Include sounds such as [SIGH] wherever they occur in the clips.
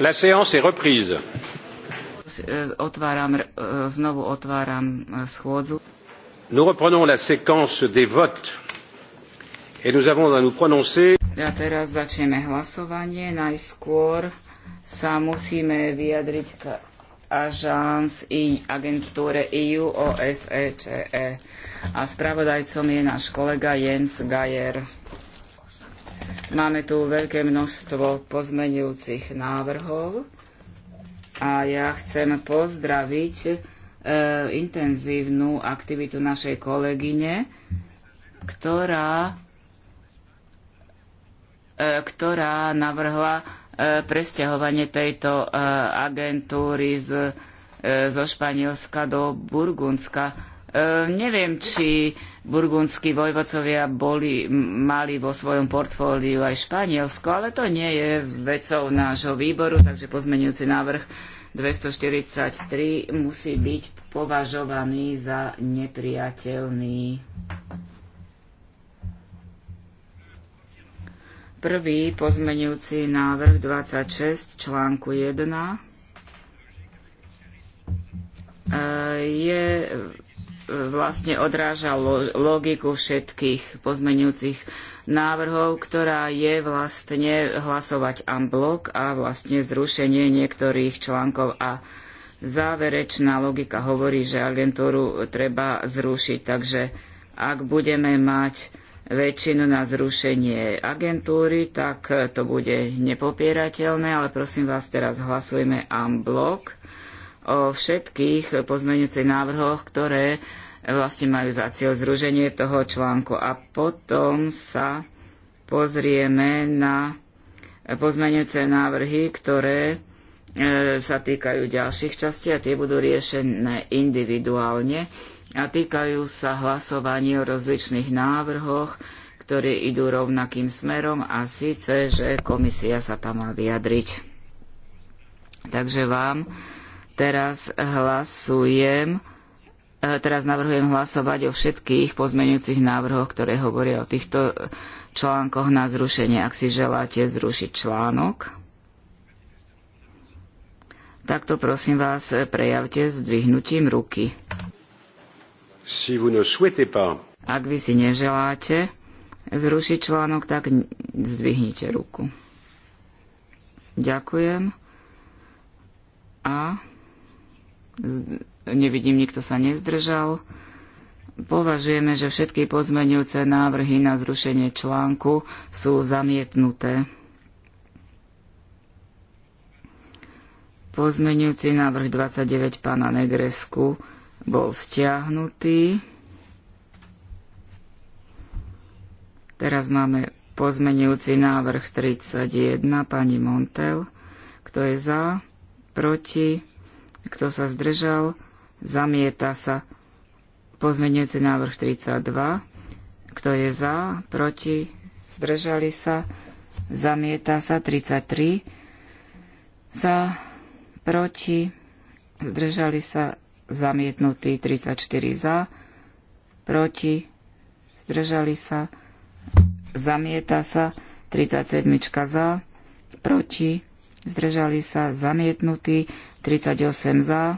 La séance est reprise. Otváram, e, znovu otváram e, schôdzu. Nous reprenons la séquence des votes et nous avons à nous prononcer. Ja teraz začneme hlasovanie. Najskôr sa musíme vyjadriť k Agence i agentúre EU OSEČE. E. A spravodajcom je náš kolega Jens Geier. Máme tu veľké množstvo pozmenujúcich návrhov a ja chcem pozdraviť e, intenzívnu aktivitu našej kolegyne, ktorá, e, ktorá navrhla e, presťahovanie tejto e, agentúry z, e, zo Španielska do Burgundska E, neviem, či burgundskí vojvodcovia boli, mali vo svojom portfóliu aj Španielsko, ale to nie je vecou nášho výboru, takže pozmenujúci návrh 243 musí byť považovaný za neprijateľný. prvý pozmenujúci návrh 26 článku 1 e, je vlastne odráža logiku všetkých pozmeňujúcich návrhov, ktorá je vlastne hlasovať unblock a vlastne zrušenie niektorých článkov a záverečná logika hovorí, že agentúru treba zrušiť. Takže ak budeme mať väčšinu na zrušenie agentúry, tak to bude nepopierateľné, ale prosím vás, teraz hlasujme blok o všetkých pozmeňujúcich návrhoch, ktoré vlastne majú za cieľ zruženie toho článku. A potom sa pozrieme na pozmeňujúce návrhy, ktoré e, sa týkajú ďalších častí a tie budú riešené individuálne a týkajú sa hlasovania o rozličných návrhoch, ktoré idú rovnakým smerom a síce, že komisia sa tam má vyjadriť. Takže vám Teraz hlasujem, e, teraz navrhujem hlasovať o všetkých pozmeňujúcich návrhoch, ktoré hovoria o týchto článkoch na zrušenie. Ak si želáte zrušiť článok, takto prosím vás prejavte zdvihnutím ruky. Si vous ne souhaitez pas. Ak vy si neželáte zrušiť článok, tak zdvihnite ruku. Ďakujem. A Nevidím, nikto sa nezdržal. Považujeme, že všetky pozmenujúce návrhy na zrušenie článku sú zamietnuté. Pozmenujúci návrh 29 pána Negresku bol stiahnutý. Teraz máme pozmenujúci návrh 31 pani Montel. Kto je za? Proti? Kto sa zdržal? Zamieta sa. Pozmeňujúci návrh 32. Kto je za? Proti? Zdržali sa? Zamieta sa. 33. Za? Proti? Zdržali sa? Zamietnutý. 34 za. Proti? Zdržali sa? Zamieta sa. 37 za. Proti? zdržali sa zamietnutí, 38 za,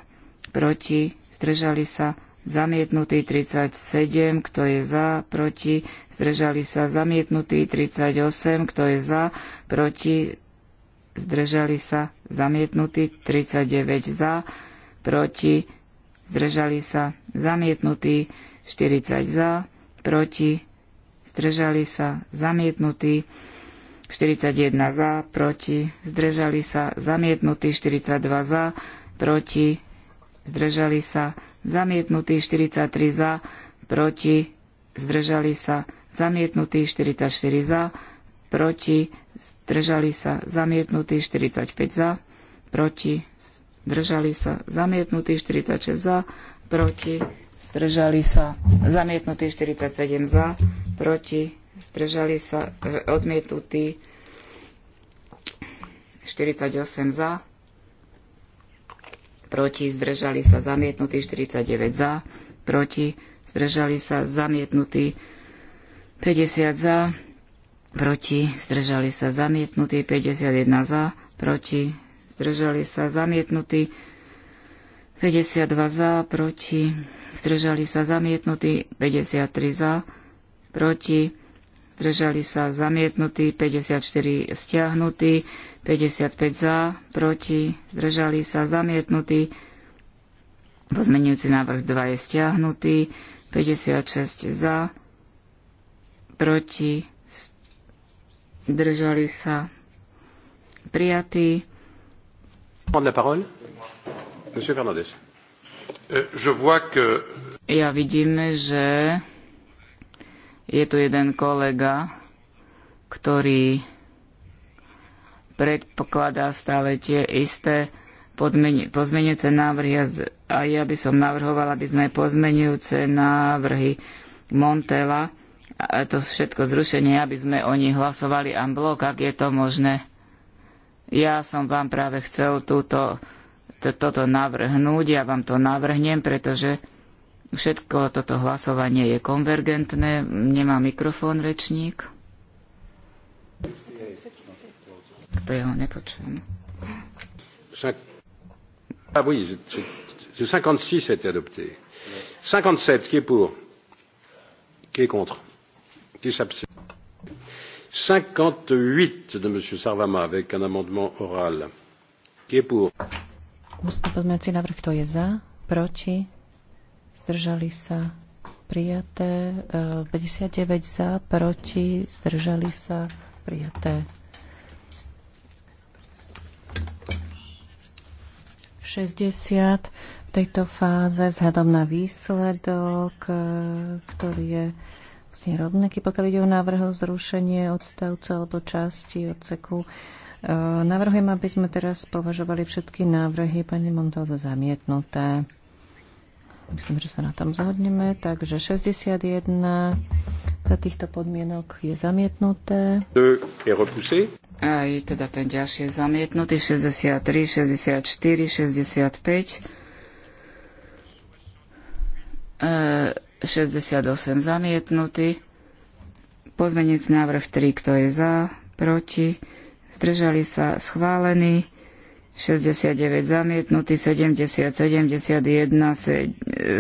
proti, zdržali sa zamietnutí, 37, kto je za, proti, zdržali sa zamietnutí, 38, kto je za, proti, zdržali sa zamietnutí, 39 za, proti, zdržali sa zamietnutí, 40 za, proti, zdržali sa zamietnutí, 41 za, proti, zdržali sa, zamietnutý 42 za, proti, zdržali sa, zamietnutý 43 za, proti, zdržali sa, zamietnutý 44 za, proti, zdržali sa, zamietnutý 45 za, proti, zdržali sa, zamietnutý 46 za, proti, zdržali sa, zamietnutý 47 za, proti, zdržali sa e, odmietnutí 48 za, proti zdržali sa zamietnutí 49 za, proti zdržali sa zamietnutí 50 za, proti zdržali sa zamietnutí 51 za, proti zdržali sa zamietnutí 52 za, proti zdržali sa zamietnutí 53 za, proti zdržali sa zamietnutí, 54 stiahnutí, 55 za, proti, zdržali sa zamietnutí, pozmenujúci návrh 2 je stiahnutý, 56 za, proti, zdržali sa prijatí. Euh, ja vidím, že je tu jeden kolega, ktorý predpokladá stále tie isté pozmenujúce návrhy a ja by som navrhovala, aby sme pozmenujúce návrhy Montela, a to všetko zrušenie, aby sme o nich hlasovali en blok, ak je to možné. Ja som vám práve chcel túto, to, toto navrhnúť, ja vám to navrhnem, pretože Všetko toto hlasovanie je konvergentné. Nemá mikrofón rečník. Kto je ho nepočujem? Ah oui, je, je, je 56 a été adopté. 57 qui est pour Qui est contre Qui s'abstient 58 de M. Sarvama avec un amendement oral. Qui est pour Ústny pozmeňujúci návrh, kto je za? Proti? zdržali sa prijaté, 59 e, za, proti, zdržali sa prijaté. 60 v tejto fáze vzhľadom na výsledok, e, ktorý je vlastne rovnaký, pokiaľ ide o návrh o zrušenie odstavcu alebo časti odseku. E, navrhujem, aby sme teraz považovali všetky návrhy pani Montal za zamietnuté. Myslím, že sa na tom zhodneme. Takže 61 za týchto podmienok je zamietnuté. Aj teda ten ďalší je zamietnutý. 63, 64, 65. 68 zamietnutý. Pozmeniec návrh 3, kto je za, proti, zdržali sa, schválený. 69 zamietnutý, 70, 71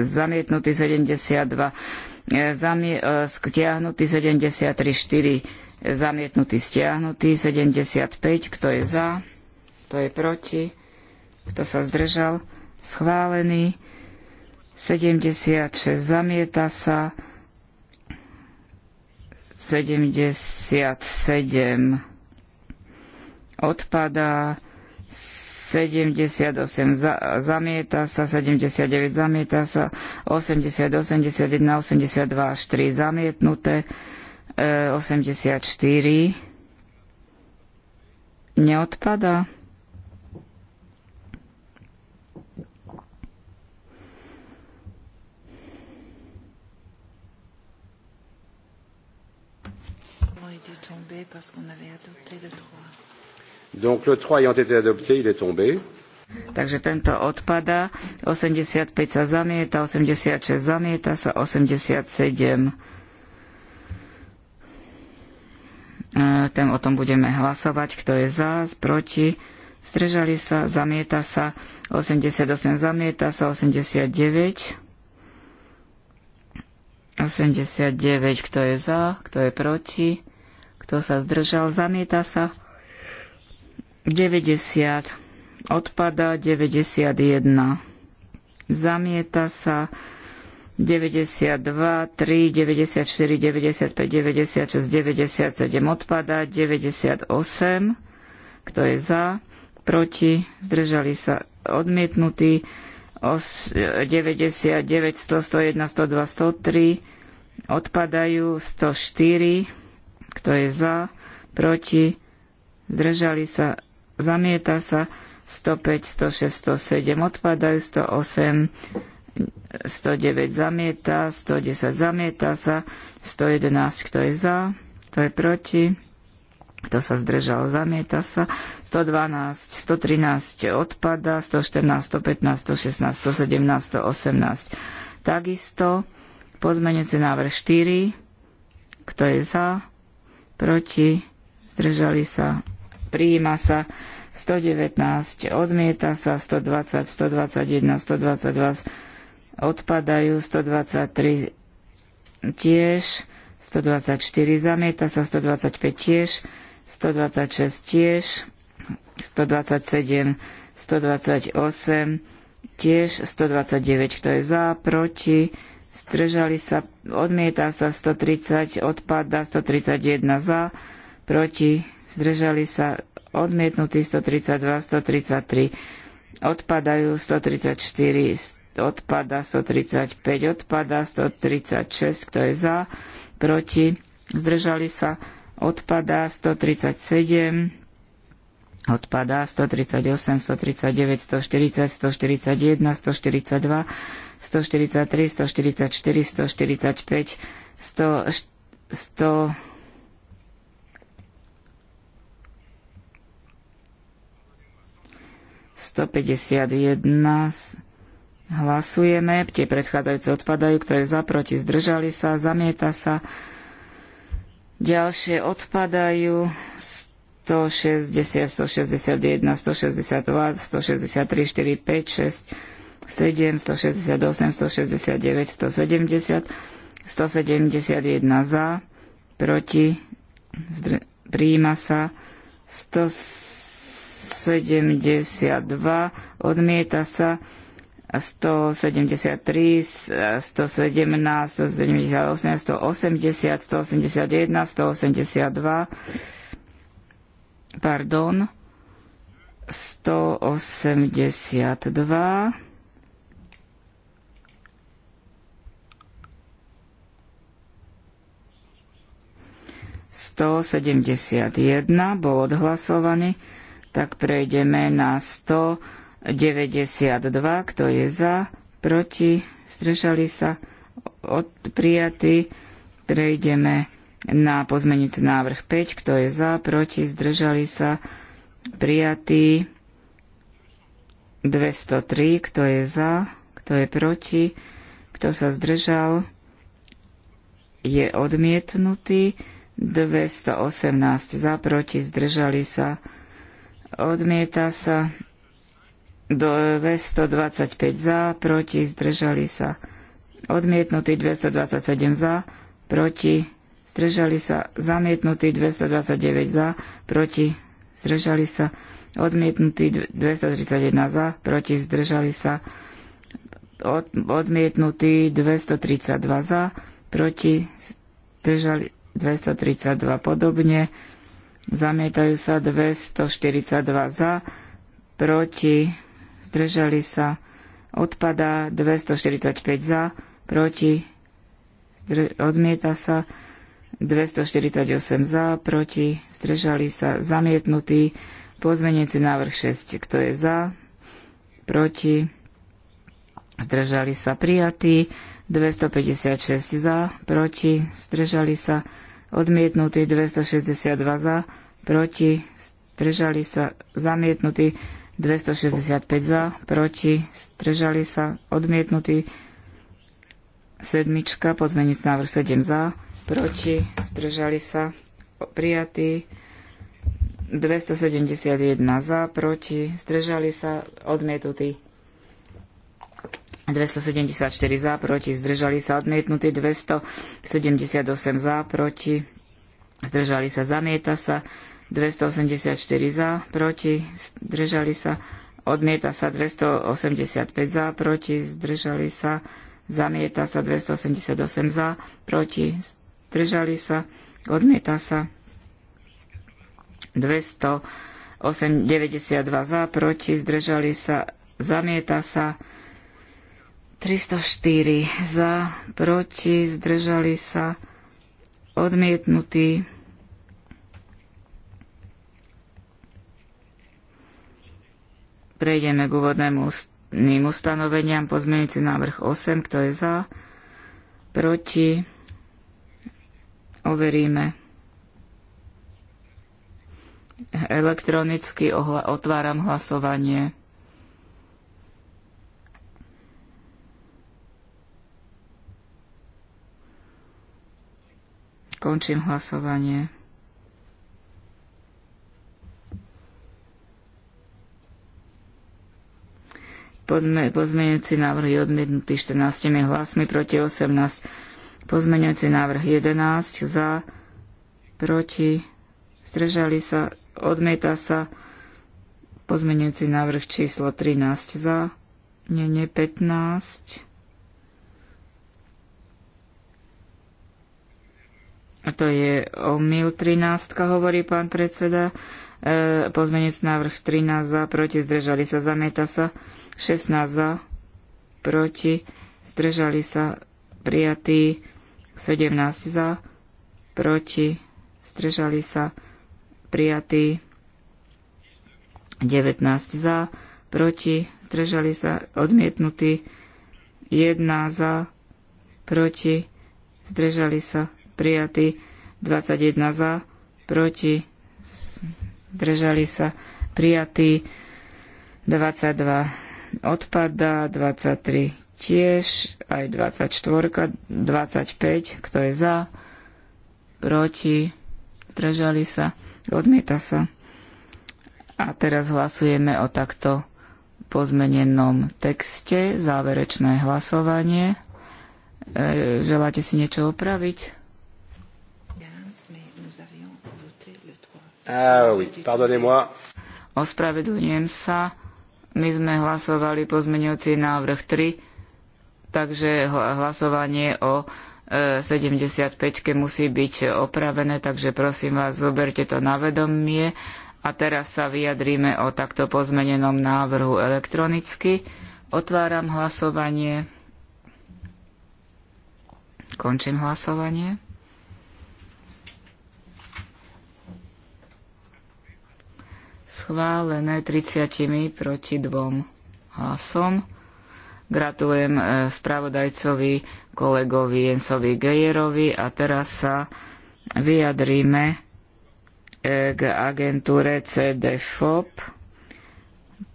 zamietnutý, 72 e, zamie, stiahnutý, 73, 4 zamietnutý, stiahnutý, 75, kto je za, kto je proti, kto sa zdržal, schválený, 76 zamieta sa, 77 odpadá, 78 za, zamieta sa, 79 zamieta sa, 80, 81, 82 až 3 zamietnuté, 84 e, neodpada. parce qu'on avait adopté le 3. Donc le 3 ayant été adopté, il est tombé. Takže tento odpada, 85 sa zamieta, 86 zamieta sa, 87 e, ten o tom budeme hlasovať, kto je za, proti, strežali sa, zamieta sa, 88 zamieta sa, 89, 89, kto je za, kto je proti, kto sa zdržal, zamieta sa, 90 odpada, 91 zamieta sa, 92, 3, 94, 95, 96, 97 odpada, 98, kto je za, proti, zdržali sa odmietnutí, 99, 100, 101, 102, 103 odpadajú, 104, kto je za, proti, zdržali sa zamieta sa 105, 106, 107 odpadajú, 108, 109 zamieta, 110 zamieta sa, 111 kto je za, kto je proti, kto sa zdržal, zamieta sa, 112, 113 odpada, 114, 115, 116, 117, 118. Takisto pozmenujúci návrh 4, kto je za, proti, zdržali sa, Prijíma sa 119, odmieta sa 120, 121, 122, odpadajú 123 tiež, 124 zamieta sa, 125 tiež, 126 tiež, 127, 128 tiež, 129 kto je za, proti, stržali sa, odmieta sa 130, odpada 131 za, proti, zdržali sa odmietnutí 132, 133 odpadajú, 134 odpada, 135 odpada, 136, kto je za, proti, zdržali sa, odpada, 137 odpada, 138, 139, 140, 141, 142, 143, 144, 145, 100, 100 151 hlasujeme, tie predchádzajúce odpadajú, kto je za, proti, zdržali sa, zamieta sa. Ďalšie odpadajú 160, 161, 162, 163, 4, 5, 6, 7, 168, 169, 170, 171 za, proti, zdr- príjima sa, 100, 172, odmieta sa 173, 117, 178, 180, 181, 182, pardon, 182, Sto sedemdesiat jedna bol odhlasovaný, tak prejdeme na 192, kto je za, proti, zdržali sa, od, prijatý. Prejdeme na pozmeniť návrh 5, kto je za, proti, zdržali sa, prijatý. 203, kto je za, kto je proti, kto sa zdržal, je odmietnutý. 218 za, proti, zdržali sa, prijatý. Odmieta sa do 225 za, proti, zdržali sa. Odmietnutý 227 za, proti, zdržali sa. Zamietnutý 229 za, proti, zdržali sa. Odmietnutý 231 za, proti, zdržali sa. Od, odmietnutý 232 za, proti, zdržali 232 podobne. Zamietajú sa 242 za, proti, zdržali sa, odpadá 245 za, proti, odmieta sa, 248 za, proti, zdržali sa, zamietnutý, pozmeniaci návrh 6, kto je za, proti, zdržali sa, prijatý, 256 za, proti, zdržali sa, odmietnutý 262 za, proti, stržali sa, zamietnutý 265 za, proti, stržali sa, odmietnutý sedmička, pozmeniť návrh 7 za, proti, stržali sa, prijatý 271 za, proti, stržali sa, odmietnutý 274 za, proti, zdržali sa odmietnutí, 278 za, proti, zdržali sa, zamieta sa, 284 za, proti, zdržali sa, odmieta sa 285 za, proti, zdržali sa, zamieta sa 288 za, proti, zdržali sa, odmieta sa 292 za, proti, zdržali sa, zamieta sa 304 za, proti, zdržali sa, odmietnutí. Prejdeme k úvodnému ústným ustanoveniam. Pozmeňujúci návrh 8, kto je za, proti, overíme. Elektronicky otváram hlasovanie. Končím hlasovanie. Pozmeňujúci návrh je odmietnutý 14 hlasmi proti 18. Pozmeňujúci návrh 11 za, proti, zdržali sa, odmieta sa. Pozmeňujúci návrh číslo 13 za, nie, nie 15. To je mil 13, hovorí pán predseda. E, pozmenec návrh 13 za, proti, zdržali sa, zamieta sa. 16 za, proti, zdržali sa, prijatý. 17 za, proti, zdržali sa, prijatý. 19 za, proti, zdržali sa, odmietnutý. 1 za, proti, zdržali sa, prijatý 21 za, proti, zdržali sa, prijatý 22 odpada, 23 tiež, aj 24, 25, kto je za, proti, zdržali sa, odmieta sa. A teraz hlasujeme o takto pozmenenom texte, záverečné hlasovanie. E, želáte si niečo opraviť? Ah, oui, pardonnez-moi. Ospravedlňujem sa. My sme hlasovali pozmeňujúci návrh 3, takže hlasovanie o 75 e, musí byť opravené, takže prosím vás, zoberte to na vedomie. A teraz sa vyjadríme o takto pozmenenom návrhu elektronicky. Otváram hlasovanie. Končím hlasovanie. schválené 30 proti dvom hlasom. Gratulujem e, spravodajcovi kolegovi Jensovi Gejerovi a teraz sa vyjadríme e, k agentúre CDFOP.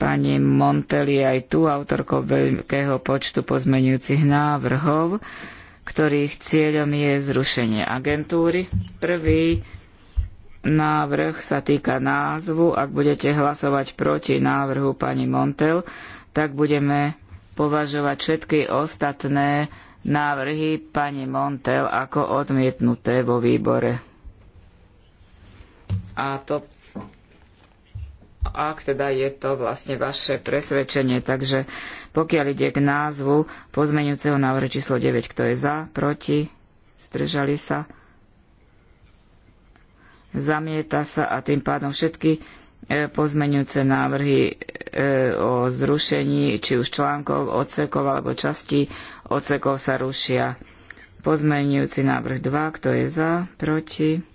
Pani Monteli aj tu, autorko veľkého počtu pozmenujúcich návrhov, ktorých cieľom je zrušenie agentúry. Prvý Návrh sa týka názvu. Ak budete hlasovať proti návrhu pani Montel, tak budeme považovať všetky ostatné návrhy pani Montel ako odmietnuté vo výbore. A to ak teda je to vlastne vaše presvedčenie. Takže pokiaľ ide k názvu pozmeňujúceho návrhu číslo 9, kto je za, proti, zdržali sa, zamieta sa a tým pádom všetky e, pozmeňujúce návrhy e, o zrušení či už článkov, odsekov alebo častí odsekov sa rušia. Pozmeňujúci návrh 2, kto je za, proti,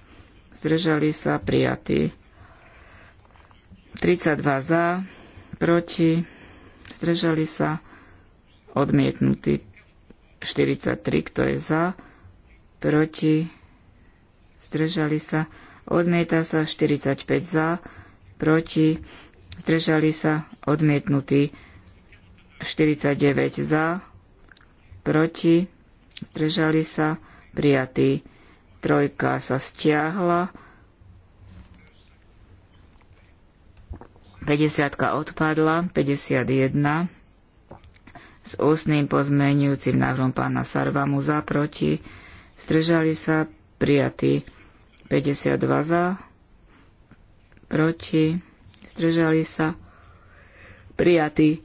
zdržali sa, prijatí. 32 za, proti, zdržali sa, odmietnutí. 43, kto je za, proti, zdržali sa, odmieta sa 45 za, proti, zdržali sa, odmietnutí 49 za, proti, zdržali sa, prijatí Trojka sa stiahla, 50 odpadla, 51 s ústnym pozmenujúcim návrhom pána Sarvamu za proti, zdržali sa, prijatý. 52 za, proti, zdržali sa, prijatý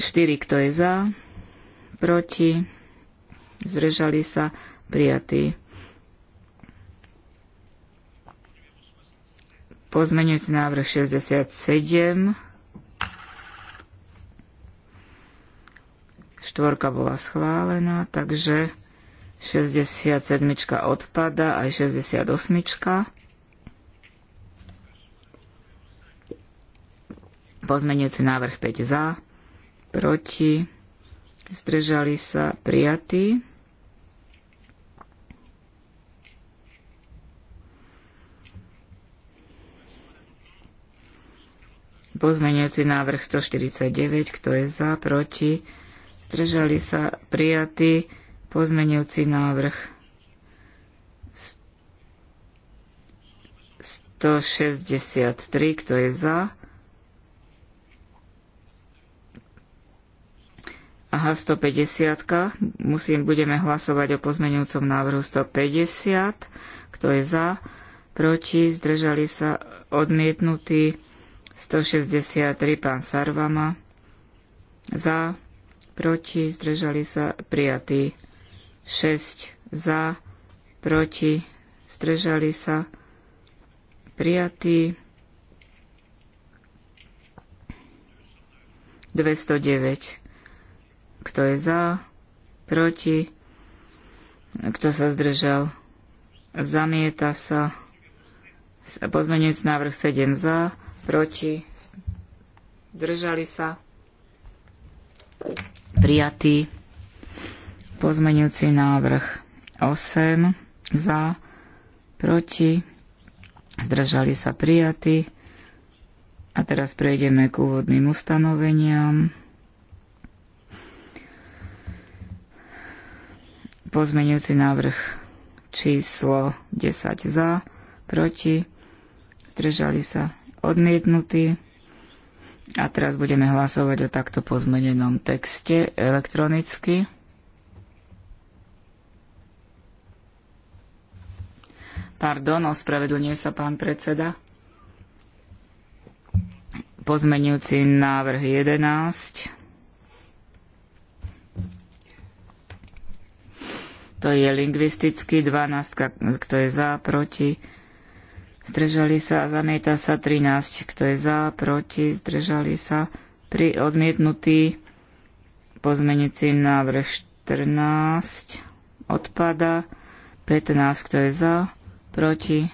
4, kto je za, proti, zdržali sa, prijatí. Pozmeňujúci návrh 67. Štvorka bola schválená, takže 67 odpada, aj 68. Pozmenujúci návrh 5 za, proti, zdržali sa, prijatí. Pozmenujúci návrh 149, kto je za, proti, zdržali sa, prijatí. Pozmenujúci návrh 163, kto je za? Aha, 150. Musím, budeme hlasovať o pozmenujúcom návrhu 150. Kto je za? Proti? Zdržali sa? odmietnutí, 163. Pán Sarvama. Za? Proti? Zdržali sa? Prijatý. 6 za, proti, zdržali sa, prijatí. 209. Kto je za? Proti? Kto sa zdržal? Zamieta sa. Pozmenujúc návrh 7 za, proti, zdržali sa. prijatí pozmeňujúci návrh 8 za, proti, zdržali sa prijatí. A teraz prejdeme k úvodným ustanoveniam. Pozmeňujúci návrh číslo 10 za, proti, zdržali sa odmietnutí. A teraz budeme hlasovať o takto pozmenenom texte elektronicky. Pardon, ospravedlňuje sa pán predseda. Pozmenujúci návrh 11. To je lingvisticky 12, kto je za, proti. Zdržali sa, zamieta sa 13, kto je za, proti, zdržali sa. Pri odmietnutý pozmenici návrh 14 odpada, 15, kto je za, proti,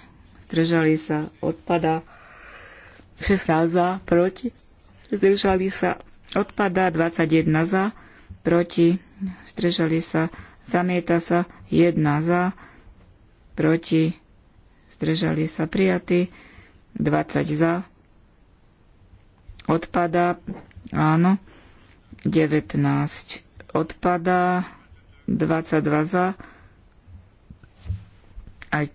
zdržali sa, odpada. 16 za, proti, zdržali sa, odpada. 21 za, proti, zdržali sa, zamieta sa, 1 za, proti, zdržali sa, prijatí. 20 za, odpada, áno, 19 odpada, 22 za, aj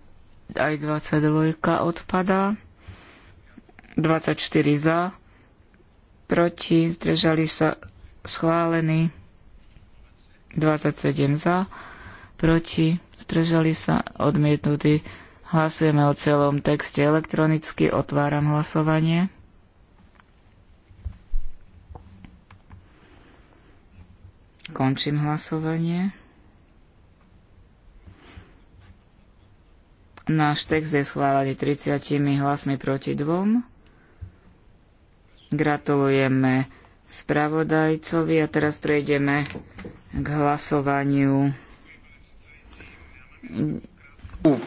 aj 22 odpada. 24 za, proti, zdržali sa schválení. 27 za, proti, zdržali sa odmietnutí. Hlasujeme o celom texte elektronicky, otváram hlasovanie. Končím hlasovanie. Náš text je schválený 30 hlasmi proti dvom. Gratulujeme spravodajcovi a teraz prejdeme k hlasovaniu.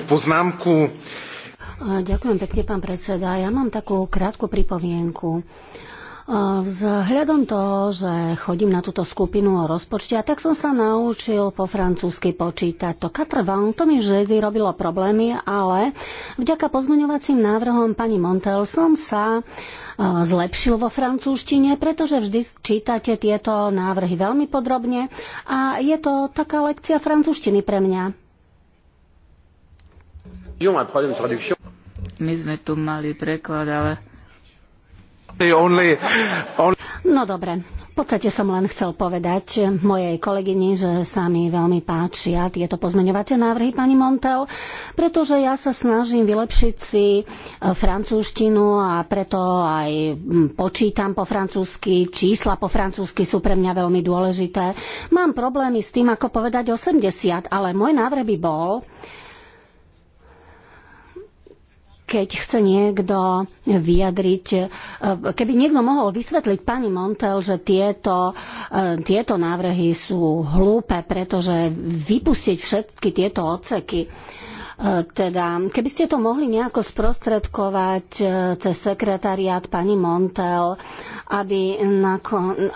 Poznámku. Ďakujem pekne, pán predseda. Ja mám takú krátku pripomienku. Vzhľadom toho, že chodím na túto skupinu o rozpočte, a tak som sa naučil po francúzsky počítať. To katrvan, to mi vždy robilo problémy, ale vďaka pozmeňovacím návrhom pani Montel som sa e, zlepšil vo francúzštine, pretože vždy čítate tieto návrhy veľmi podrobne a je to taká lekcia francúzštiny pre mňa. My sme tu mali preklad, ale No dobre, v podstate som len chcel povedať mojej kolegyni, že sa mi veľmi páčia tieto pozmeňovacie návrhy pani Montel, pretože ja sa snažím vylepšiť si eh, francúzštinu a preto aj hm, počítam po francúzsky, čísla po francúzsky sú pre mňa veľmi dôležité. Mám problémy s tým, ako povedať 80, ale môj návrh by bol, keď chce niekto vyjadriť, e, keby niekto mohol vysvetliť pani Montel, že tieto, e, tieto návrhy sú hlúpe, pretože vypustiť všetky tieto odseky E, teda, keby ste to mohli nejako sprostredkovať e, cez sekretariát pani Montel, aby, na,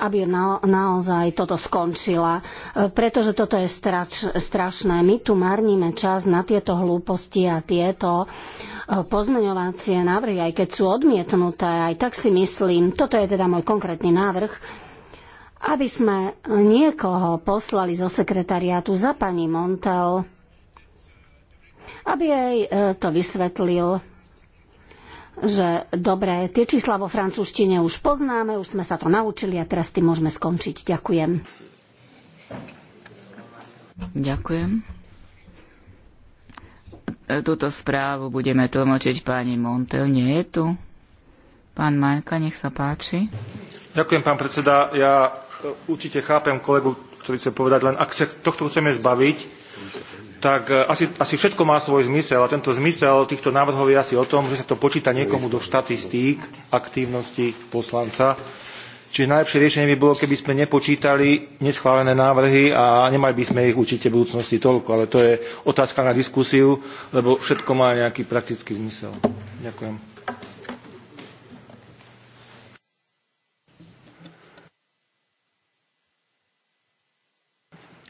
aby na, naozaj toto skončila, e, pretože toto je strač, strašné. My tu marníme čas na tieto hlúposti a tieto pozmeňovacie návrhy, aj keď sú odmietnuté, aj tak si myslím, toto je teda môj konkrétny návrh, aby sme niekoho poslali zo sekretariátu za pani Montel, aby jej e, to vysvetlil že dobre, tie čísla vo francúzštine už poznáme, už sme sa to naučili a teraz tým môžeme skončiť. Ďakujem. Ďakujem. Túto správu budeme tlmočiť pani Montel. Nie je tu? Pán Majka, nech sa páči. Ďakujem, pán predseda. Ja e, určite chápem kolegu, ktorý chce povedať, len ak sa tohto chceme zbaviť, tak e, asi, asi všetko má svoj zmysel a tento zmysel týchto návrhov je asi o tom, že sa to počíta niekomu do štatistík aktívnosti poslanca. Čiže najlepšie riešenie by bolo, keby sme nepočítali neschválené návrhy a nemali by sme ich určite v budúcnosti toľko, ale to je otázka na diskusiu, lebo všetko má nejaký praktický zmysel. Ďakujem.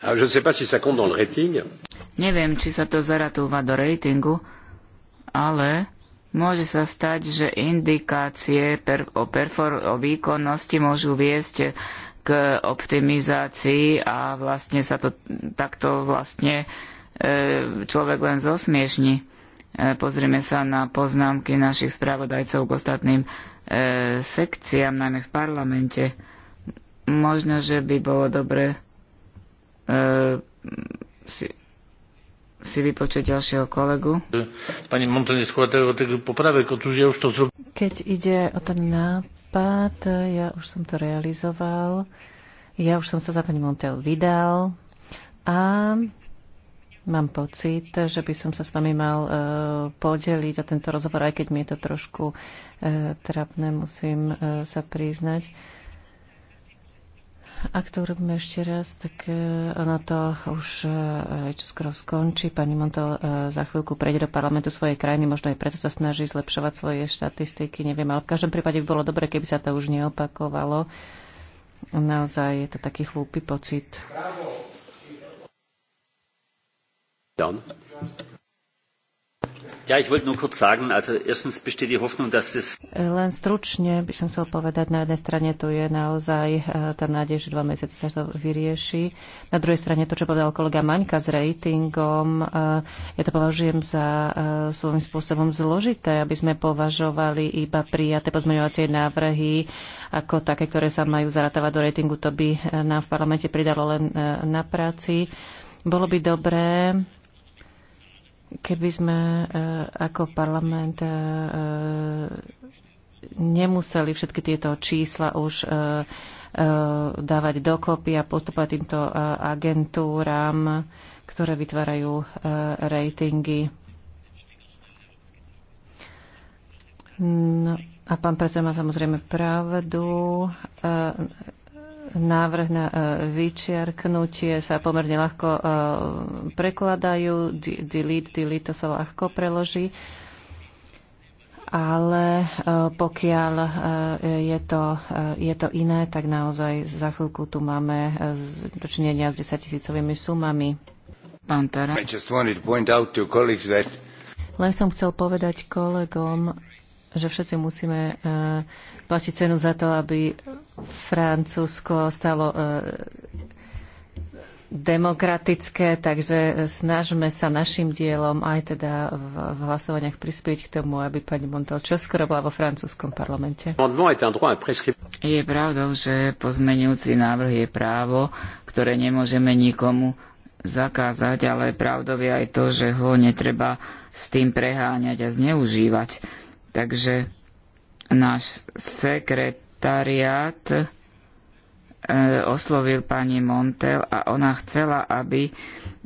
Ah, Neviem, či sa to zaratúva do ratingu, ale môže sa stať, že indikácie per, o, perfor, o výkonnosti môžu viesť k optimizácii a vlastne sa to takto vlastne e, človek len zosmiešni. E, pozrieme sa na poznámky našich správodajcov k ostatným e, sekciám, najmä v parlamente. Možno, že by bolo dobre E, si, si vypočuť ďalšieho kolegu. Pani tak popravek, otuž ja už to Keď ide o ten nápad, ja už som to realizoval. Ja už som sa za pani Montel vydal a mám pocit, že by som sa s vami mal uh, podeliť o tento rozhovor, aj keď mi je to trošku uh, trapné, musím uh, sa priznať. Uh, ak to urobíme ešte raz, tak e, ono to už e, čo skoro skončí. Pani Montel e, za chvíľku prejde do parlamentu svojej krajiny, možno aj preto sa snaží zlepšovať svoje štatistiky, neviem, ale v každom prípade by bolo dobre, keby sa to už neopakovalo. Naozaj je to taký chlúpy pocit. Done. Len stručne by som chcel povedať, na jednej strane tu je naozaj eh, tá nádej, že dva mesiace sa to vyrieši. Na druhej strane to, čo povedal kolega Maňka s rejtingom, eh, ja to považujem za eh, svojím spôsobom zložité, aby sme považovali iba prijaté pozmeňovacie návrhy ako také, ktoré sa majú zaratávať do ratingu. To by nám v parlamente pridalo len na práci. Bolo by dobré, keby sme e, ako parlament e, e, nemuseli všetky tieto čísla už dávať dokopy a postupovať týmto agentúram, ktoré vytvárajú ratingy. No, a pán predseda má samozrejme pravdu návrh na e, vyčiarknutie sa pomerne ľahko e, prekladajú. Delete, delete, to sa ľahko preloží. Ale e, pokiaľ je to, je to iné, tak naozaj za chvíľku tu máme dočinenia s 10 tisícovými sumami. Pán Tara. Len som chcel povedať kolegom, že všetci musíme e, platiť cenu za to, aby Francúzsko stalo e, demokratické, takže snažme sa našim dielom aj teda v, v hlasovaniach prispieť k tomu, aby pani Montel čoskoro bola vo francúzskom parlamente. Je pravdou, že pozmenujúci návrh je právo, ktoré nemôžeme nikomu zakázať, ale pravdou je aj to, že ho netreba s tým preháňať a zneužívať Takže náš sekretariat e, oslovil pani Montel a ona chcela, aby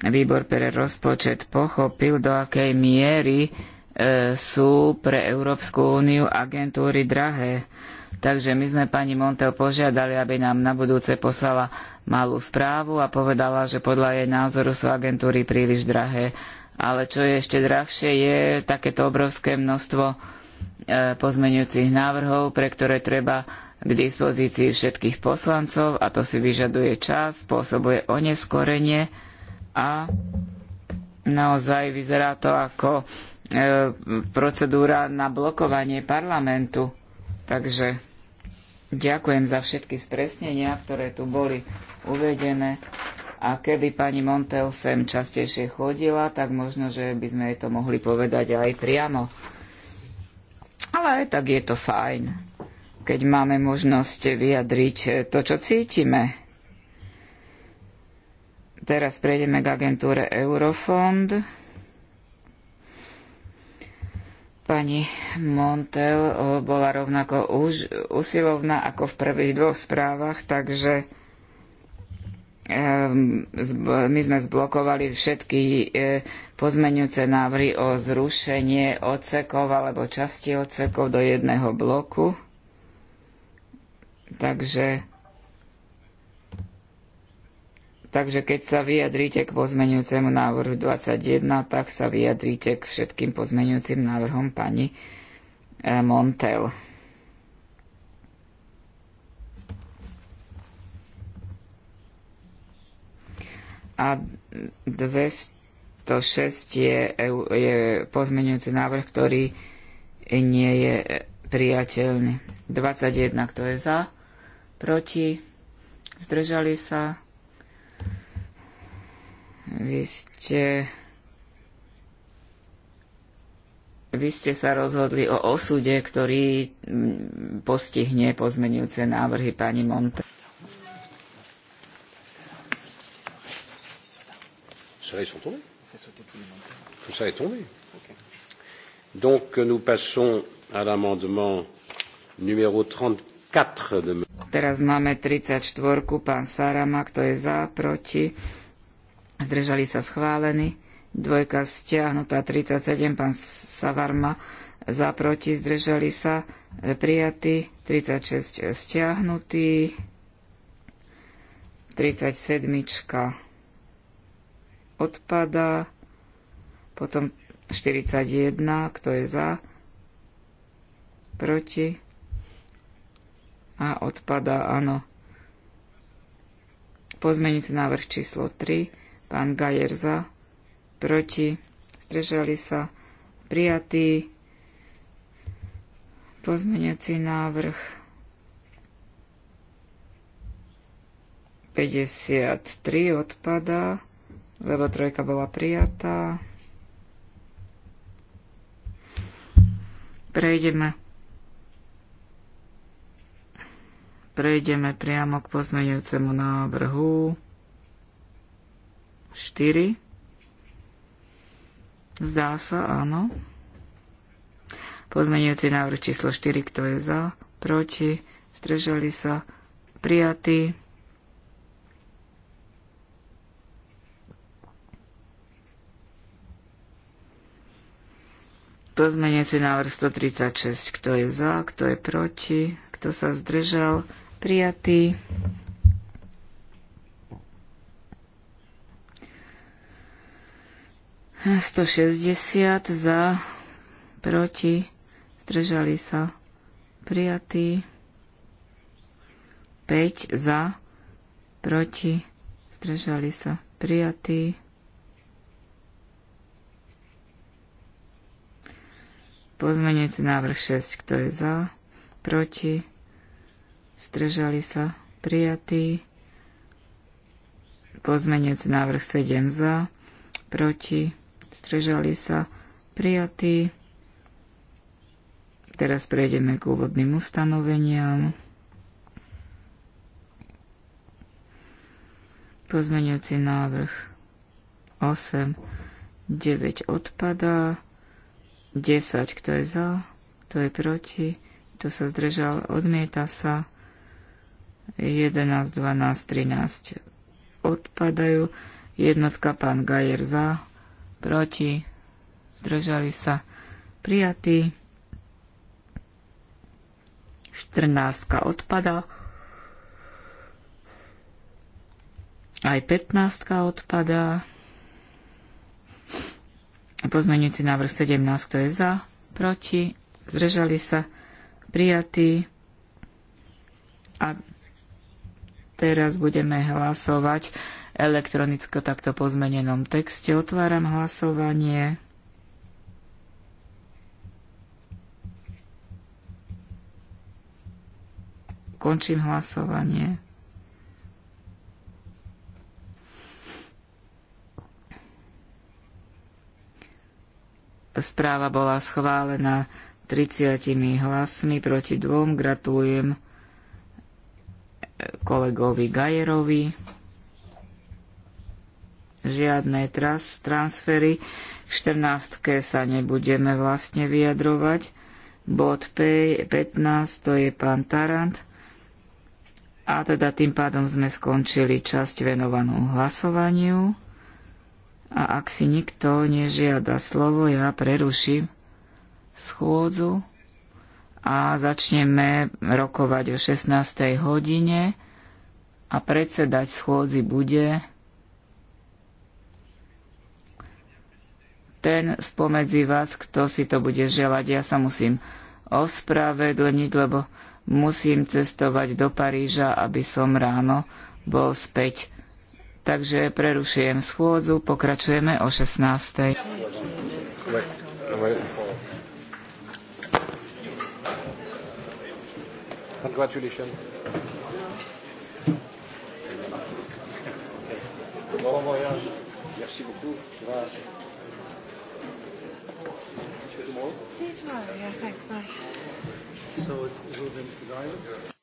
výbor pre rozpočet pochopil, do akej miery e, sú pre Európsku úniu agentúry drahé. Takže my sme pani Montel požiadali, aby nám na budúce poslala malú správu a povedala, že podľa jej názoru sú agentúry príliš drahé. Ale čo je ešte drahšie, je takéto obrovské množstvo E, pozmeňujúcich návrhov, pre ktoré treba k dispozícii všetkých poslancov a to si vyžaduje čas, spôsobuje oneskorenie a naozaj vyzerá to ako e, procedúra na blokovanie parlamentu. Takže ďakujem za všetky spresnenia, ktoré tu boli uvedené. A keby pani Montel sem častejšie chodila, tak možno, že by sme jej to mohli povedať aj priamo. Ale aj tak je to fajn, keď máme možnosť vyjadriť to, čo cítime. Teraz prejdeme k agentúre Eurofond. Pani Montel eh, bola rovnako už usilovná ako v prvých dvoch správach, takže Ehm, my sme zblokovali všetky e, pozmeňujúce návrhy o zrušenie odsekov alebo časti odsekov do jedného bloku. Takže, takže keď sa vyjadríte k pozmeňujúcemu návrhu 21, tak sa vyjadríte k všetkým pozmeňujúcim návrhom pani e, Montel. a 206 je, je pozmeňujúci návrh, ktorý nie je priateľný. 21, kto je za, proti, zdržali sa. Vy ste, vy ste sa rozhodli o osude, ktorý mm, postihne pozmenujúce návrhy pani Montes. Ça, ils sont tombés. On fait sauter tous les montants. Tout ça est tombé. Okay. Donc nous passons à l'amendement numéro 34 de Teraz máme 34, pán Sarama, kto je za, proti, zdržali sa schválení, dvojka stiahnutá, 37, pán Savarma, za, proti, zdržali sa, prijatý, 36 stiahnutý, 37 odpadá. Potom 41, kto je za, proti a odpadá, áno. Pozmeniť návrh číslo 3, pán Gajer za, proti, strežali sa, prijatý. Pozmeniaci návrh 53 odpadá lebo trojka bola prijatá. Prejdeme. Prejdeme priamo k pozmeňujúcemu návrhu 4. Zdá sa, áno. Pozmeňujúci návrh číslo 4, kto je za, proti, zdržali sa, prijatý. Pozmeniaci návrh 136. Kto je za, kto je proti, kto sa zdržal, prijatý. A 160 za, proti, zdržali sa, prijatý. 5 za, proti, zdržali sa, prijatý. Pozmeňujúci návrh 6. Kto je za? Proti? Zdržali sa? Prijatý. Pozmenujúci návrh 7. Za? Proti? Zdržali sa? Prijatý. Teraz prejdeme k úvodným ustanoveniam. Pozmenujúci návrh 8. 9 odpadá. 10. Kto je za? Kto je proti? Kto sa zdržal? Odmieta sa. 11, 12, 13 odpadajú. Jednotka pán Gajer za, proti, zdržali sa prijatí. 14 odpada. Aj 15 odpadá. Pozmeňujúci návrh 17, kto je za, proti, Zrežali sa, prijatý. A teraz budeme hlasovať elektronicko takto pozmenenom texte. Otváram hlasovanie. Končím hlasovanie. Správa bola schválená 30 hlasmi proti dvom. Gratulujem eh, kolegovi Gajerovi. Žiadne tras, transfery. V 14. sa nebudeme vlastne vyjadrovať. Bod P 15 to je pán Tarant. A teda tým pádom sme skončili časť venovanú hlasovaniu. A ak si nikto nežiada slovo, ja preruším schôdzu a začneme rokovať o 16. hodine a predsedať schôdzi bude ten spomedzi vás, kto si to bude želať. Ja sa musím ospravedlniť, lebo musím cestovať do Paríža, aby som ráno bol späť. Takže prerušujem schôdzu, pokračujeme o 16. Congratulations. Bon voyage. Merci beaucoup. Courage. See you tomorrow. See you tomorrow. Yeah, thanks. Bye. So it will be Mr. Diamond.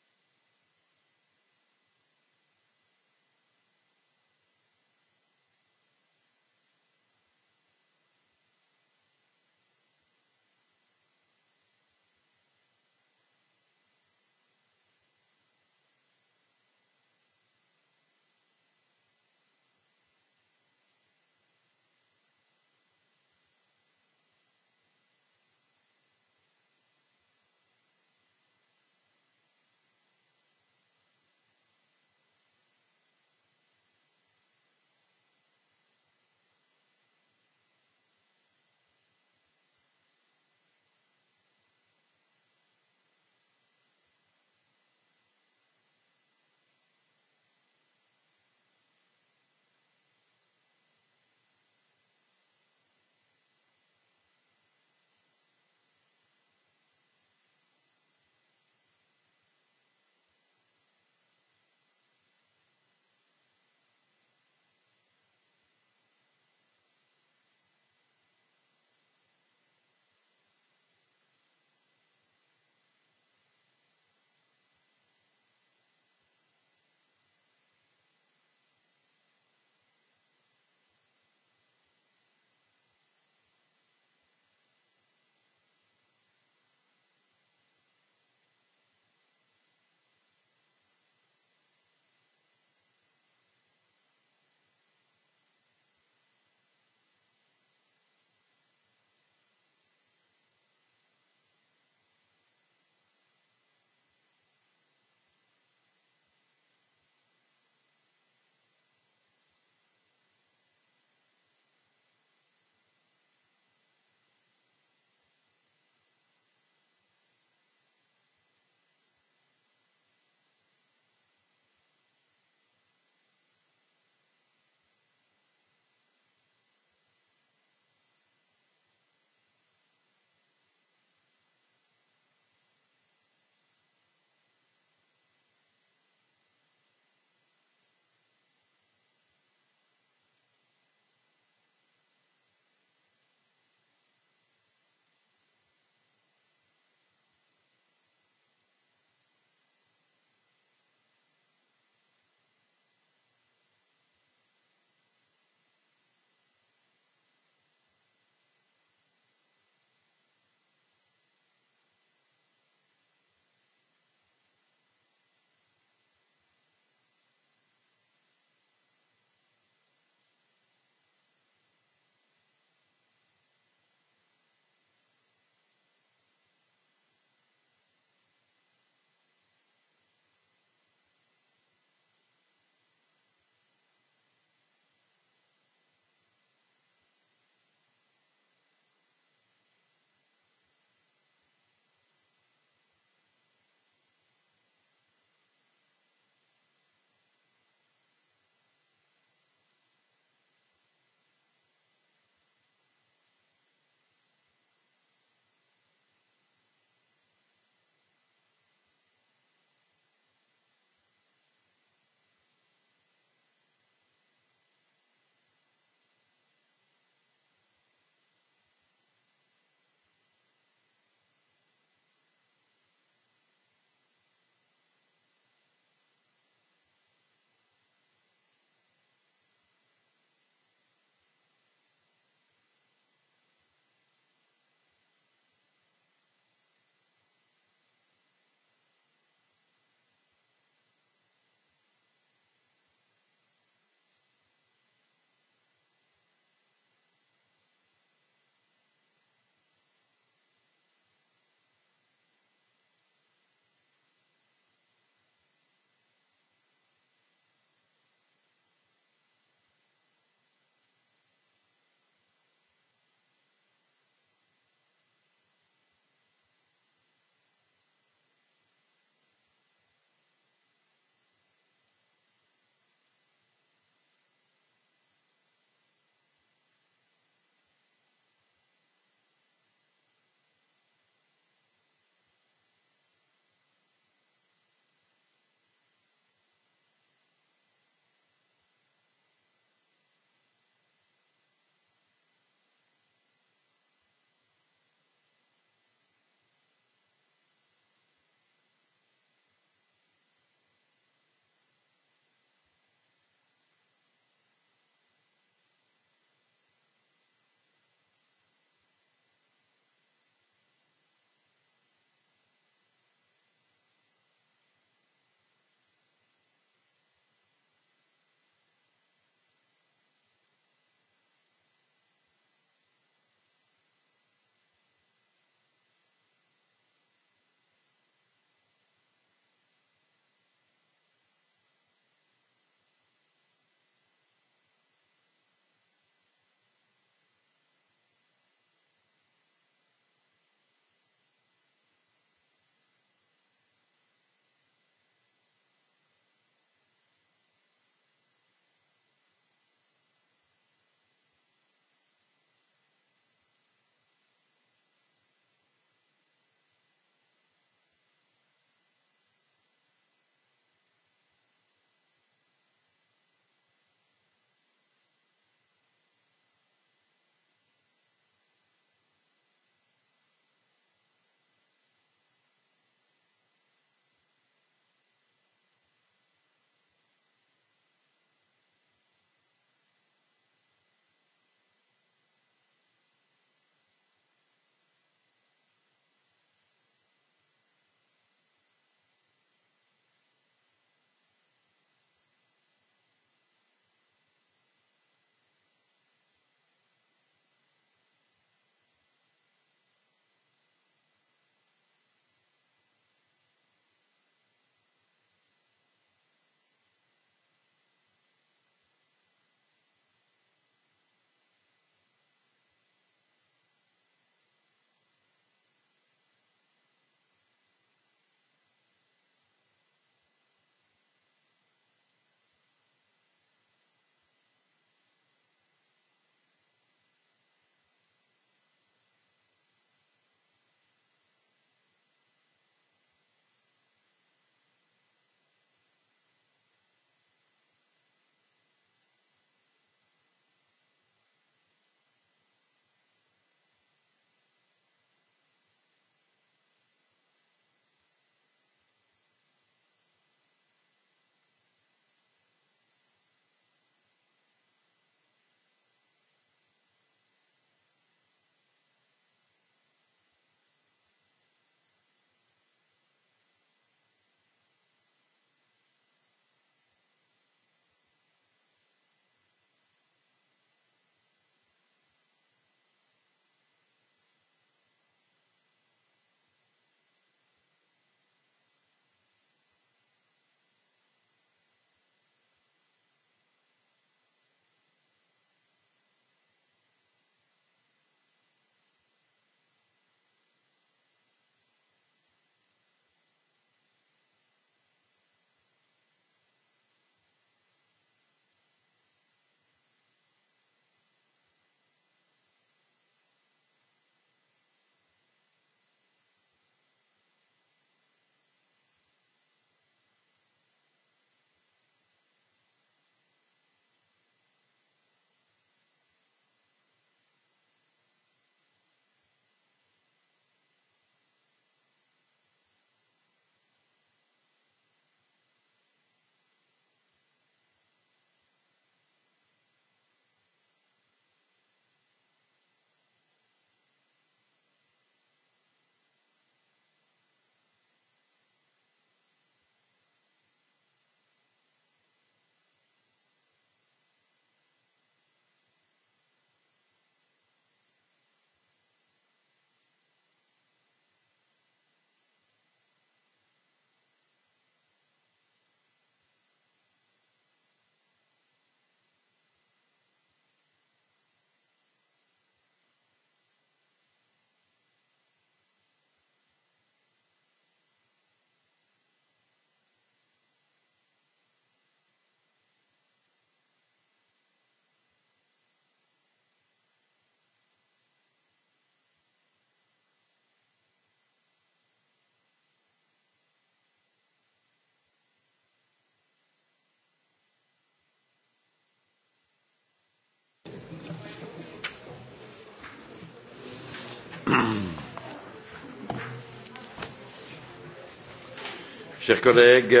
Chers collègues,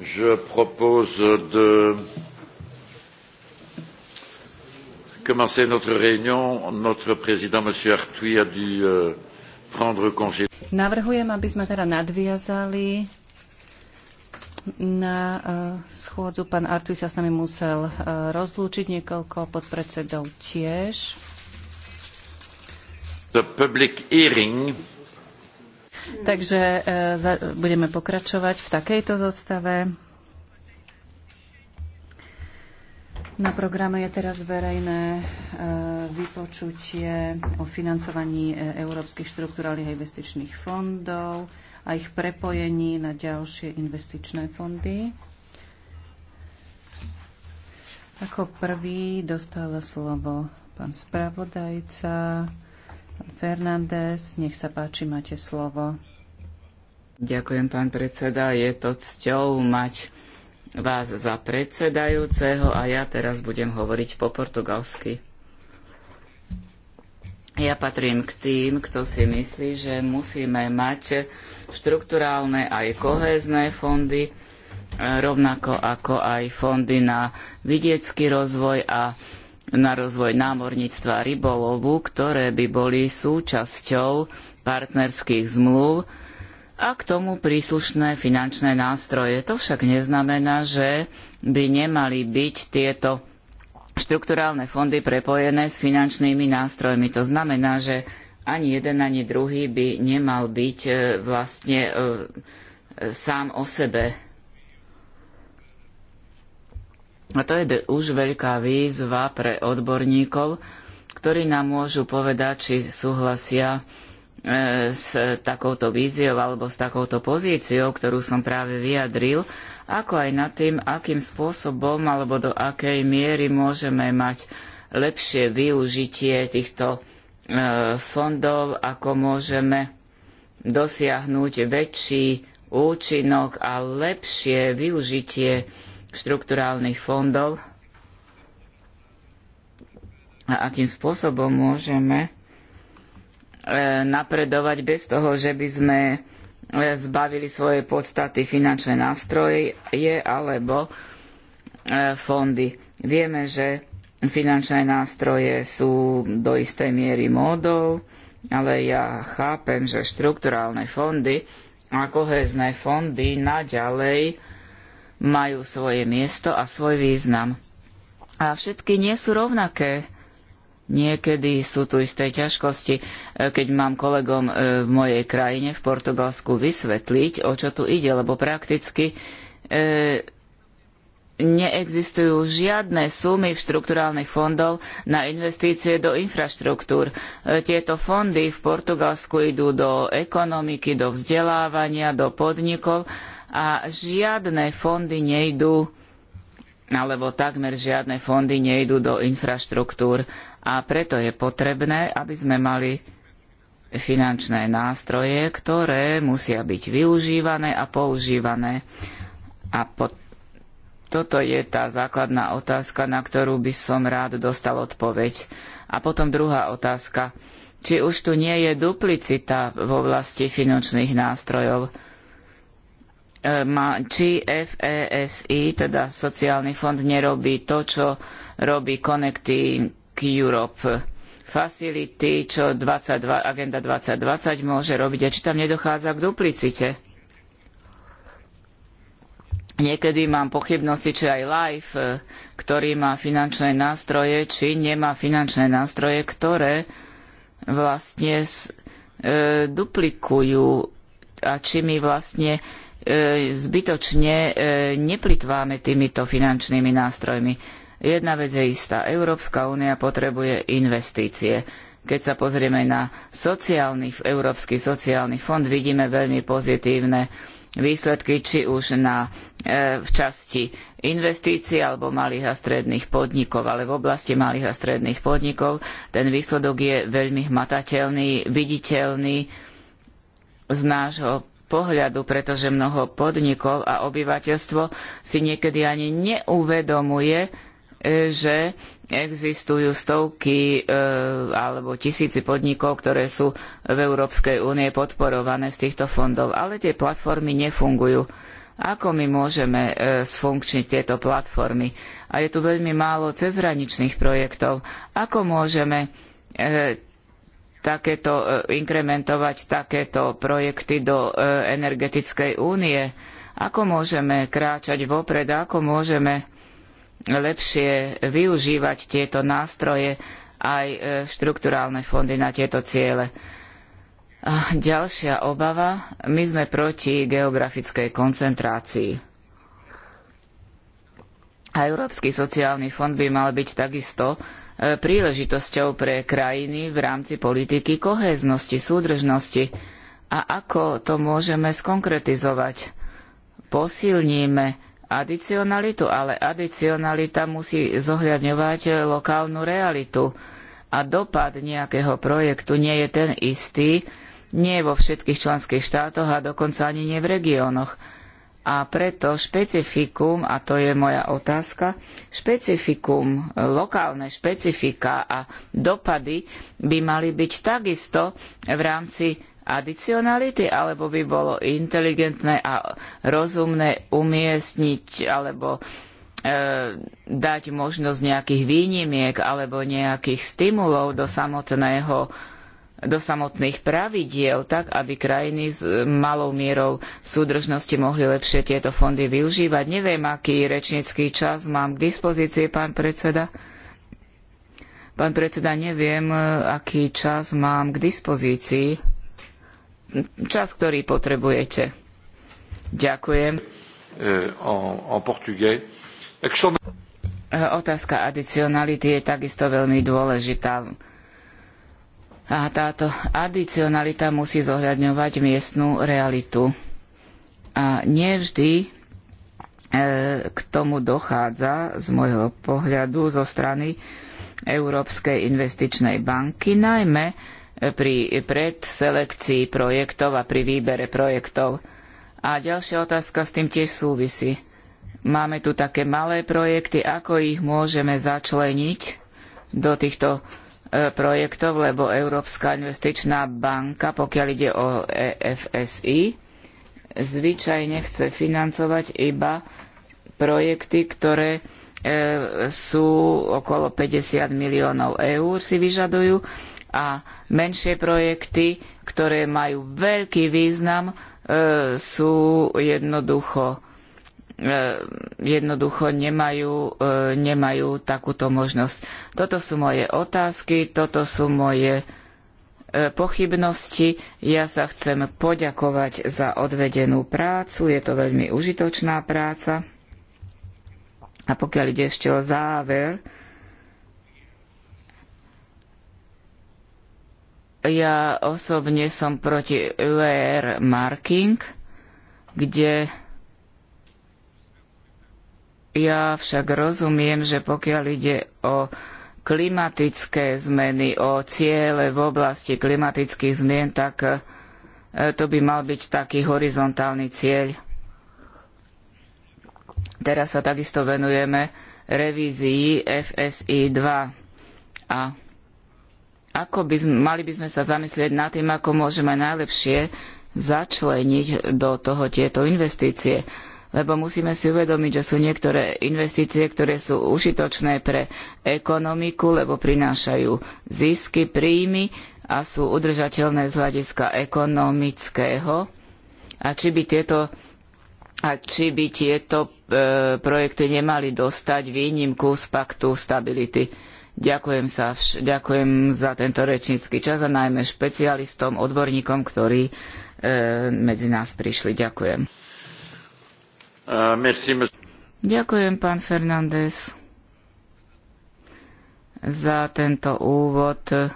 je propose de commencer notre réunion. Notre président, M. Artui, a dû euh, prendre congé. Navrhujem, aby sme teda nadviazali na eh, schôdzu. Pán Artuj sa s nami musel eh, rozlúčiť, niekoľko podpredsedov tiež. The public hearing. Takže eh, budeme pokračovať v takejto zostave. Na programe je teraz verejné vypočutie o financovaní európskych štruktúrálnych investičných fondov a ich prepojení na ďalšie investičné fondy. Ako prvý dostáva slovo pán spravodajca Fernández. Nech sa páči, máte slovo. Ďakujem, pán predseda. Je to cťou mať vás za predsedajúceho a ja teraz budem hovoriť po portugalsky. Ja patrím k tým, kto si myslí, že musíme mať štrukturálne aj kohézne fondy, e, rovnako ako aj fondy na vidiecký rozvoj a na rozvoj námorníctva a rybolovu, ktoré by boli súčasťou partnerských zmluv a k tomu príslušné finančné nástroje. To však neznamená, že by nemali byť tieto štrukturálne fondy prepojené s finančnými nástrojmi. To znamená, že ani jeden, ani druhý by nemal byť e, vlastne e, e, sám o sebe. A to je už veľká výzva pre odborníkov, ktorí nám môžu povedať, či súhlasia s takouto víziou alebo s takouto pozíciou, ktorú som práve vyjadril, ako aj nad tým, akým spôsobom alebo do akej miery môžeme mať lepšie využitie týchto E, fondov, ako môžeme dosiahnuť väčší účinok a lepšie využitie štrukturálnych fondov a akým spôsobom môžeme e, napredovať bez toho, že by sme e, zbavili svoje podstaty finančné nástroje alebo fondy. Vieme, že Finančné nástroje sú do istej miery módou, ale ja chápem, že štrukturálne fondy a kohézne fondy naďalej majú svoje miesto a svoj význam. A všetky nie sú rovnaké. Niekedy sú tu isté ťažkosti, e, keď mám kolegom e, v mojej krajine v Portugalsku vysvetliť, o čo tu ide, lebo prakticky e, neexistujú žiadne sumy v štrukturálnych fondov na investície do infraštruktúr. E, tieto fondy v Portugalsku idú do ekonomiky, do vzdelávania, do podnikov a žiadne fondy nejdú alebo takmer žiadne fondy nejdú do infraštruktúr a preto je potrebné, aby sme mali finančné nástroje, ktoré musia byť využívané a používané. A pod toto je tá základná otázka, na ktorú by som rád dostal odpoveď. A potom druhá otázka. Či už tu nie je duplicita v oblasti finančných nástrojov? E, či FESI, teda sociálny fond, nerobí to, čo robí Connecting Europe? Facility, čo 22, Agenda 2020 môže robiť a či tam nedochádza k duplicite? Niekedy mám pochybnosti, či aj LIFE, e, ktorý má finančné nástroje, či nemá finančné nástroje, ktoré vlastne e, duplikujú a či my vlastne e, zbytočne neplitváme týmito finančnými nástrojmi. Jedna vec je istá. Európska únia potrebuje investície. Keď sa pozrieme na sociálny, Európsky sociálny fond, vidíme veľmi pozitívne výsledky či už na, e, v časti investícií alebo malých a stredných podnikov, ale v oblasti malých a stredných podnikov ten výsledok je veľmi hmatateľný, viditeľný z nášho pohľadu, pretože mnoho podnikov a obyvateľstvo si niekedy ani neuvedomuje, že existujú stovky e, alebo tisíci podnikov, ktoré sú v Európskej únie podporované z týchto fondov, ale tie platformy nefungujú. Ako my môžeme e, sfunkčniť tieto platformy? A je tu veľmi málo cezhraničných projektov. Ako môžeme e, takéto, inkrementovať takéto projekty do energetickej únie? Ako môžeme kráčať vopred? Ako môžeme lepšie využívať tieto nástroje aj e, štrukturálne fondy na tieto ciele. A ďalšia obava, my sme proti geografickej koncentrácii. A Európsky sociálny fond by mal byť takisto e, príležitosťou pre krajiny v rámci politiky kohéznosti, súdržnosti. A ako to môžeme skonkretizovať? Posilníme adicionalitu, ale adicionalita musí zohľadňovať lokálnu realitu a dopad nejakého projektu nie je ten istý, nie vo všetkých členských štátoch a dokonca ani nie v regiónoch. A preto špecifikum, a to je moja otázka, špecifikum, lokálne špecifika a dopady by mali byť takisto v rámci adicionality, alebo by bolo inteligentné a rozumné umiestniť alebo e, dať možnosť nejakých výnimiek alebo nejakých stimulov do samotného do samotných pravidiel, tak aby krajiny s malou mierou súdržnosti mohli lepšie tieto fondy využívať. Neviem, aký rečnícky čas mám k dispozícii, pán predseda. Pán predseda, neviem, e, aký čas mám k dispozícii čas, ktorý potrebujete. Ďakujem. Eh, eh, otázka adicionality je takisto veľmi dôležitá. A táto adicionalita musí zohľadňovať miestnu realitu. A nevždy eh, k tomu dochádza z môjho pohľadu zo strany Európskej investičnej banky, najmä pri predselekcii projektov a pri výbere projektov. A ďalšia otázka s tým tiež súvisí. Máme tu také malé projekty, ako ich môžeme začleniť do týchto e, projektov, lebo Európska investičná banka, pokiaľ ide o EFSI, zvyčajne chce financovať iba projekty, ktoré e, sú okolo 50 miliónov eur si vyžadujú a menšie projekty, ktoré majú veľký význam, e, sú jednoducho e, jednoducho nemajú, e, nemajú takúto možnosť. Toto sú moje otázky, toto sú moje pochybnosti. Ja sa chcem poďakovať za odvedenú prácu, je to veľmi užitočná práca. A pokiaľ ide ešte o záver, Ja osobne som proti UER marking, kde ja však rozumiem, že pokiaľ ide o klimatické zmeny, o ciele v oblasti klimatických zmien, tak e, to by mal byť taký horizontálny cieľ. Teraz sa takisto venujeme revízii FSI 2 a ako by, mali by sme sa zamyslieť nad tým, ako môžeme najlepšie začleniť do toho tieto investície. Lebo musíme si uvedomiť, že sú niektoré investície, ktoré sú užitočné pre ekonomiku, lebo prinášajú zisky, príjmy a sú udržateľné z hľadiska ekonomického. A či by tieto, či by tieto e, projekty nemali dostať výnimku z paktu stability Ďakujem, sa vš- ďakujem za tento rečnícky čas a najmä špecialistom, odborníkom, ktorí e, medzi nás prišli. Ďakujem. Ďakujem, pán Fernández, za tento úvod e,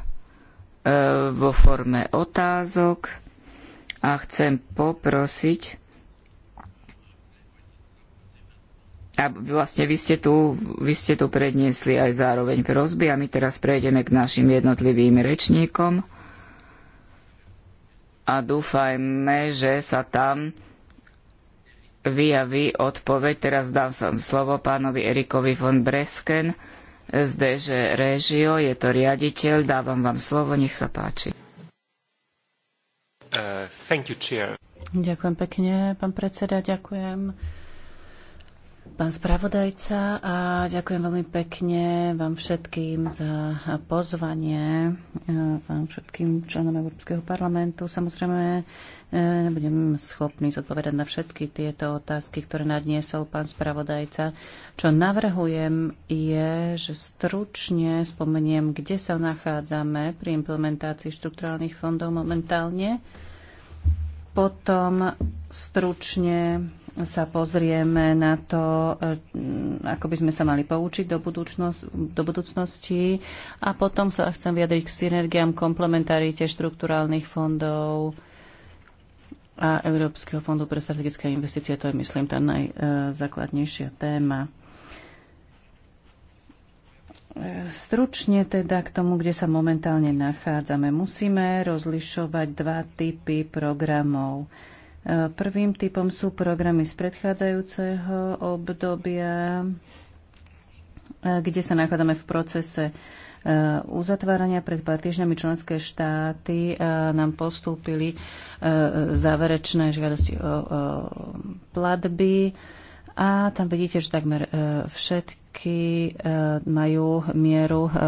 vo forme otázok a chcem poprosiť a vlastne vy ste, tu, vy ste tu predniesli aj zároveň prozby a my teraz prejdeme k našim jednotlivým rečníkom a dúfajme, že sa tam vyjaví odpoveď. Teraz dám som slovo pánovi Erikovi von Bresken z DŽ Regio, je to riaditeľ, dávam vám slovo, nech sa páči. Uh, you, Ďakujem pekne, pán predseda, ďakujem pán spravodajca a ďakujem veľmi pekne vám všetkým za pozvanie, e, vám všetkým členom Európskeho parlamentu. Samozrejme, e, nebudem schopný zodpovedať na všetky tieto otázky, ktoré nadniesol pán spravodajca. Čo navrhujem je, že stručne spomeniem, kde sa nachádzame pri implementácii štrukturálnych fondov momentálne. Potom stručne sa pozrieme na to, eh, ako by sme sa mali poučiť do, do budúcnosti a potom sa chcem vyjadriť k synergiám, komplementarite štrukturálnych fondov a Európskeho fondu pre strategické investície. To je, myslím, tá najzákladnejšia téma. Eh, stručne teda k tomu, kde sa momentálne nachádzame. Musíme rozlišovať dva typy programov Prvým typom sú programy z predchádzajúceho obdobia, eh, kde sa nachádzame v procese eh, uzatvárania pred pár týždňami členské štáty eh, nám postúpili záverečné žiadosti o platby a tam vidíte, že takmer všetky banky e, majú mieru e, e,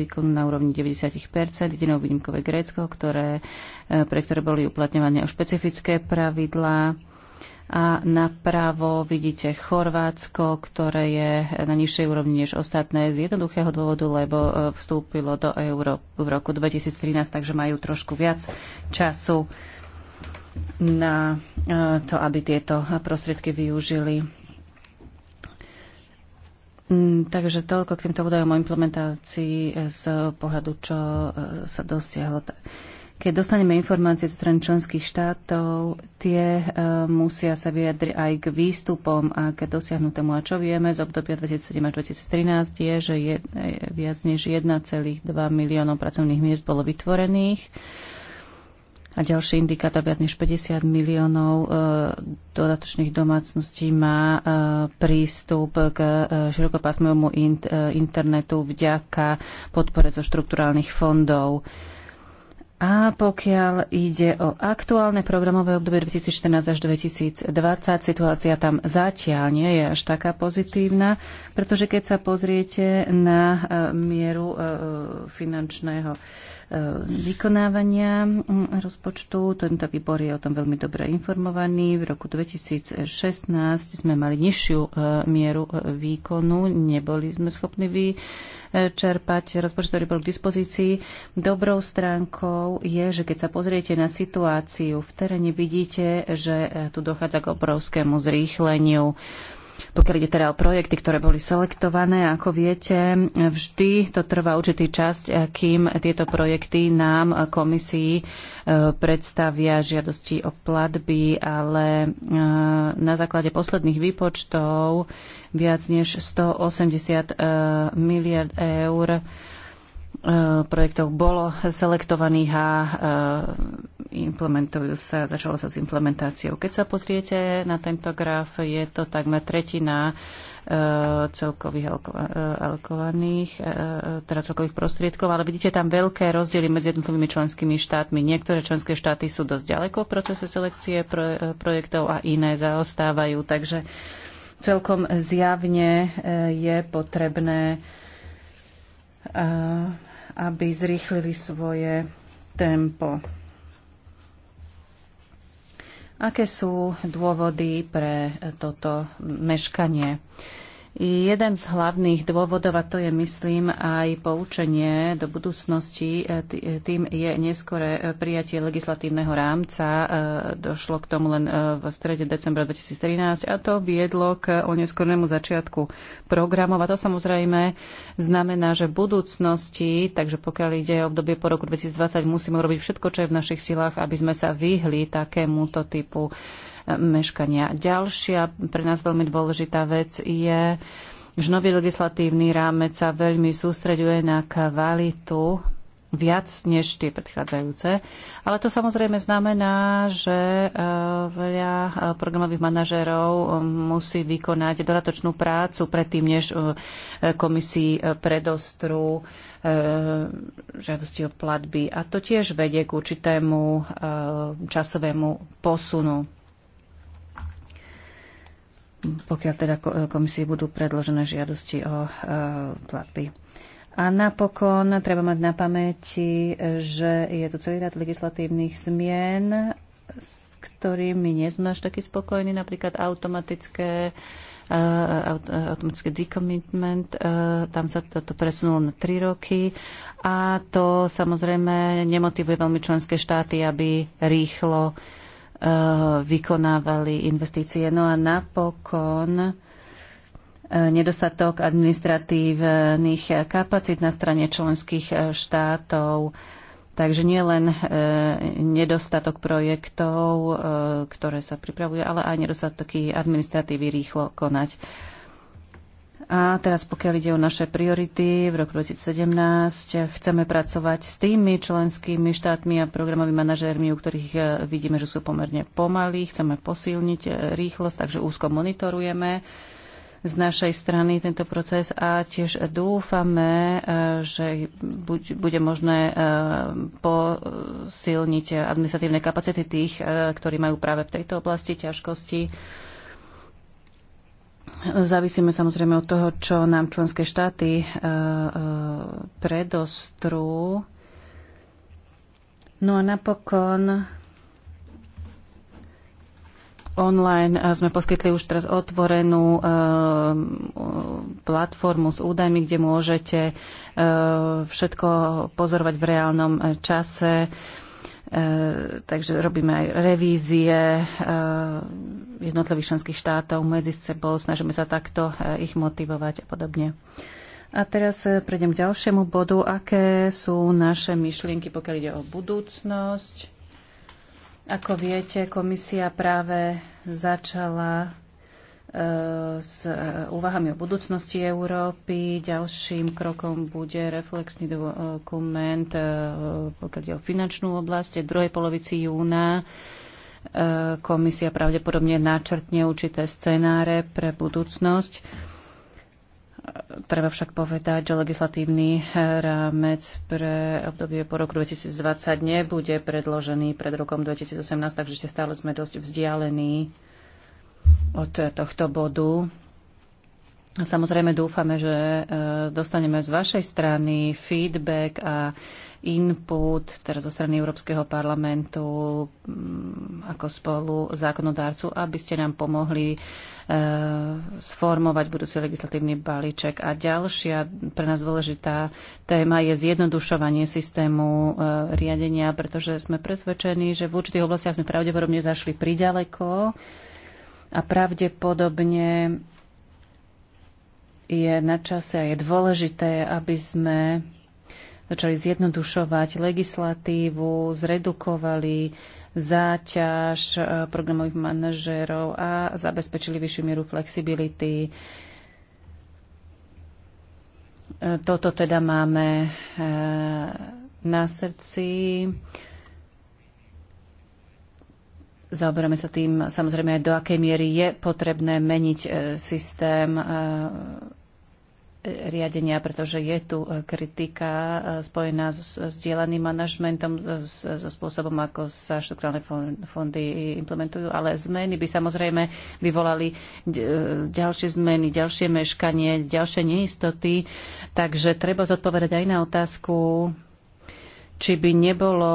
výkonu na úrovni 90 jedinou výnimkou je Grécko, ktoré, pre ktoré boli uplatňované špecifické pravidlá. A napravo vidíte Chorvátsko, ktoré je na nižšej úrovni než ostatné z jednoduchého dôvodu, lebo vstúpilo do euro v roku 2013, takže majú trošku viac času na to, aby tieto prostriedky využili Mm, takže toľko k týmto údajom o implementácii eh, z pohľadu, čo eh, sa dosiahlo. Keď dostaneme informácie zo strany členských štátov, tie eh, musia sa vyjadriť aj k výstupom a k dosiahnutému. A čo vieme z obdobia 2007 až 2013 je, že je, viac než 1,2 miliónov pracovných miest bolo vytvorených a ďalší indikátor viac než 50 miliónov e, dodatočných domácností má e, prístup k e, širokopásmovému internetu vďaka podpore zo štrukturálnych fondov. A pokiaľ ide o aktuálne programové obdobie 2014 až 2020, situácia tam zatiaľ nie je až taká pozitívna, pretože keď sa pozriete na mieru finančného E, vykonávania mm, rozpočtu. Tento výbor je o tom veľmi dobre informovaný. V roku 2016 sme mali nižšiu e, mieru e, výkonu. Neboli sme schopní vyčerpať rozpočet, ktorý bol k dispozícii. Dobrou stránkou je, že keď sa pozriete na situáciu v teréne, vidíte, že tu dochádza k obrovskému zrýchleniu pokiaľ ide teda o projekty, ktoré boli selektované, ako viete, vždy to trvá určitý čas, kým tieto projekty nám eh, komisii eh, predstavia žiadosti o platby, ale eh, na základe posledných výpočtov viac než 180 miliard eur Eh, projektov bolo selektovaných a eh, implementujú sa, začalo sa s implementáciou. Keď sa pozriete na tento graf, je to takmer tretina eh, celkových alokovaných, teda celkových prostriedkov, ale vidíte tam veľké rozdiely medzi jednotlivými členskými štátmi. Niektoré členské štáty sú dosť ďaleko v procese selekcie projektov a iné zaostávajú, takže celkom zjavne je potrebné aby zrýchlili svoje tempo. Aké sú dôvody pre toto meškanie? Jeden z hlavných dôvodov, a to je, myslím, aj poučenie do budúcnosti, e, e, tým je neskore prijatie legislatívneho rámca. E, došlo k tomu len v strede decembra 2013 a to viedlo k oneskornému začiatku programov. A to samozrejme znamená, že v budúcnosti, takže pokiaľ ide o obdobie po roku 2020, musíme urobiť všetko, čo je v našich silách, aby sme sa vyhli takémuto typu meškania. Ďalšia pre nás veľmi dôležitá vec je, že nový legislatívny rámec sa veľmi sústreďuje na kvalitu viac než tie predchádzajúce. Ale to samozrejme znamená, že e, veľa e, programových manažérov e, musí vykonať dodatočnú prácu predtým, než komisii predostru žiadosti o platby. A to tiež vedie k určitému časovému posunu pokiaľ teda komisii budú predložené žiadosti o e, platby. A napokon treba mať na pamäti, že je tu celý rad legislatívnych zmien, s ktorými nie sme až takí spokojní, napríklad automatické e, e, automatické decommitment, tam sa toto presunulo na 3 roky a to samozrejme nemotivuje veľmi členské štáty, aby rýchlo uh, Eh, vykonávali investície. No a napokon eh, nedostatok administratívnych kapacít na strane členských eh, štátov. Takže nie len nedostatok projektov, ktoré sa pripravujú, ale aj nedostatky administratívy rýchlo konať. A teraz pokiaľ ide o naše priority v roku 2017, chceme pracovať s tými členskými štátmi a programovými manažérmi, u ktorých e, vidíme, že sú pomerne pomalí. Chceme posilniť e, rýchlosť, takže úzko monitorujeme z našej strany tento proces a tiež dúfame, e, že bude možné posilniť administratívne kapacity tých, ktorí majú práve v tejto oblasti ťažkosti Závisíme samozrejme od toho, čo nám členské štáty e, e, predostrú. No a napokon online e, sme poskytli už teraz otvorenú platformu s údajmi, kde môžete všetko pozorovať v reálnom čase Eh, takže robíme aj revízie eh, jednotlivých členských štátov medzi sebou, snažíme sa takto eh, ich motivovať a podobne. A teraz prejdem k ďalšiemu bodu. Aké sú naše myšlienky, pokiaľ ide o budúcnosť? Ako viete, komisia práve začala s e, úvahami o budúcnosti Európy. Ďalším krokom bude reflexný dokument, e, pokiaľ ide o finančnú oblasť, v druhej polovici júna e, komisia pravdepodobne načrtne určité scenáre pre budúcnosť. Treba však povedať, že legislatívny rámec pre obdobie po roku 2020 nebude predložený pred rokom 2018, takže ešte stále sme dosť vzdialení od tohto bodu. Samozrejme dúfame, že e, dostaneme z vašej strany feedback a input teraz zo strany Európskeho parlamentu mm, ako spolu zákonodárcu, aby ste nám pomohli e, sformovať budúci legislatívny balíček. A ďalšia pre nás dôležitá téma je zjednodušovanie systému e, riadenia, pretože sme presvedčení, že v určitých oblastiach sme pravdepodobne zašli priďaleko a pravdepodobne je na čase a je dôležité, aby sme začali zjednodušovať legislatívu, zredukovali záťaž eh, programových manažérov a zabezpečili vyššiu mieru flexibility. Eh, toto teda máme eh, na srdci. Zaoberáme sa tým samozrejme aj do akej miery je potrebné meniť e, systém e, riadenia, pretože je tu e, kritika spojená s zdieľaným manažmentom, so spôsobom, ako sa štruktúrne fondy implementujú, ale zmeny by samozrejme vyvolali ďalšie zmeny, ďalšie meškanie, ďalšie neistoty, takže treba zodpovedať aj na otázku, či by nebolo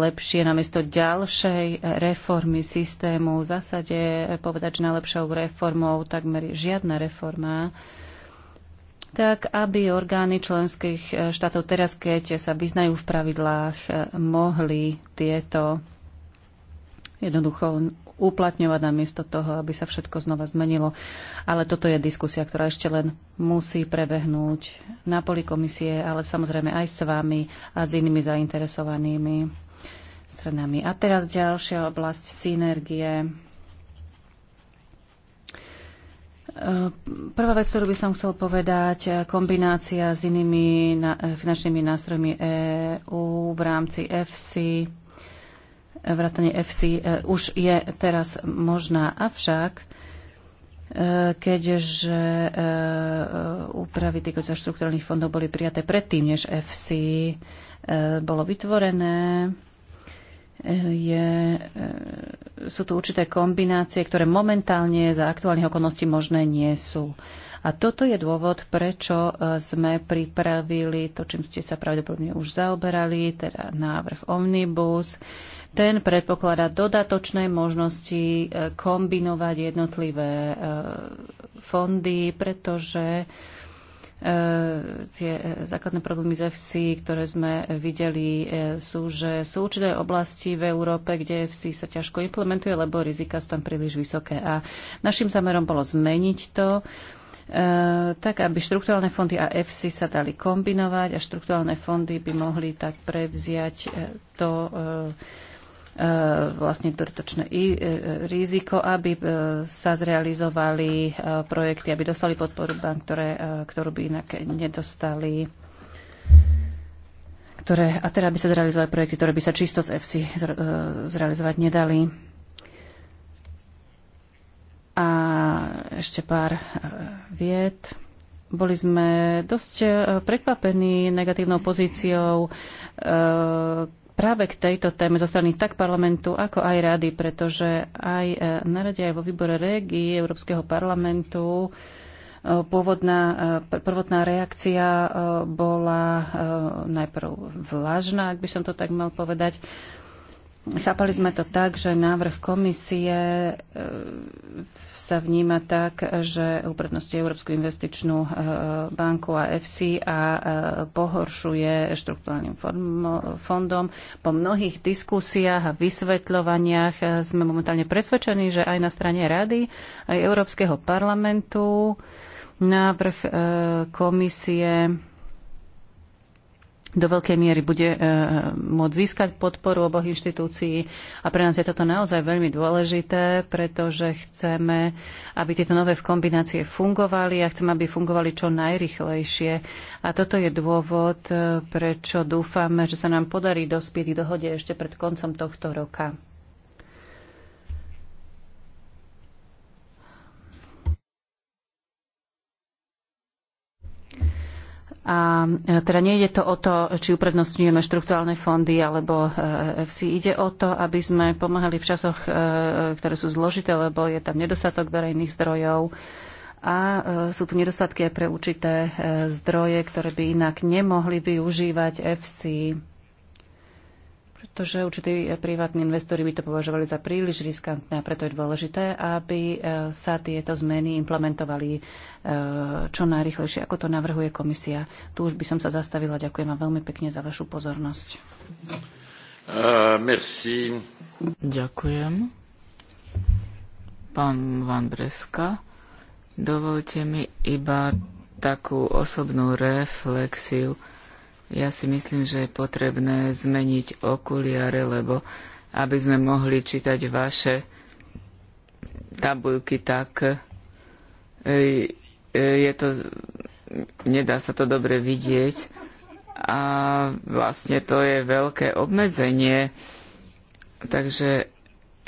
lepšie namiesto ďalšej reformy systému v zásade povedať, že najlepšou reformou takmer žiadna reforma, tak aby orgány členských štátov teraz, keď sa vyznajú v pravidlách, mohli tieto jednoducho uplatňovať namiesto toho, aby sa všetko znova zmenilo. Ale toto je diskusia, ktorá ešte len musí prebehnúť na poli komisie, ale samozrejme aj s vami a s inými zainteresovanými stranami. A teraz ďalšia oblasť synergie. Ehm, prvá vec, ktorú by som chcel povedať, kombinácia s inými finančnými nástrojmi EÚ v rámci EFSI vrátane FC e, už je teraz možná. Avšak e, keďže e, úpravy týkajúce štruktúrnych fondov boli prijaté predtým, než FC bolo vytvorené, je, sú tu určité kombinácie, ktoré momentálne za aktuálnych okolností možné nie sú. A toto je dôvod, prečo sme pripravili to, čím ste sa pravdepodobne už zaoberali, teda návrh Omnibus, ten predpokladá dodatočné možnosti e, kombinovať jednotlivé e, fondy, pretože e, tie základné problémy z FC, ktoré sme videli, sú, že sú určité oblasti v Európe, kde FC sa ťažko implementuje, lebo rizika sú tam príliš vysoké. A našim zámerom bolo zmeniť to, tak aby štrukturálne fondy a FC sa dali kombinovať a štrukturálne fondy by mohli tak prevziať to E, vlastne dodatočné e, riziko, aby e, sa zrealizovali projekty, aby dostali podporu bank, ktoré, ktorú by inak nedostali ktoré, a teda by sa zrealizovali projekty, ktoré by sa čisto z EFSI zrealizovať nedali. A ešte pár vied. Boli sme dosť prekvapení negatívnou pozíciou práve k tejto téme zo strany tak parlamentu, ako aj rady, pretože aj e, na rade, aj vo výbore regii Európskeho parlamentu e, pôvodná, e, prvotná reakcia bola najprv vlažná, ak by som to tak mal povedať. Chápali sme to tak, že návrh komisie sa vníma tak, že uprednostňuje Európsku investičnú e, banku a FC a e, pohoršuje štruktúrnym fondom. Po mnohých diskusiách a vysvetľovaniach e, sme momentálne presvedčení, že aj na strane Rady, aj Európskeho parlamentu návrh komisie do veľkej miery bude e, môcť získať podporu oboch inštitúcií. A pre nás je toto naozaj veľmi dôležité, pretože chceme, aby tieto nové kombinácie fungovali a chceme, aby fungovali čo najrychlejšie. A toto je dôvod, e, prečo dúfame, že sa nám podarí dospieť k dohode ešte pred koncom tohto roka. A e, teda nejde to o to, či uprednostňujeme štruktúrálne fondy alebo e, FC. Ide o to, aby sme pomáhali v časoch, e, ktoré sú zložité, lebo je tam nedostatok verejných zdrojov a sú tu nedostatky aj pre určité zdroje, ktoré by inak nemohli využívať FC pretože určití eh, privátni investori by to považovali za príliš riskantné a preto je dôležité, aby eh, sa tieto zmeny implementovali eh, čo najrychlejšie, ako to navrhuje komisia. Tu už by som sa zastavila. Ďakujem vám veľmi pekne za vašu pozornosť. Uh, merci. Ďakujem. Pán Van Breska, dovolte mi iba takú osobnú reflexiu. Ja si myslím, že je potrebné zmeniť okuliare, lebo aby sme mohli čítať vaše tabuľky, tak e, e, je to, nedá sa to dobre vidieť a vlastne to je veľké obmedzenie. Takže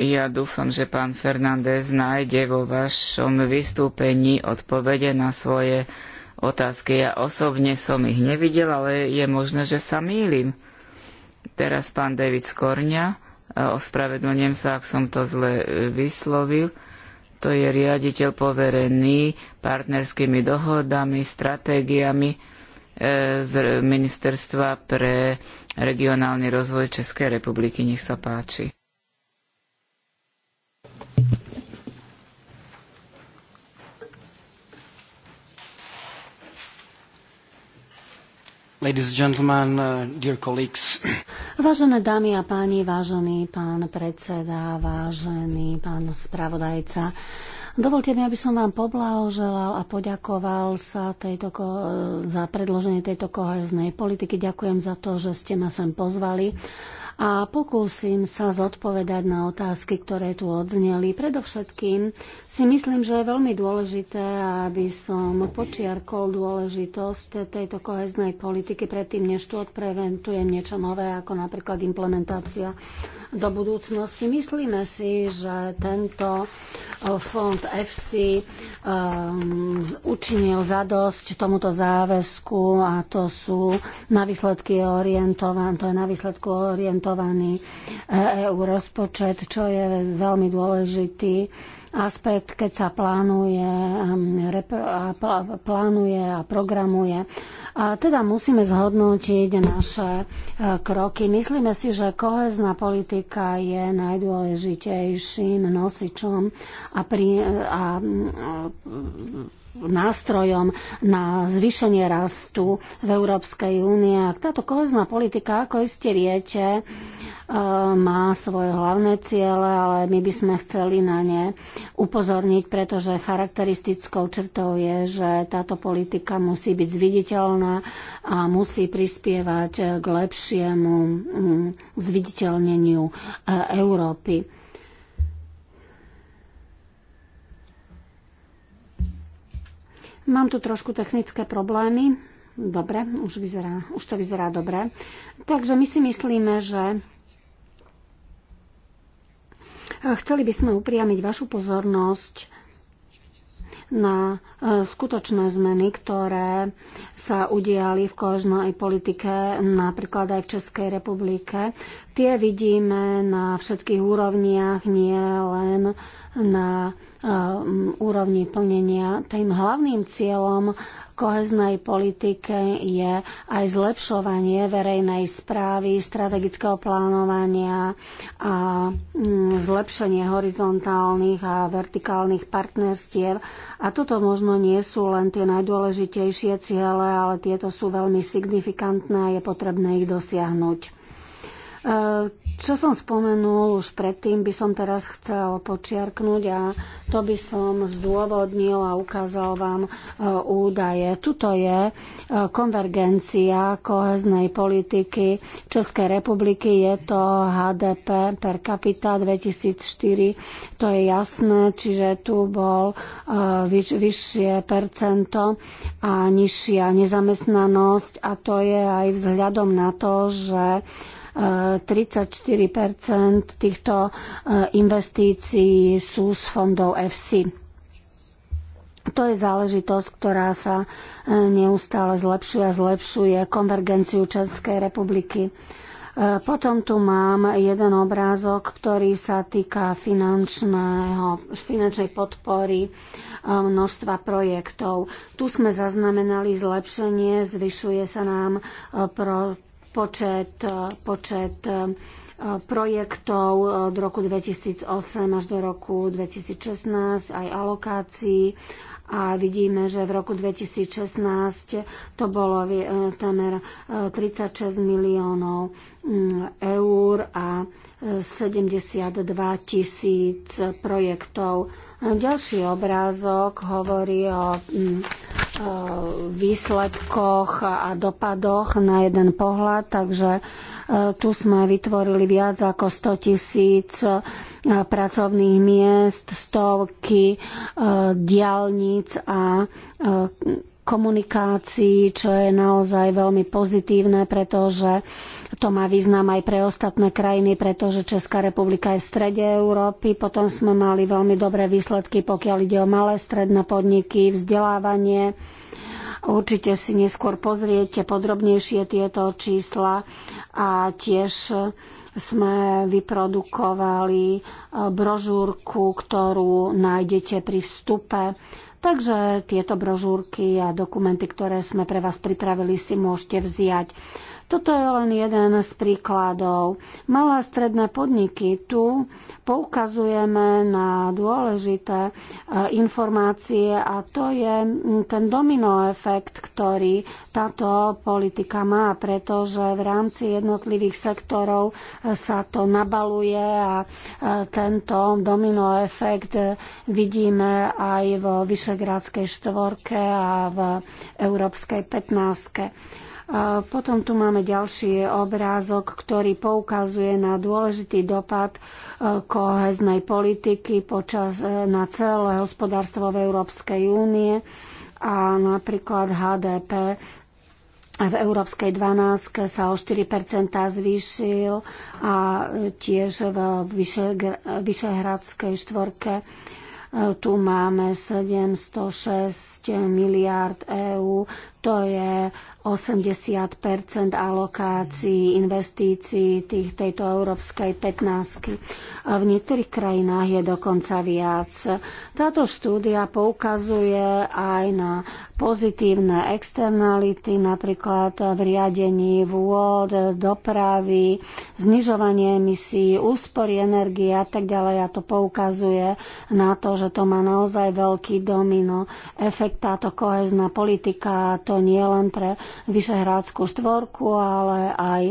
ja dúfam, že pán Fernández nájde vo vašom vystúpení odpovede na svoje otázke. Ja osobne som ich nevidel, ale je možné, že sa mýlim. Teraz pán David Skorňa, e, ospravedlňujem sa, ak som to zle e, vyslovil, to je riaditeľ poverený partnerskými dohodami, stratégiami e, z Ministerstva pre regionálny rozvoj Českej republiky. Nech sa páči. Ladies uh, Vážené dámy a páni, vážený pán predseda, vážený pán spravodajca, dovolte mi, aby som vám poblahoželal a poďakoval sa tejto, za predloženie tejto koheznej politiky. Ďakujem za to, že ste ma sem pozvali a pokúsim sa zodpovedať na otázky, ktoré tu odzneli. Predovšetkým si myslím, že je veľmi dôležité, aby som počiarkol dôležitosť tejto koheznej politiky predtým, než tu odpreventujem niečo nové, ako napríklad implementácia do budúcnosti. Myslíme si, že tento fond FC um, učinil zadosť tomuto záväzku a to sú na výsledky orientované, to je na výsledku orientované implementovaný EU e rozpočet, čo je veľmi dôležitý aspekt, keď sa plánuje, a plánuje a programuje. A teda musíme zhodnotiť naše e, kroky. Myslíme si, že kohezná politika je najdôležitejším nosičom a, pri, a, a nástrojom na zvýšenie rastu v Európskej únie. Táto kohezná politika, ako iste viete, e, má svoje hlavné ciele, ale my by sme chceli na ne upozorniť, pretože charakteristickou črtou je, že táto politika musí byť zviditeľná a musí prispievať k lepšiemu mm, zviditeľneniu e, Európy. Mám tu trošku technické problémy. Dobre, už, vyzerá, už to vyzerá dobre. Takže my si myslíme, že e, chceli by sme upriamiť vašu pozornosť na e, skutočné zmeny, ktoré sa udiali v kožnej politike, napríklad aj v Českej republike. Tie vidíme na všetkých úrovniach, nie len uh, na eh, úrovni plnenia. Tým hlavným cieľom koheznej politike je aj zlepšovanie verejnej správy, strategického plánovania a mm, zlepšenie horizontálnych a vertikálnych partnerstiev. A toto možno nie sú len tie najdôležitejšie ciele, ale tieto sú veľmi signifikantné a je potrebné ich dosiahnuť. Eh, čo som spomenul už predtým, by som teraz chcel počiarknúť a to by som zdôvodnil a ukázal vám eh, údaje. Tuto je eh, konvergencia koheznej politiky Českej republiky. Je to HDP per capita 2004. To je jasné, čiže tu bol vyš, vyššie percento a nižšia nezamestnanosť a to je aj vzhľadom na to, že 34 týchto eh, investícií sú z fondov EFSI. To je záležitosť, ktorá sa eh, neustále zlepšuje a zlepšuje konvergenciu Českej republiky. Eh, potom tu mám jeden obrázok, ktorý sa týka finančnej podpory množstva projektov. Tu sme zaznamenali zlepšenie, zvyšuje sa nám pro počet, počet e, projektov od roku 2008 až do roku 2016, aj alokácií a vidíme, že v roku 2016 to bolo e, tamer 36 e, miliónov mm, eur a 72 tisíc projektov. Ďalší obrázok hovorí o mm, výsledkoch a dopadoch na jeden pohľad, takže e, tu sme vytvorili viac ako 100 tisíc e, pracovných miest, stovky e, diálnic a komunikácií, čo je naozaj veľmi pozitívne, pretože to má význam aj pre ostatné krajiny, pretože Česká republika je v strede Európy. Potom sme mali veľmi dobré výsledky, pokiaľ ide o malé stredné podniky, vzdelávanie. Určite si neskôr pozriete podrobnejšie tieto čísla a tiež sme vyprodukovali brožúrku, ktorú nájdete pri vstupe Takže tieto brožúrky a dokumenty, ktoré sme pre vás pripravili, si môžete vziať. Toto je len jeden z príkladov. Malé a stredné podniky tu poukazujeme na dôležité e, informácie a to je ten domino efekt, ktorý táto politika má, pretože v rámci jednotlivých sektorov e, sa to nabaluje a e, tento domino efekt vidíme aj vo Vyšegrádskej štvorke a v Európskej 15. Potom tu máme ďalší obrázok, ktorý poukazuje na dôležitý dopad e, koheznej politiky počas, e, na celé hospodárstvo v Európskej únie a napríklad HDP v Európskej 12 sa o 4 zvýšil a tiež v Vyšehradskej štvorke e, tu máme 706 miliard EÚ to je 80 alokácií investícií tých, tejto európskej 15. A v niektorých krajinách je dokonca viac. Táto štúdia poukazuje aj na pozitívne externality, napríklad v riadení vôd, dopravy, znižovanie emisí, úspory energie a tak ďalej. A to poukazuje na to, že to má naozaj veľký domino efekt táto kohezná politika to to nie len pre Vyšehrádskú štvorku, ale aj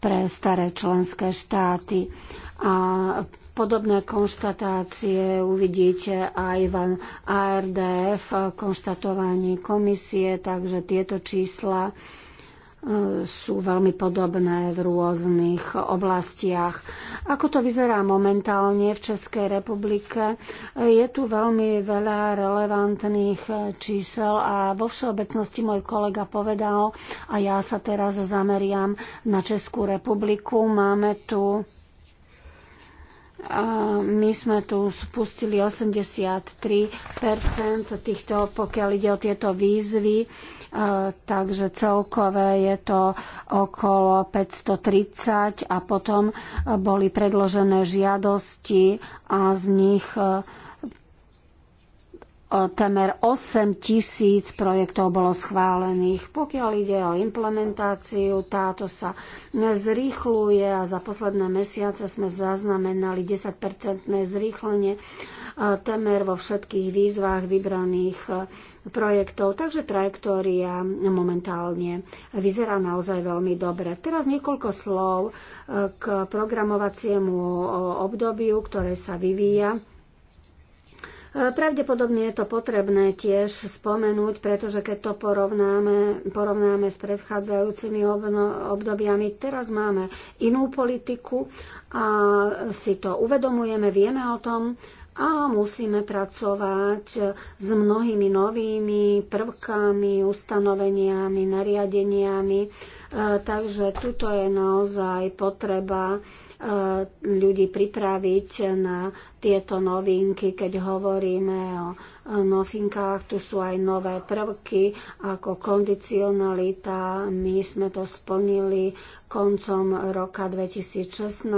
pre staré členské štáty. A Podobné konštatácie uvidíte aj v ARDF konštatovaní komisie, takže tieto čísla sú veľmi podobné v rôznych oblastiach. Ako to vyzerá momentálne v Českej republike? Je tu veľmi veľa relevantných čísel a vo všeobecnosti môj kolega povedal, a ja sa teraz zameriam na Českú republiku. Máme tu a my sme tu spustili 83% týchto, pokiaľ ide o tieto výzvy E, takže celkové je to okolo 530 a potom e, boli predložené žiadosti a z nich e, temer 8 tisíc projektov bolo schválených. Pokiaľ ide o implementáciu, táto sa zrýchluje a za posledné mesiace sme zaznamenali 10-percentné zrýchlenie E, temer vo všetkých výzvach vybraných e, projektov, takže trajektória momentálne vyzerá naozaj veľmi dobre. Teraz niekoľko slov e, k programovaciemu obdobiu, ktoré sa vyvíja. Pravdepodobne je to potrebné tiež spomenúť, pretože keď to porovnáme, porovnáme s predchádzajúcimi obdobiami, teraz máme inú politiku a si to uvedomujeme, vieme o tom a musíme pracovať s mnohými novými prvkami, ustanoveniami, nariadeniami. E, takže tuto je naozaj potreba e, ľudí pripraviť na tieto novinky, keď hovoríme o novinkách. Tu sú aj nové prvky ako kondicionalita. My sme to splnili koncom roka 2016.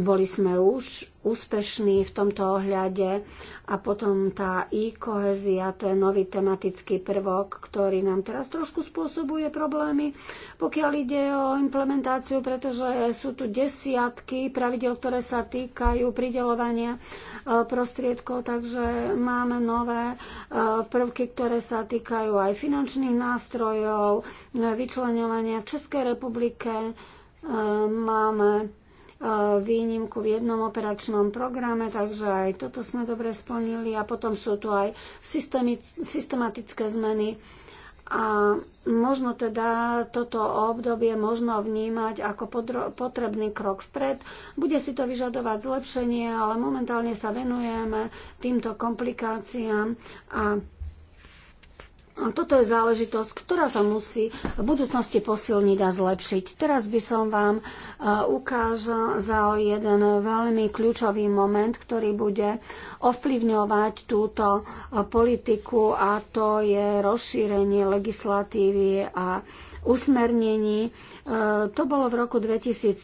Boli sme už úspešní v tomto ohľade a potom tá e-kohezia, to je nový tematický prvok, ktorý nám teraz trošku spôsobuje problémy, pokiaľ ide o implementáciu, pretože sú tu desiatky pravidel, ktoré sa týkajú pridelovania e, prostriedkov, takže máme nové e, prvky, ktoré sa týkajú aj finančných nástrojov, vyčlenovania Českej republiky, Amerike e, máme e, výnimku v jednom operačnom programe, takže aj toto sme dobre splnili a potom sú tu aj systematické zmeny. A možno teda toto obdobie možno vnímať ako potrebný krok vpred. Bude si to vyžadovať zlepšenie, ale momentálne sa venujeme týmto komplikáciám a a toto je záležitosť, ktorá sa musí v budúcnosti posilniť a zlepšiť. Teraz by som vám e, ukázal jeden veľmi kľúčový moment, ktorý bude ovplyvňovať túto e, politiku a to je rozšírenie legislatívy a usmernení. E, to bolo v roku 2013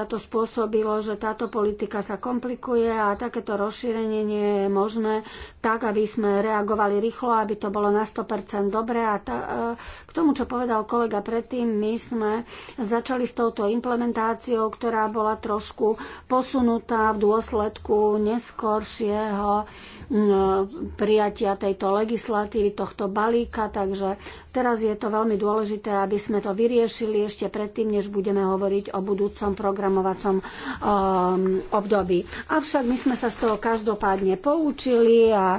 a to spôsobilo, že táto politika sa komplikuje a takéto rozšírenie nie je možné tak, aby sme reagovali rýchlo, aby to bolo na 100% dobre. A ta, e, k tomu, čo povedal kolega predtým, my sme začali s touto implementáciou, ktorá bola trošku posunutá v dôsledku neskoršieho prijatia tejto legislatívy, tohto balíka, takže teraz je to veľmi dôležité, aby aby sme to vyriešili ešte predtým, než budeme hovoriť o budúcom programovacom um, období. Avšak my sme sa z toho každopádne poučili a uh,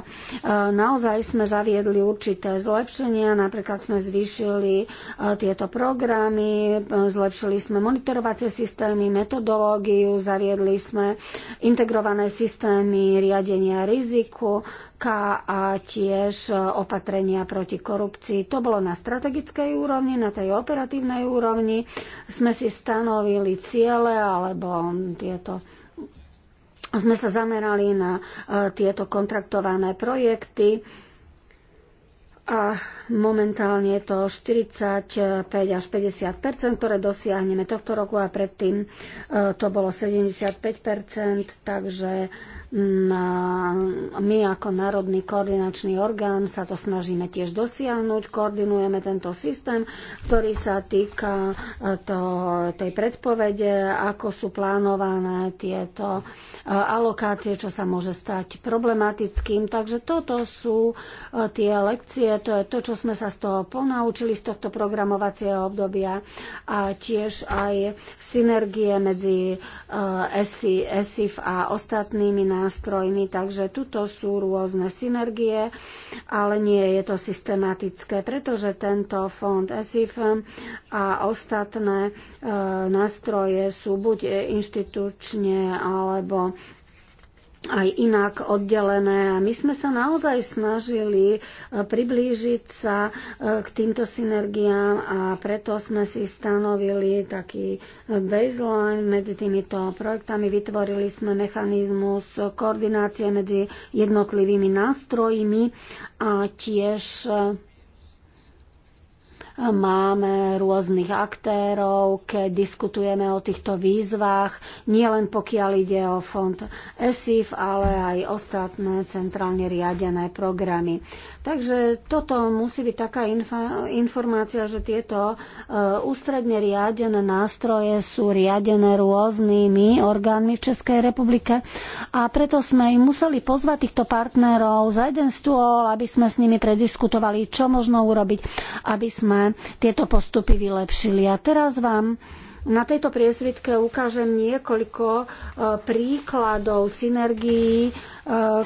naozaj sme zaviedli určité zlepšenia. Napríklad sme zvýšili uh, tieto programy, e, zlepšili sme monitorovacie systémy, metodológiu, zaviedli sme integrované systémy riadenia riziku banka a tiež e, opatrenia proti korupcii. To bolo na strategickej úrovni, na tej operatívnej úrovni. Sme si stanovili ciele alebo tieto sme sa zamerali na e, tieto kontraktované projekty a momentálne je to 45 až 50 ktoré dosiahneme tohto roku a predtým e, to bolo 75 takže my ako Národný koordinačný orgán sa to snažíme tiež dosiahnuť, koordinujeme tento systém, ktorý sa týka e, to, tej predpovede, ako sú plánované tieto e, alokácie, čo sa môže stať problematickým. Takže toto sú e, tie lekcie, to je to, čo sme sa z toho ponaučili, z tohto programovacieho obdobia a tiež aj synergie medzi ESIF a ostatnými nástrojmi, takže tuto sú rôzne synergie, ale nie je to systematické, pretože tento fond ESIF a ostatné e, nástroje sú buď e, inštitučne alebo aj inak oddelené. A my sme sa naozaj snažili e, priblížiť sa e, k týmto synergiám a preto sme si stanovili taký e, baseline medzi týmito projektami. Vytvorili sme mechanizmus koordinácie medzi jednotlivými nástrojmi a tiež Máme rôznych aktérov, keď diskutujeme o týchto výzvach, nielen pokiaľ ide o fond ESIF, ale aj ostatné centrálne riadené programy. Takže toto musí byť taká informácia, že tieto e, ústredne riadené nástroje sú riadené rôznymi orgánmi v Českej republike a preto sme im museli pozvať týchto partnerov za jeden stôl, aby sme s nimi prediskutovali, čo možno urobiť, aby sme tieto postupy vylepšili. A teraz vám na tejto priesvitke ukážem niekoľko e, príkladov synergií, e,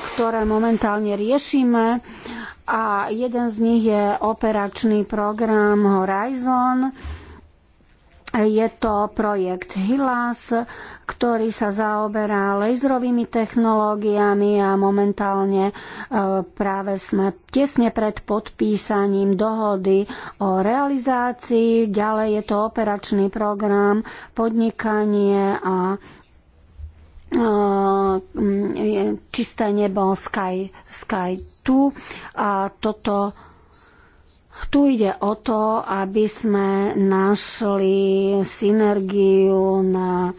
ktoré momentálne riešime. A jeden z nich je operačný program Horizon je to projekt HILAS, ktorý sa zaoberá laserovými technológiami a momentálne e, práve sme tesne pred podpísaním dohody o realizácii. Ďalej je to operačný program podnikanie a e, čisté nebo Sky, Sky 2 a toto tu ide o to, aby sme našli synergiu na eh,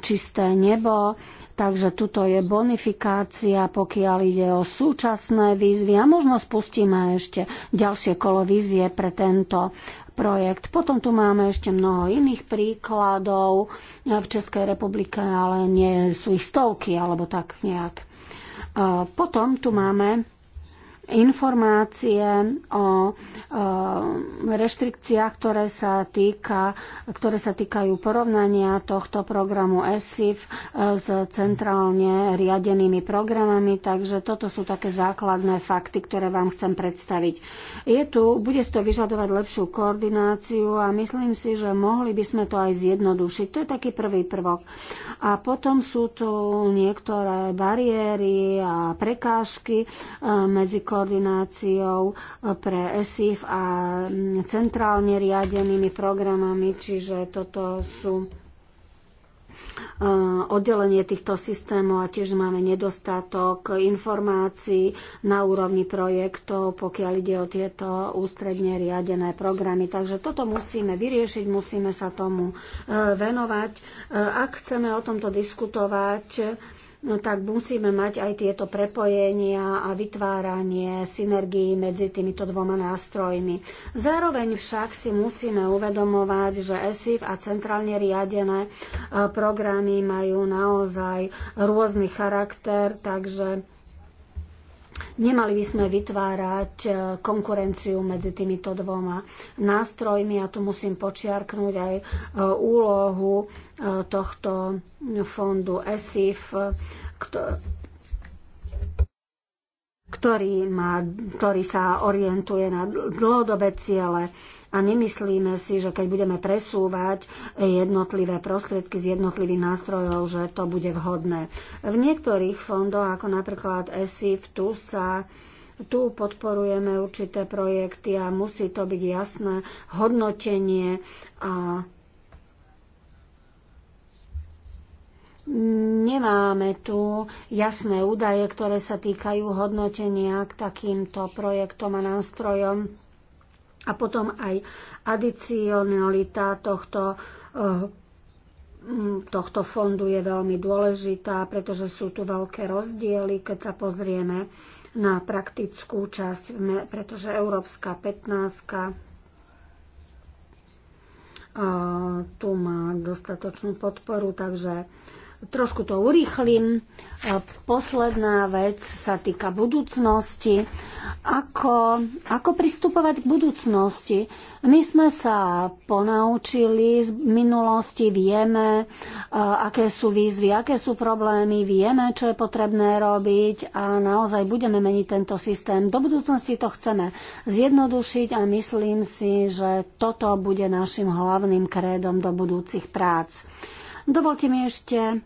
čisté nebo, takže tuto je bonifikácia, pokiaľ ide o súčasné výzvy a možno spustíme ešte ďalšie kolo vízie pre tento projekt. Potom tu máme ešte mnoho iných príkladov v Českej republike, ale nie sú ich stovky alebo tak nejak. Eh, potom tu máme informácie o reštrikciách, ktoré sa, týka, ktoré sa týkajú porovnania tohto programu ESIF e, s centrálne riadenými programami. Takže toto sú také základné fakty, ktoré vám chcem predstaviť. Je tu, bude to vyžadovať lepšiu koordináciu a myslím si, že mohli by sme to aj zjednodušiť. To je taký prvý prvok. A potom sú tu niektoré bariéry a prekážky e, medzi koordináciou e, pre ESIF a centrálne riadenými programami, čiže toto sú e, oddelenie týchto systémov a tiež máme nedostatok informácií na úrovni projektov, pokiaľ ide o tieto ústredne riadené programy. Takže toto musíme vyriešiť, musíme sa tomu e, venovať. Ak chceme o tomto diskutovať, no tak musíme mať aj tieto prepojenia a vytváranie synergií medzi týmito dvoma nástrojmi. Zároveň však si musíme uvedomovať, že ESIF a centrálne riadené eh, programy majú naozaj rôzny charakter, takže Nemali by sme vytvárať e, konkurenciu medzi týmito dvoma nástrojmi a tu musím počiarknúť aj e, úlohu e, tohto fondu ESIF, ktorý, má, ktorý sa orientuje na dlhodobé ciele a nemyslíme si, že keď budeme presúvať jednotlivé prostriedky z jednotlivých nástrojov, že to bude vhodné. V niektorých fondoch, ako napríklad ESIF, tu sa tu podporujeme určité projekty a musí to byť jasné hodnotenie a nemáme tu jasné údaje, ktoré sa týkajú hodnotenia k takýmto projektom a nástrojom. A potom aj adicionalita tohto, eh, tohto fondu je veľmi dôležitá, pretože sú tu veľké rozdiely, keď sa pozrieme na praktickú časť, pretože Európska 15 eh, tu má dostatočnú podporu, takže trošku to urýchlim. E, posledná vec sa týka budúcnosti. Ako, ako pristupovať k budúcnosti? My sme sa ponaučili z minulosti, vieme, e, aké sú výzvy, aké sú problémy, vieme, čo je potrebné robiť a naozaj budeme meniť tento systém. Do budúcnosti to chceme zjednodušiť a myslím si, že toto bude našim hlavným krédom do budúcich prác. Dovolte mi ešte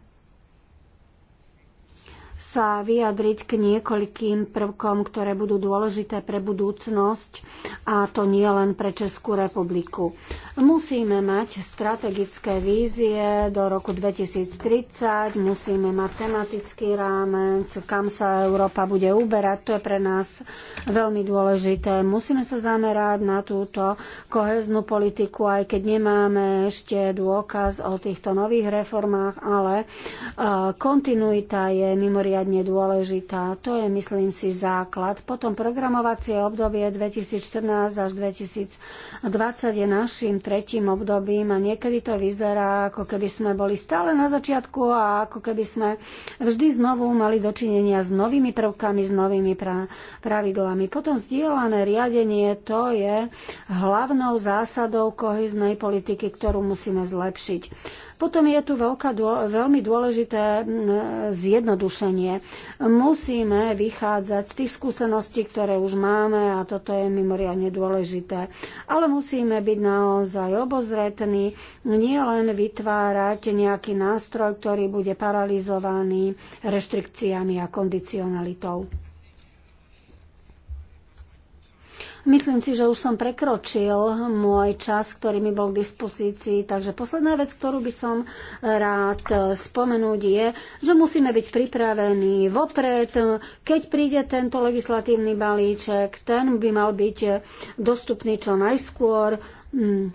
sa vyjadriť k niekoľkým prvkom, ktoré budú dôležité pre budúcnosť a to nie len pre Českú republiku. Musíme mať strategické vízie do roku 2030, musíme mať tematický rámec, kam sa Európa bude uberať, to je pre nás veľmi dôležité. Musíme sa zamerať na túto koheznú politiku, aj keď nemáme ešte dôkaz o týchto nových reformách, ale e, kontinuita je mimoriadne mimoriadne dôležitá. To je, myslím si, základ. Potom programovacie obdobie 2014 až 2020 je našim tretím obdobím a niekedy to vyzerá, ako keby sme boli stále na začiatku a ako keby sme vždy znovu mali dočinenia s novými prvkami, s novými pra- pravidlami. Potom zdieľané riadenie, to je hlavnou zásadou kohiznej politiky, ktorú musíme zlepšiť. Potom je tu veľká, veľmi dôležité zjednodušenie. Musíme vychádzať z tých skúseností, ktoré už máme a toto je mimoriadne dôležité. Ale musíme byť naozaj obozretní, nielen vytvárať nejaký nástroj, ktorý bude paralizovaný reštrikciami a kondicionalitou. Myslím si, že už som prekročil môj čas, ktorý mi bol k dispozícii, takže posledná vec, ktorú by som rád spomenúť je, že musíme byť pripravení vopred, keď príde tento legislatívny balíček, ten by mal byť dostupný čo najskôr mm,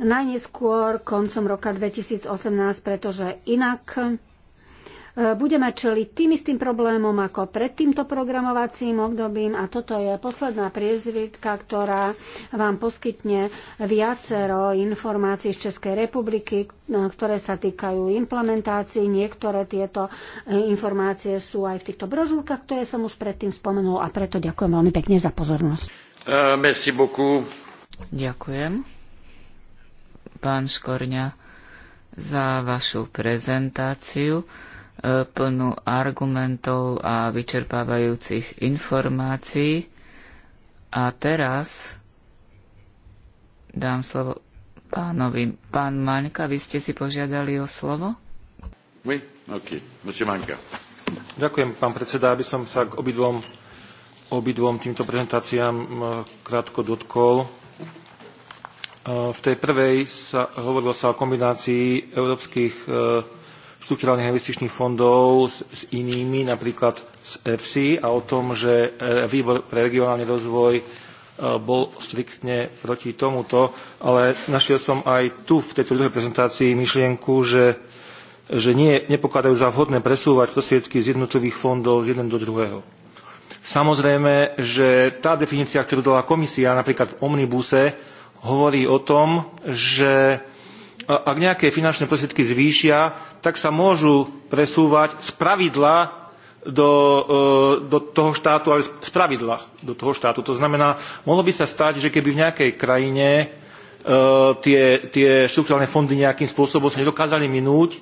najneskôr koncom roka 2018, pretože inak budeme čeliť tým istým problémom ako pred týmto programovacím obdobím a toto je posledná priezvitka, ktorá vám poskytne viacero informácií z Českej republiky, ktoré sa týkajú implementácií. Niektoré tieto informácie sú aj v týchto brožúrkach, ktoré som už predtým spomenul a preto ďakujem veľmi pekne za pozornosť. Eh, merci beaucoup. Ďakujem. Pán Škorňa za vašu prezentáciu plnú argumentov a vyčerpávajúcich informácií. A teraz dám slovo pánovi. Pán Maňka, vy ste si požiadali o slovo? Oui, ok. Monsieur Maňka. Ďakujem, pán predseda. Aby som sa k obidvom, obidvom týmto prezentáciám eh, krátko dotkol. Eh, v tej prvej sa, hovorilo sa o kombinácii európskych eh, štrukturálnych investičných fondov s, s inými, napríklad s EFSI a o tom, že e, výbor pre regionálny rozvoj e, bol striktne proti tomuto, ale našiel som aj tu v tejto druhej prezentácii myšlienku, že, že nie, nepokladajú za vhodné presúvať prostriedky z jednotlivých fondov z jeden do druhého. Samozrejme, že tá definícia, ktorú dala komisia napríklad v Omnibuse, hovorí o tom, že ak nejaké finančné prostriedky zvýšia, tak sa môžu presúvať z pravidla do, e, do toho štátu, ale z pravidla do toho štátu. To znamená, mohlo by sa stať, že keby v nejakej krajine e, tie, tie fondy nejakým spôsobom sa nedokázali minúť,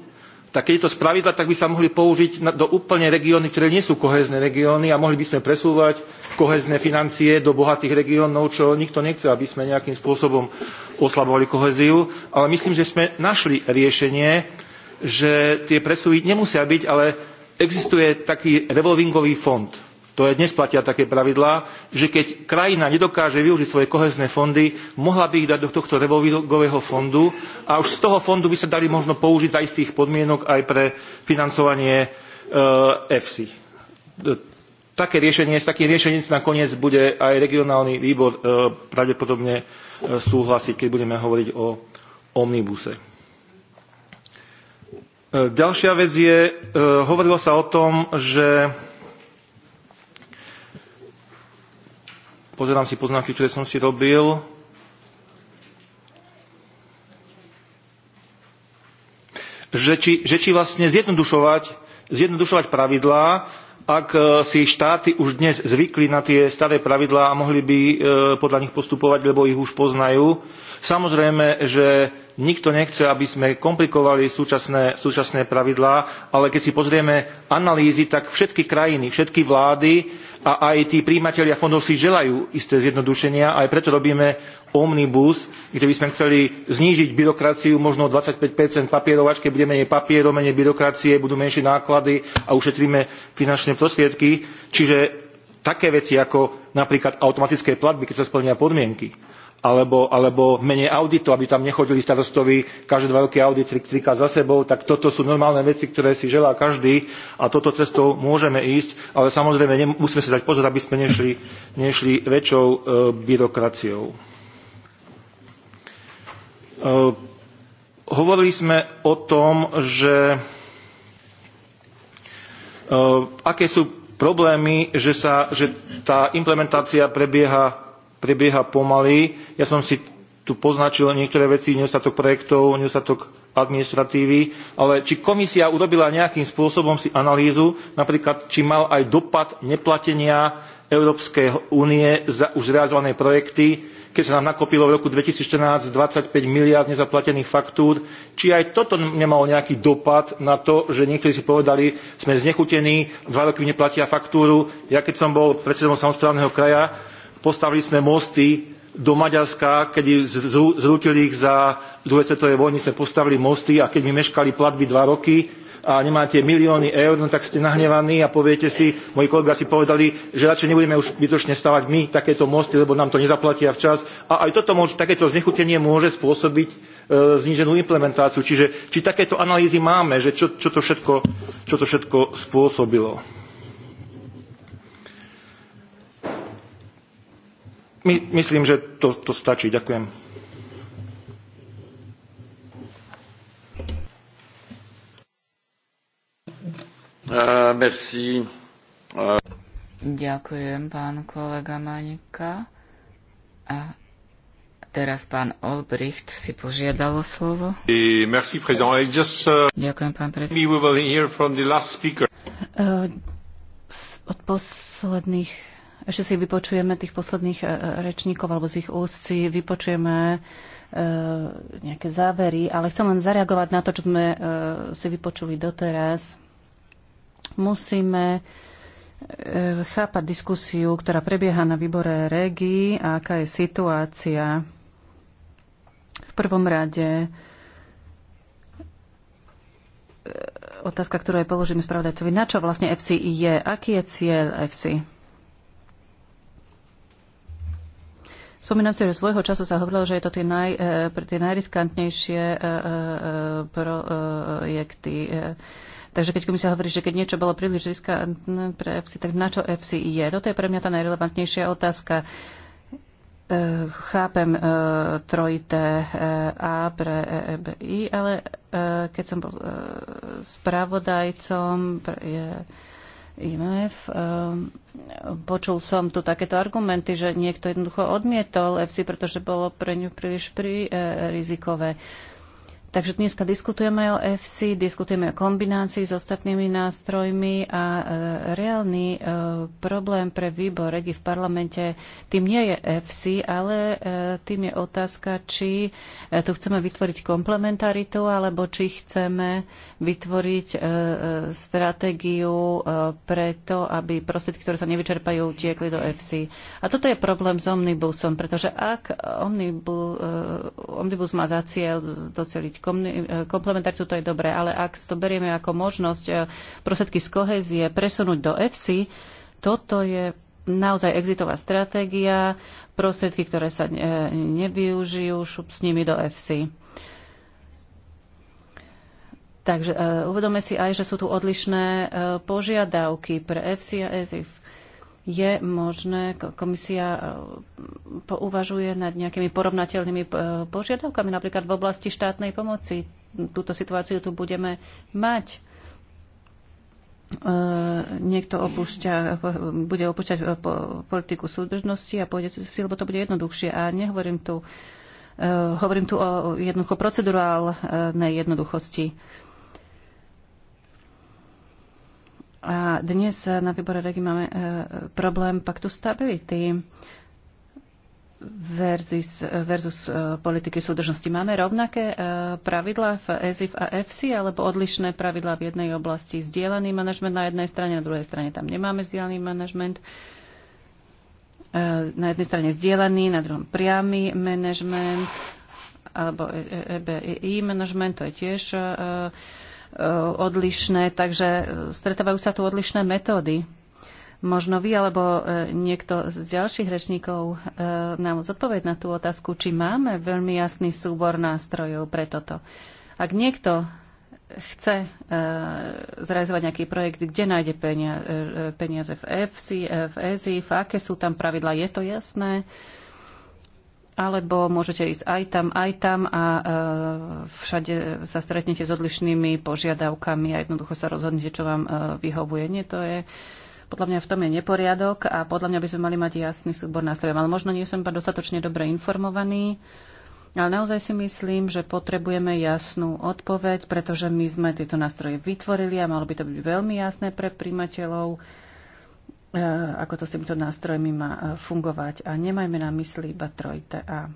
tak keď je to z pravidla, tak by sa mohli použiť do úplne regióny, ktoré nie sú kohézne regióny a mohli by sme presúvať kohezné financie do bohatých regiónov, čo nikto nechce, aby sme nejakým spôsobom oslabovali koheziu. Ale myslím, že sme našli riešenie, že tie presuvy nemusia byť, ale existuje taký revolvingový fond. To je, dnes platia také pravidlá, že keď krajina nedokáže využiť svoje kohezné fondy, mohla by ich dať do tohto revolvingového fondu a už z toho fondu by sa dali možno použiť za istých podmienok aj pre financovanie EFSI také riešenie, s takým riešením nakoniec bude aj regionálny výbor e, pravdepodobne e, súhlasiť, keď budeme hovoriť o omnibuse. E, ďalšia vec je, hovorilo sa o tom, že pozerám si poznámky, ktoré som si robil. Že či, že či vlastne zjednodušovať, zjednodušovať pravidlá, ak e, si štáty už dnes zvykli na tie staré pravidlá a mohli by e, podľa nich postupovať, lebo ich už poznajú. Samozrejme, že Nikto nechce, aby sme komplikovali súčasné, súčasné pravidlá, ale keď si pozrieme analýzy, tak všetky krajiny, všetky vlády a aj tí príjimatelia fondov si želajú isté zjednodušenia, aj preto robíme omnibus, kde by sme chceli znížiť byrokraciu možno 25 papierovačke, bude menej papierov, menej byrokracie, budú menšie náklady a ušetríme finančné prostriedky. Čiže také veci ako napríklad automatické platby, keď sa splnia podmienky alebo, alebo menej auditov, aby tam nechodili starostovi každé dva roky audit tri, trika za sebou, tak toto sú normálne veci, ktoré si želá každý a toto cestou môžeme ísť, ale samozrejme musíme si dať pozor, aby sme nešli, nešli väčšou e, byrokraciou. E, hovorili sme o tom, že e, aké sú problémy, že, sa, že tá implementácia prebieha prebieha pomaly. Ja som si tu poznačil niektoré veci, nedostatok projektov, nedostatok administratívy, ale či komisia urobila nejakým spôsobom si analýzu, napríklad či mal aj dopad neplatenia Európskej únie za už realizované projekty, keď sa nám nakopilo v roku 2014 25 miliard nezaplatených faktúr, či aj toto nemalo nejaký dopad na to, že niektorí si povedali, sme znechutení, dva roky neplatia faktúru. Ja keď som bol predsedom samozprávneho kraja, Postavili sme mosty do Maďarska, keď zrútili ich za druhej svetovej vojny, sme postavili mosty a keď mi meškali platby dva roky a nemáte milióny eur, no tak ste nahnevaní a poviete si, moji kolegovia si povedali, že radšej nebudeme už bytočne stavať my takéto mosty, lebo nám to nezaplatia včas. A aj toto môže, takéto znechutenie môže spôsobiť e, zníženú implementáciu. Čiže či takéto analýzy máme, že čo, čo, to, všetko, čo to všetko spôsobilo. My, myslím, že to, to stačí. Ďakujem. Uh, uh... Ďakujem, pán kolega Manika. A teraz pán Olbricht si požiadal o slovo. Uh, merci, just, Ďakujem, pán predseda. We uh, Od posledných ešte si vypočujeme tých posledných e, e, rečníkov alebo z ich úst si vypočujeme e, nejaké závery, ale chcem len zareagovať na to, čo sme si vypočuli doteraz. Musíme chápať diskusiu, ktorá prebieha na výbore REGI a aká je situácia. V prvom rade otázka, ktorú aj položíme spravodajcovi. Na čo vlastne FCI je? Aký je cieľ FC? Spomínam si, že svojho času sa hovorilo, že je to tie, naj, e, tie najriskantnejšie e, e, projekty. Takže keď komisia hovorí, že keď niečo bolo príliš riskantné pre FC, tak na čo FC je? Toto je pre mňa tá najrelevantnejšia otázka. Chápem trojité A pre EBI, ale keď som bol spravodajcom pre IMF. Ehm, počul som tu takéto argumenty, že niekto jednoducho odmietol FC, pretože bolo pre ňu príliš prí, eh, rizikové. Takže dneska diskutujeme o FC, diskutujeme o kombinácii s ostatnými nástrojmi a e, reálny e, problém pre výbor regi v parlamente tým nie je FC, ale e, tým je otázka, či e, tu chceme vytvoriť komplementaritu alebo či chceme vytvoriť e, e stratégiu e, to, aby prostriedky, ktoré sa nevyčerpajú, tiekli do FC. A toto je problém s omnibusom, pretože ak omnibus, e, omnibus má za cieľ doceliť E, komplementaritu, to je dobré, ale ak to berieme ako možnosť e, prosedky z kohezie presunúť do EFSI, toto je naozaj exitová stratégia, prostriedky, ktoré sa e, nevyužijú, šup s nimi do EFSI. Takže uh, uvedome si aj, že sú tu odlišné uh, požiadavky pre EFSI a ESIF je možné, komisia e, pouvažuje nad nejakými porovnateľnými e, požiadavkami, napríklad v oblasti štátnej pomoci. Túto situáciu tu budeme mať. E, niekto opúšťa, bude opúšťať politiku súdržnosti a pôjde si, lebo to bude jednoduchšie. A nehovorím tu, hovorím tu o jednoducho procedurálnej jednoduchosti. A dnes na výbore regi máme e, problém paktu stability versus, versus e, politiky súdržnosti. Máme rovnaké e, pravidlá v EZIF a EFSI, alebo odlišné pravidlá v jednej oblasti? Zdieľaný manažment na jednej strane, na druhej strane tam nemáme zdieľaný manažment. Na jednej strane zdieľaný, na druhom priamy manažment, alebo EBI management, to je tiež uh, Eh, odlišné, takže eh, stretávajú sa tu odlišné metódy. Možno vy alebo eh, niekto z ďalších rečníkov nám zodpovedť na tú otázku, či máme veľmi jasný súbor nástrojov pre toto. Ak niekto chce zrealizovať nejaký projekt, kde nájde peniaze v EFSI, v EZI, v aké sú tam pravidla, je to jasné? alebo môžete ísť aj tam, aj tam a e, všade sa stretnete s odlišnými požiadavkami a jednoducho sa rozhodnete, čo vám e, vyhovuje. Nie, to je podľa mňa v tom je neporiadok a podľa mňa by sme mali mať jasný súbor nástrojov. Ale možno nie som iba dostatočne dobre informovaný, ale naozaj si myslím, že potrebujeme jasnú odpoveď, pretože my sme tieto nástroje vytvorili a malo by to byť veľmi jasné pre príjmateľov E, ako to s týmito nástrojmi má e, fungovať. A nemajme na mysli iba 3TA.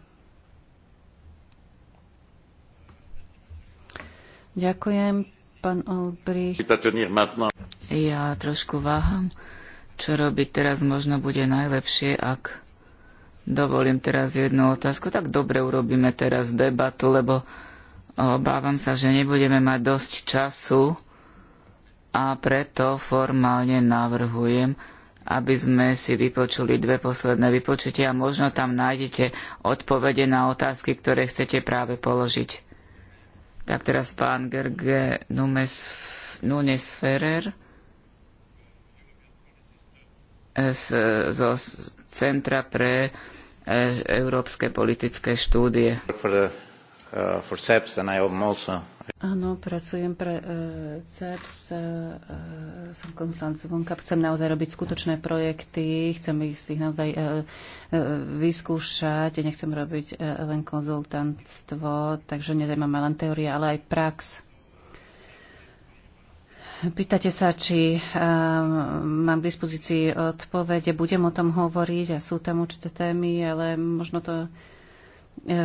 Ďakujem, pán Olbrich. Ja trošku váham, čo robiť teraz možno bude najlepšie, ak dovolím teraz jednu otázku. Tak dobre urobíme teraz debatu, lebo obávam sa, že nebudeme mať dosť času a preto formálne navrhujem, aby sme si vypočuli dve posledné vypočutia a možno tam nájdete odpovede na otázky, ktoré chcete práve položiť. Tak teraz pán Gerge Nunes, Nunes Ferrer eh, z, zo Centra pre eh, európske politické štúdie. For the, uh, for Áno, pracujem pre e, CEPS, e, e som konzultant vonka, chcem naozaj robiť skutočné projekty, chcem ich si naozaj e, e, vyskúšať, nechcem robiť e, len konzultantstvo, takže nezajímam ma len teória, ale aj prax. Pýtate sa, či um, mám k dispozícii odpovede, budem o tom hovoriť a sú tam určité témy, ale možno to E,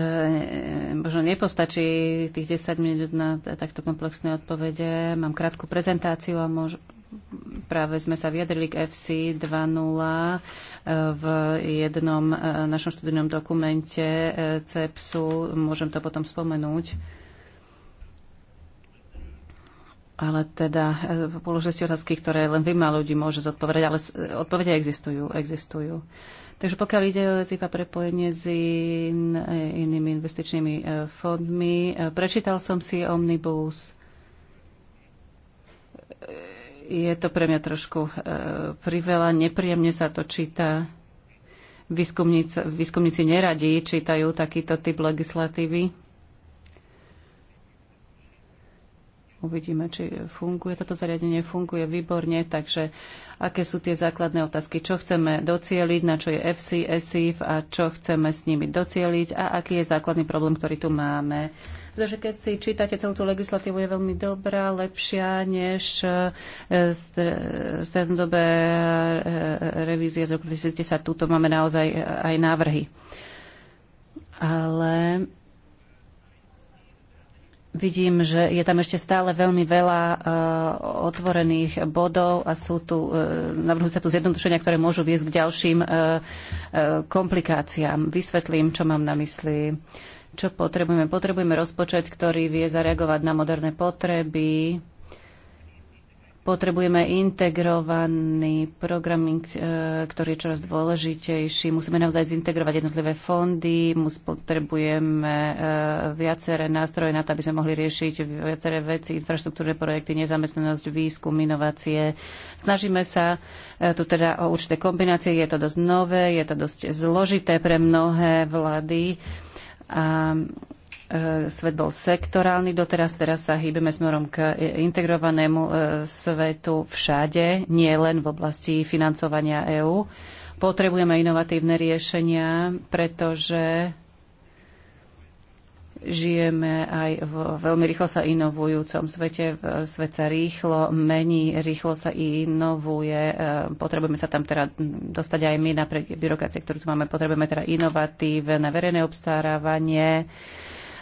možno nepostačí tých 10 minút na takto komplexné odpovede. Mám krátku prezentáciu a mož, práve sme sa vyjadrili k FC 2.0 e, v jednom e, našom študijnom dokumente CEPSu. Môžem to potom spomenúť. Ale teda položili ste otázky, ktoré len vy ľudí môže zodpovedať, ale odpovede existujú. existujú. Uh, Takže pokiaľ ide o ZIPA prepojenie s in, eh, inými investičnými eh, fondmi, eh, prečítal som si Omnibus. Je to pre mňa trošku priveľa, nepríjemne sa to číta. Výskumníci, výskumníci neradi čítajú takýto typ legislatívy. Uvidíme, či funguje. Toto zariadenie funguje výborne, takže aké sú tie základné otázky, čo chceme docieliť, na čo je FC, SIF a čo chceme s nimi docieliť a aký je základný problém, ktorý tu máme. Pretože keď si čítate celú tú legislatívu, je veľmi dobrá, lepšia než e, strednodobé e, revízie z roku 2010. Tuto máme naozaj aj návrhy. Ale Vidím, že je tam ešte stále veľmi veľa uh, otvorených bodov a sú tu, uh, navrhujú sa tu zjednodušenia, ktoré môžu viesť k ďalším uh, uh, komplikáciám. Vysvetlím, čo mám na mysli. Čo potrebujeme? Potrebujeme rozpočet, ktorý vie zareagovať na moderné potreby, Potrebujeme integrovaný programming, e, ktorý je čoraz dôležitejší. Musíme naozaj zintegrovať jednotlivé fondy, potrebujeme e, viaceré nástroje na to, aby sme mohli riešiť viaceré veci, infraštruktúrne projekty, nezamestnanosť, výskum, inovácie. Snažíme sa e, tu teda o určité kombinácie. Je to dosť nové, je to dosť zložité pre mnohé vlády. A E, svet bol sektorálny doteraz, teraz sa hýbeme smerom k integrovanému e, svetu všade, nie len v oblasti financovania EÚ. Potrebujeme inovatívne riešenia, pretože žijeme aj v veľmi rýchlo sa inovujúcom svete. Svet sa rýchlo mení, rýchlo sa inovuje. E, potrebujeme sa tam teda dostať aj my napriek byrokracie, ktorú tu máme. Potrebujeme teda inovatívne verejné obstarávanie,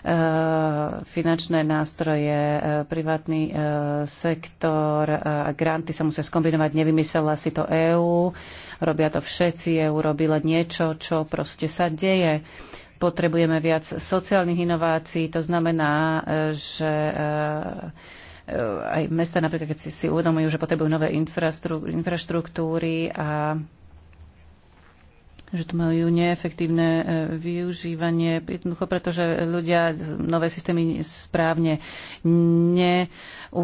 Eh, finančné nástroje, eh, privátny eh, sektor a granty sa musia skombinovať. Nevymyslela si to EÚ, robia to všetci, EÚ robila niečo, čo proste sa deje potrebujeme viac sociálnych inovácií. To znamená, že aj mesta napríklad, keď si, si uvedomujú, že potrebujú nové infraštruktúry a že tu majú neefektívne e, využívanie, jednoducho pretože ľudia nové systémy správne neuplatňujú.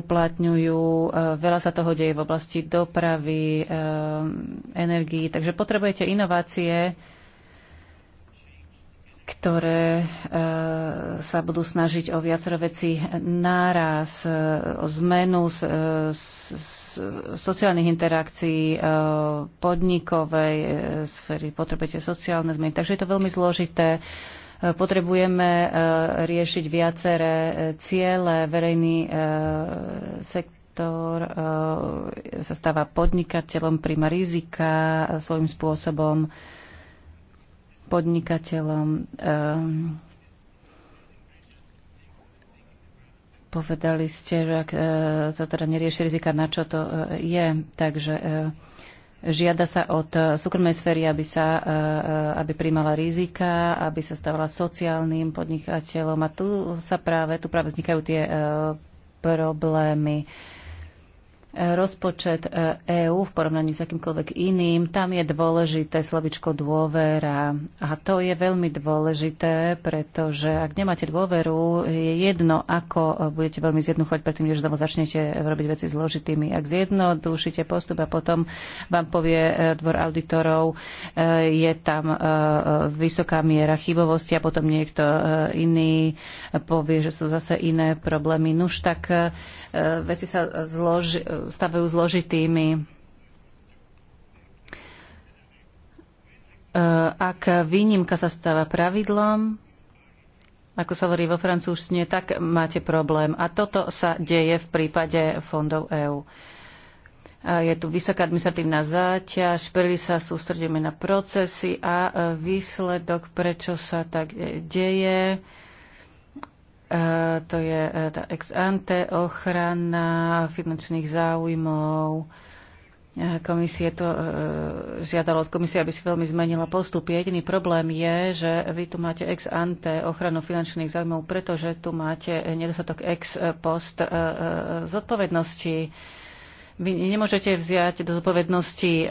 E, veľa sa toho deje v oblasti dopravy, e, energii, takže potrebujete inovácie, ktoré e, sa budú snažiť o viacero veci náraz, e, o zmenu z, z, z sociálnych interakcií, e, podnikovej sféry, potrebujete sociálne zmeny. Takže je to veľmi zložité. Potrebujeme riešiť viaceré ciele. Verejný sektor sa stáva podnikateľom, príjma rizika svojím spôsobom podnikateľom ehm, povedali ste, že ak ehm, to teda nerieši rizika, na čo to ehm, je. Takže žiada sa od eh, súkromnej sféry, aby, sa, aby príjmala rizika, aby sa stávala sociálnym podnikateľom. A tu sa práve, tu práve vznikajú tie problémy rozpočet e, EÚ v porovnaní s akýmkoľvek iným, tam je dôležité slovičko dôvera. A to je veľmi dôležité, pretože ak nemáte dôveru, je jedno, ako budete veľmi zjednoduchovať predtým, než znovu začnete robiť veci zložitými. Ak zjednodušíte postup a potom vám povie e, dvor auditorov, e, je tam vysoká miera chybovosti a potom niekto iný povie, že sú zase iné problémy. Nuž tak veci sa zložia stavajú zložitými. E, ak výnimka sa stáva pravidlom, ako sa hovorí vo francúzštine, tak máte problém. A toto sa deje v prípade fondov EÚ. Je tu vysoká administratívna záťaž, prvý sa sústredíme na procesy a výsledok, prečo sa tak deje, E, to je e, tá ex ante ochrana finančných záujmov. E, komisie to žiadalo od komisie, aby si veľmi zmenila postup. Jediný problém je, že vy tu máte ex ante ochranu finančných záujmov, pretože tu máte nedostatok ex post zodpovednosti. Vy nemôžete vziať do zodpovednosti e,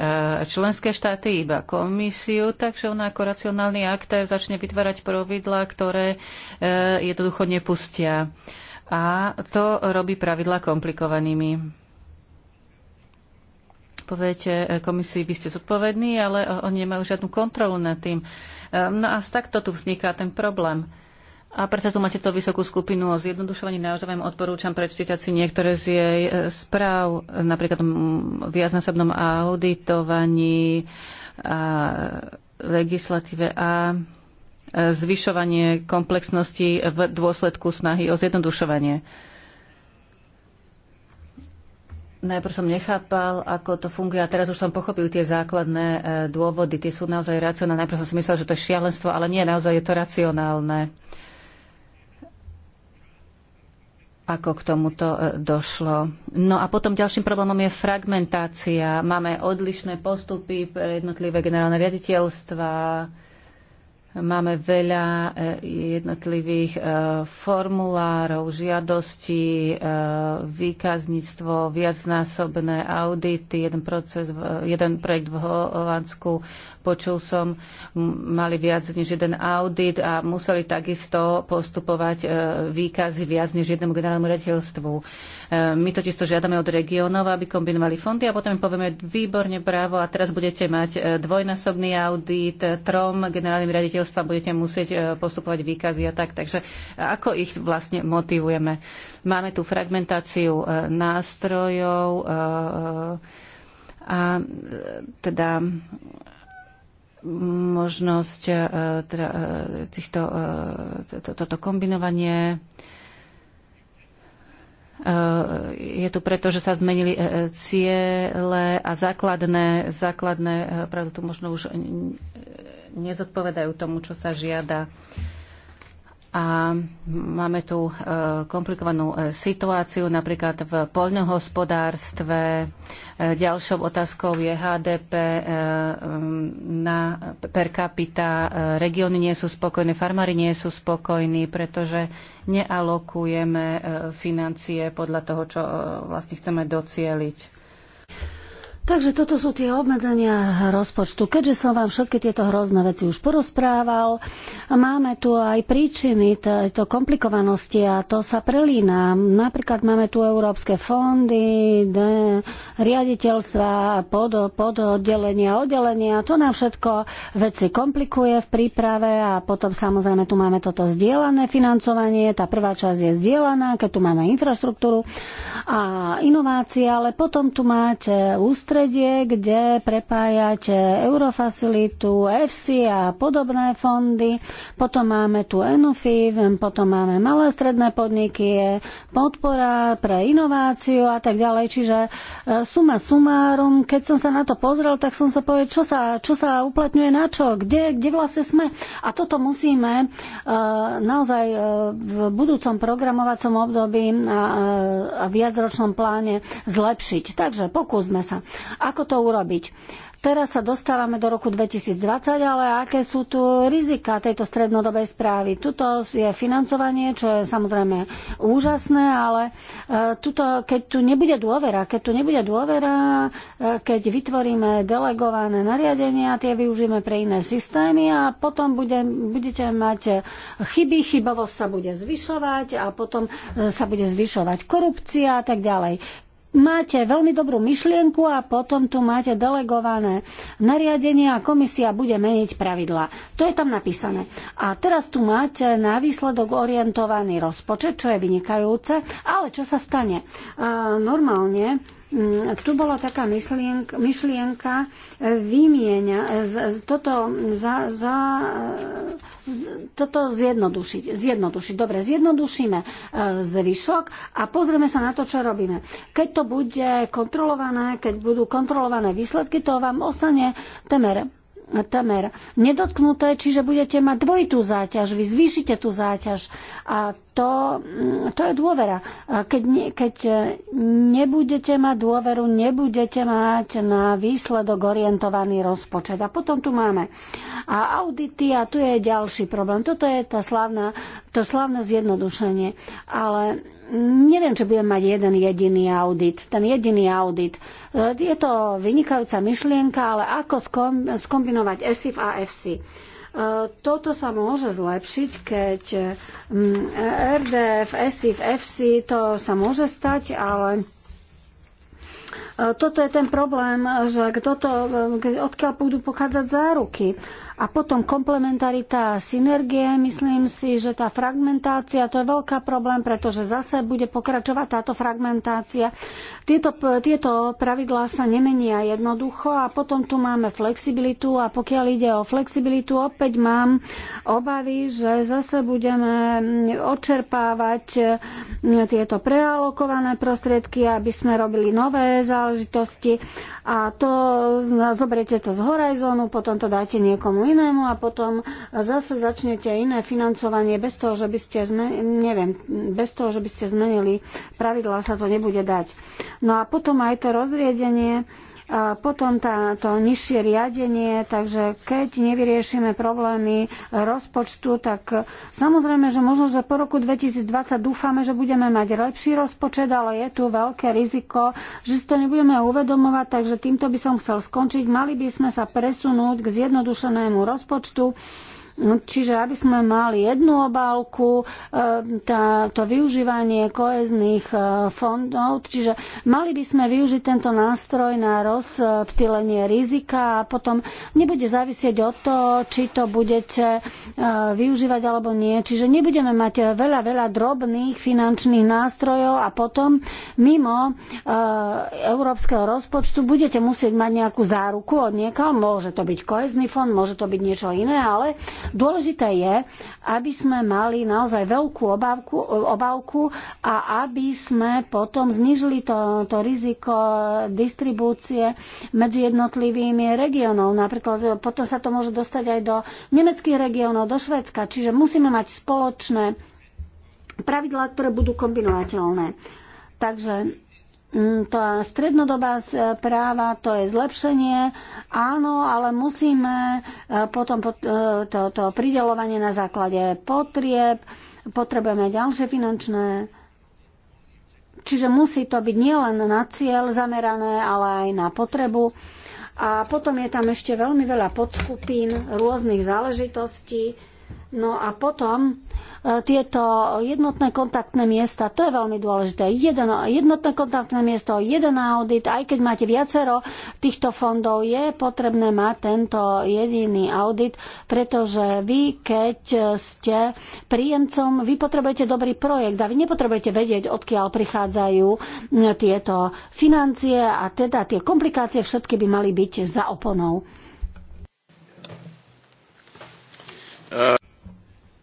členské štáty, iba komisiu, takže ona ako racionálny aktér začne vytvárať pravidlá, ktoré e, jednoducho nepustia. A to robí pravidla komplikovanými poviete e, komisii, vy ste zodpovední, ale oni nemajú žiadnu kontrolu nad tým. No a z takto tu vzniká ten problém. A preto tu máte tú vysokú skupinu o zjednodušovaní. Naozaj vám odporúčam prečítať si niektoré z jej e, správ, napríklad o viacnásobnom auditovaní, a legislatíve a e, zvyšovanie komplexnosti v dôsledku snahy o zjednodušovanie. Najprv som nechápal, ako to funguje a teraz už som pochopil tie základné e, dôvody. Tie sú naozaj racionálne. Najprv som si myslel, že to je šialenstvo, ale nie, naozaj je to racionálne. Uh, ako k tomuto e, došlo. No a potom ďalším problémom je fragmentácia. Máme odlišné postupy pre jednotlivé generálne riaditeľstva, Máme veľa e, jednotlivých e, formulárov, žiadostí, e, výkazníctvo, viacnásobné audity, jeden, proces, jeden projekt v Holandsku. Počul som, mali viac než jeden audit a museli takisto postupovať výkazy viac než jednému generálnemu rediteľstvu Eh, my totiž to žiadame od regiónov, aby kombinovali fondy a potom im povieme výborne, právo a teraz budete mať eh, dvojnásobný audit, eh, trom generálnym riaditeľstva budete musieť postupovať výkazy a tak. Takže ako ich vlastne motivujeme? Máme tu fragmentáciu nástrojov a teda možnosť teda, týchto, to, toto kombinovanie je tu preto, že sa zmenili e, e, ciele a základné, základné e, pravdu tu možno už nezodpovedajú tomu, čo sa žiada a máme tu e, komplikovanú e, situáciu napríklad v poľnohospodárstve. E, ďalšou otázkou je HDP na per capita. Regióny nie sú spokojné, farmári nie sú spokojní, pretože nealokujeme financie podľa toho, čo vlastne chceme docieliť. Takže toto sú tie obmedzenia rozpočtu. Keďže som vám všetky tieto hrozné veci už porozprával, máme tu aj príčiny tejto komplikovanosti a to sa prelína. Napríklad máme tu európske fondy, de, riaditeľstva, pod, oddelenia. To nám všetko veci komplikuje v príprave a potom samozrejme tu máme toto zdieľané financovanie. Tá prvá časť je zdieľaná, keď tu máme infraštruktúru a inovácie, ale potom tu máte ústav prostredie, kde prepájate Eurofacilitu, EFSI a podobné fondy. Potom máme tu Enufiv, potom máme malé stredné podniky, podpora pre inováciu a tak ďalej. Čiže e, suma sumárum, keď som sa na to pozrel, tak som sa povedal, čo sa, čo sa uplatňuje na čo, kde, kde vlastne sme. A toto musíme e, naozaj e, v budúcom programovacom období a, a viacročnom pláne zlepšiť. Takže pokúsme sa. Ako to urobiť? Teraz sa dostávame do roku 2020, ale aké sú tu rizika tejto strednodobej správy? Tuto je financovanie, čo je samozrejme úžasné, ale e, tuto, keď tu nebude dôvera, keď tu nebude dôvera, e, keď vytvoríme delegované nariadenia, tie využijeme pre iné systémy a potom bude, budete mať chyby, chybovosť sa bude zvyšovať a potom e, sa bude zvyšovať korupcia a tak ďalej máte veľmi dobrú myšlienku a potom tu máte delegované nariadenie a komisia bude meniť pravidla. To je tam napísané. A teraz tu máte na výsledok orientovaný rozpočet, čo je vynikajúce, ale čo sa stane? normálne Mm, tu bola taká myšlienka, myšlienka výmienia, e, z, z, toto, za, za, e, z, toto zjednodušiť. Zjednodušiť. Dobre, zjednodušíme e, zvyšok a pozrieme sa na to, čo robíme. Keď to bude kontrolované, keď budú kontrolované výsledky, to vám ostane temer Tamer, nedotknuté, čiže budete mať dvojitú záťaž, vy zvýšite tú záťaž a to, mm, to je dôvera. Keď, ne, keď e, nebudete mať dôveru, nebudete mať na výsledok orientovaný rozpočet. A potom tu máme a audity a tu je ďalší problém. Toto je tá slavná, to slavné zjednodušenie. Ale neviem, či budem mať jeden jediný audit. Ten jediný audit. E, je to vynikajúca myšlienka, ale ako skombinovať ESIF a EFSI? E, toto sa môže zlepšiť, keď mm, RDF, ESIF, EFSI, to sa môže stať, ale e, toto je ten problém, že kto to, odkiaľ budú pochádzať záruky. A potom komplementarita a synergie, myslím si, že tá fragmentácia, to je veľká problém, pretože zase bude pokračovať táto fragmentácia. Tieto, tieto pravidlá sa nemenia jednoducho a potom tu máme flexibilitu a pokiaľ ide o flexibilitu, opäť mám obavy, že zase budeme očerpávať mm, tieto prealokované prostriedky, aby sme robili nové záležitosti a to no, zoberiete to z horizonu, potom to dáte niekomu inému a potom zase začnete iné financovanie bez toho, že by ste, zmenili, neviem, bez toho, že by ste zmenili pravidla, sa to nebude dať. No a potom aj to rozriedenie potom tá, to nižšie riadenie, takže keď nevyriešime problémy rozpočtu, tak e, samozrejme, že možno, že po roku 2020 dúfame, že budeme mať lepší rozpočet, ale je tu veľké riziko, že si to nebudeme uvedomovať, takže týmto by som chcel skončiť. Mali by sme sa presunúť k zjednodušenému rozpočtu No, čiže aby sme mali jednu obálku, e, tá, to využívanie koezných e, fondov, čiže mali by sme využiť tento nástroj na rozptýlenie rizika a potom nebude závisieť od toho, či to budete e, využívať alebo nie. Čiže nebudeme mať veľa, veľa drobných finančných nástrojov a potom mimo európskeho rozpočtu budete musieť mať nejakú záruku od niekoho. Môže to byť koezný fond, môže to byť niečo iné, ale Dôležité je, aby sme mali naozaj veľkú obávku, obavku a aby sme potom znižili to, to riziko distribúcie medzi jednotlivými regiónov. Napríklad e, potom sa to môže dostať aj do nemeckých regiónov, do Švedska. Čiže musíme mať spoločné pravidlá, ktoré budú kombinovateľné. Takže Mm, tá strednodobá e, práva, to je zlepšenie, áno, ale musíme e, potom e, to, to pridelovanie na základe potrieb, potrebujeme ďalšie finančné. Čiže musí to byť nielen na cieľ zamerané, ale aj na potrebu. A potom je tam ešte veľmi veľa podskupín rôznych záležitostí. No a potom E, tieto jednotné kontaktné miesta, to je veľmi dôležité. Jedno, jednotné kontaktné miesto, jeden audit, aj keď máte viacero týchto fondov, je potrebné mať tento jediný audit, pretože vy, keď ste príjemcom, vy potrebujete dobrý projekt a vy nepotrebujete vedieť, odkiaľ prichádzajú tieto financie a teda tie komplikácie všetky by mali byť za oponou. Uh...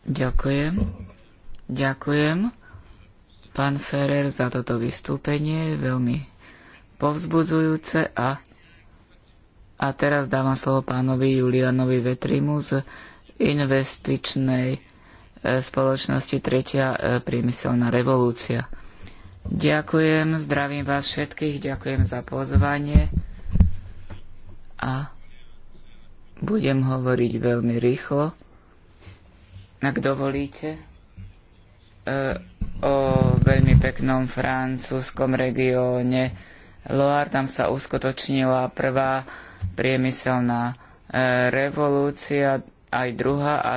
Ďakujem. Ďakujem, pán Ferrer, za toto vystúpenie. Veľmi povzbudzujúce a a teraz dávam slovo pánovi Julianovi Vetrimu z investičnej e, spoločnosti Tretia e, priemyselná revolúcia. Ďakujem, zdravím vás všetkých, ďakujem za pozvanie a budem hovoriť veľmi rýchlo ak dovolíte, e, o veľmi peknom francúzskom regióne Loire. Tam sa uskutočnila prvá priemyselná e, revolúcia, aj druhá a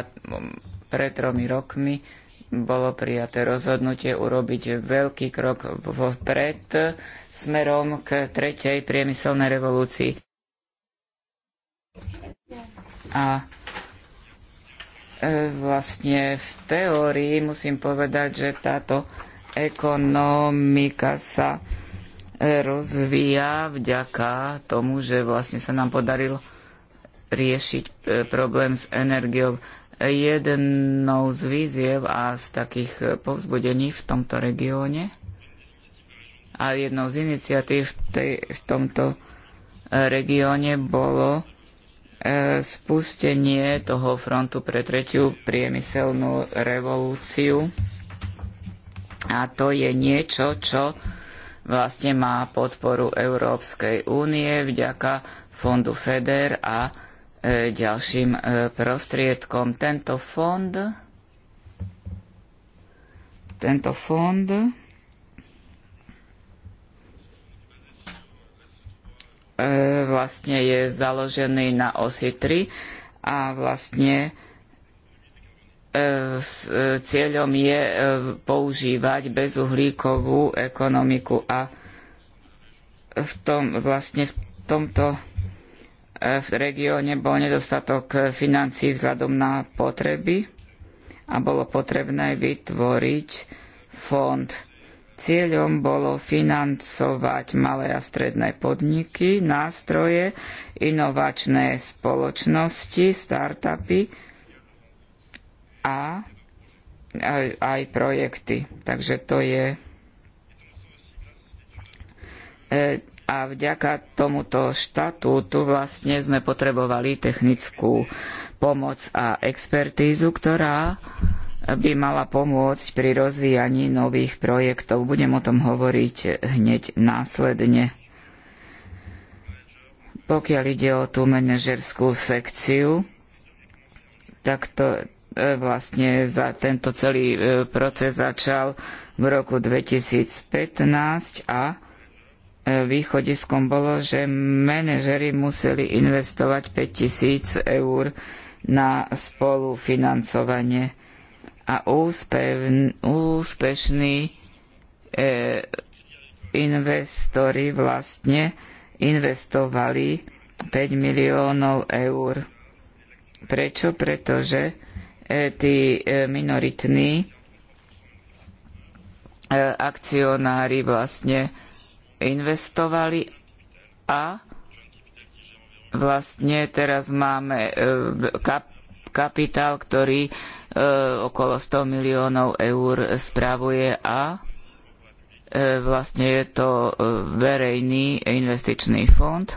pred tromi rokmi bolo prijaté rozhodnutie urobiť veľký krok vpred smerom k tretej priemyselnej revolúcii. A E, vlastne v teórii musím povedať, že táto ekonomika sa e, rozvíja vďaka tomu, že vlastne sa nám podarilo riešiť e, problém s energiou. Jednou z víziev a z takých povzbudení v tomto regióne a jednou z iniciatív v, tej, v tomto regióne bolo E, spustenie toho frontu pre tretiu priemyselnú revolúciu. A to je niečo, čo vlastne má podporu Európskej únie vďaka fondu FEDER a e, ďalším e, prostriedkom. Tento fond, tento fond E, vlastne je založený na osi 3 a vlastne e, e, cieľom je používať bezuhlíkovú ekonomiku a v tom, vlastne v tomto v regióne bol nedostatok financií vzhľadom na potreby a bolo potrebné vytvoriť fond Cieľom bolo financovať malé a stredné podniky, nástroje, inovačné spoločnosti, startupy a aj, aj projekty. Takže to je. E, a vďaka tomuto štatútu vlastne sme potrebovali technickú pomoc a expertízu, ktorá by mala pomôcť pri rozvíjaní nových projektov. Budem o tom hovoriť hneď následne. Pokiaľ ide o tú manažerskú sekciu, tak to e, vlastne za tento celý e, proces začal v roku 2015 a e, východiskom bolo, že manažery museli investovať 5000 eur na spolufinancovanie a úspešní e, investori vlastne investovali 5 miliónov eur. Prečo? Pretože e, tí e, minoritní e, akcionári vlastne investovali a vlastne teraz máme e, kap, kapitál, ktorý e, okolo 100 miliónov eur spravuje a e, vlastne je to e, verejný investičný fond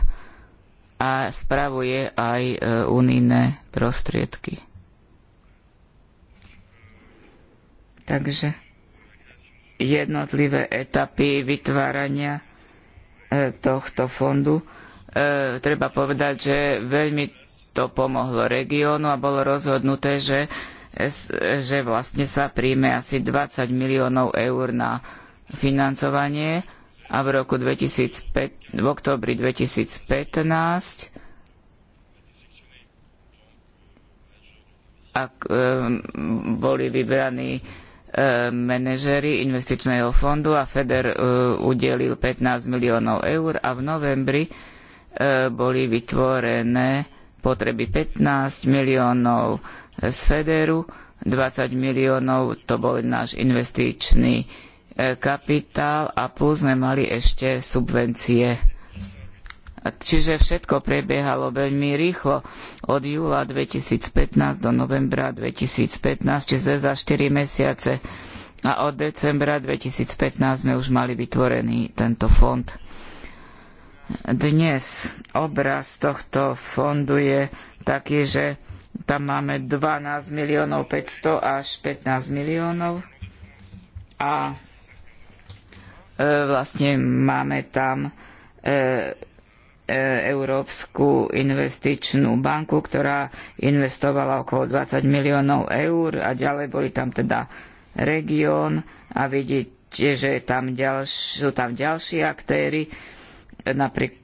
a spravuje aj e, unijné prostriedky. Takže jednotlivé etapy vytvárania e, tohto fondu. E, treba povedať, že veľmi to pomohlo regiónu a bolo rozhodnuté, že, že vlastne sa príjme asi 20 miliónov eur na financovanie a v roku 2005, v oktobri 2015 ak, boli vybraní e, manažéri investičného fondu a FEDER eh, udelil 15 miliónov eur a v novembri eh, boli vytvorené potreby 15 miliónov z Federu, 20 miliónov to bol náš investičný e, kapitál a plus sme mali ešte subvencie. Čiže všetko prebiehalo veľmi rýchlo od júla 2015 do novembra 2015, čiže za 4 mesiace. A od decembra 2015 sme už mali vytvorený tento fond. Dnes obraz tohto fondu je taký, že tam máme 12 miliónov 500 až 15 miliónov a e, vlastne máme tam e, e, Európsku investičnú banku, ktorá investovala okolo 20 miliónov eur a ďalej boli tam teda región a vidíte, že tam ďalš, sú tam ďalší aktéry, napriek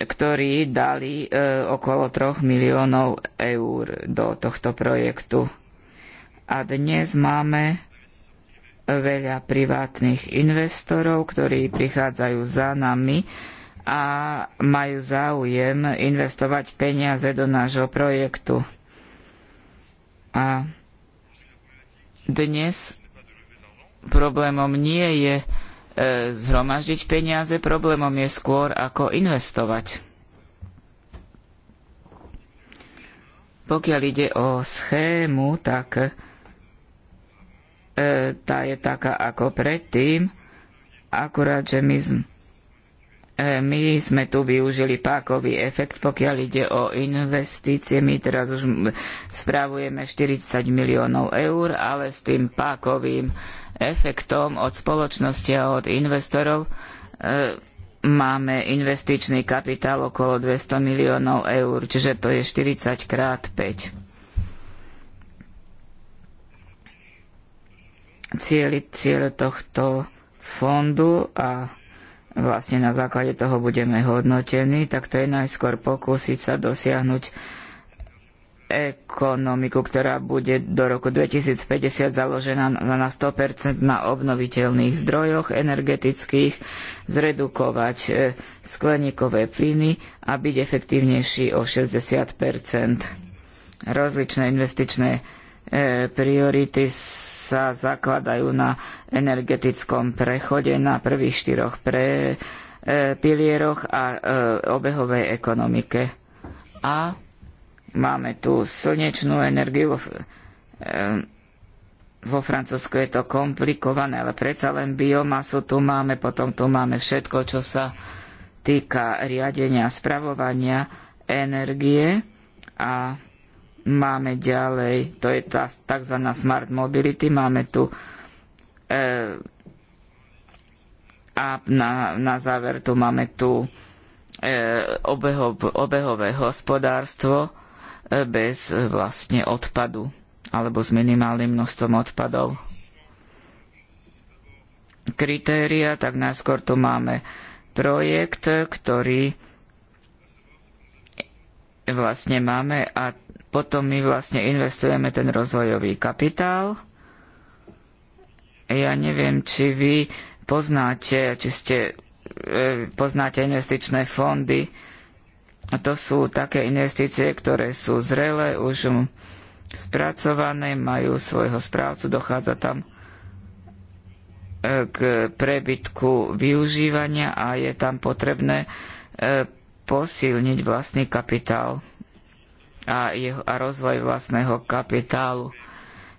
ktorí dali e, okolo 3 miliónov eur do tohto projektu. A dnes máme veľa privátnych investorov, ktorí prichádzajú za nami a majú záujem investovať peniaze do nášho projektu. A dnes problémom nie je E, zhromaždiť peniaze, problémom je skôr ako investovať. Pokiaľ ide o schému, tak e, tá je taká ako predtým, akurát, že my E, my sme tu využili pákový efekt, pokiaľ ide o investície. My teraz už správujeme 40 miliónov eur, ale s tým pákovým efektom od spoločnosti a od investorov e, máme investičný kapitál okolo 200 miliónov eur, čiže to je 40 krát 5. Cieľ tohto fondu a vlastne na základe toho budeme hodnotení, tak to je najskôr pokúsiť sa dosiahnuť ekonomiku, ktorá bude do roku 2050 založená na 100% na obnoviteľných zdrojoch energetických, zredukovať e, skleníkové plyny a byť efektívnejší o 60%. Rozličné investičné e, priority sa zakladajú na energetickom prechode na prvých štyroch pre, e, pilieroch a e, obehovej ekonomike. A máme tu slnečnú energiu. E, vo Francúzsku je to komplikované, ale predsa len biomasu tu máme, potom tu máme všetko, čo sa týka riadenia, spravovania energie a Máme ďalej, to je tá tzv. smart mobility, máme tu e, a na, na záver tu máme tu e, obeho, obehové hospodárstvo e, bez e, vlastne odpadu alebo s minimálnym množstvom odpadov kritéria, tak najskôr tu máme projekt, ktorý vlastne máme a potom my vlastne investujeme ten rozvojový kapitál. Ja neviem, či vy poznáte, či ste e, poznáte investičné fondy. To sú také investície, ktoré sú zrelé, už spracované, majú svojho správcu, dochádza tam e, k prebytku využívania a je tam potrebné e, posilniť vlastný kapitál a, jeho, a rozvoj vlastného kapitálu.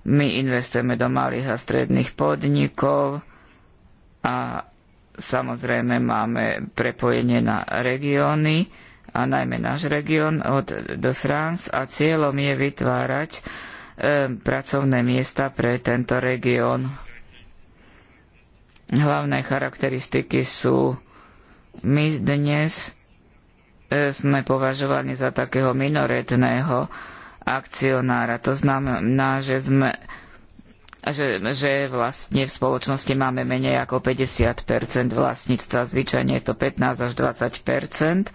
My investujeme do malých a stredných podnikov a samozrejme máme prepojenie na regióny a najmä náš región od de France a cieľom je vytvárať e, pracovné miesta pre tento región. Hlavné charakteristiky sú my dnes E, sme považovaní za takého minoritného akcionára. To znamená, že sme že, že vlastne v spoločnosti máme menej ako 50 vlastníctva, zvyčajne je to 15 až 20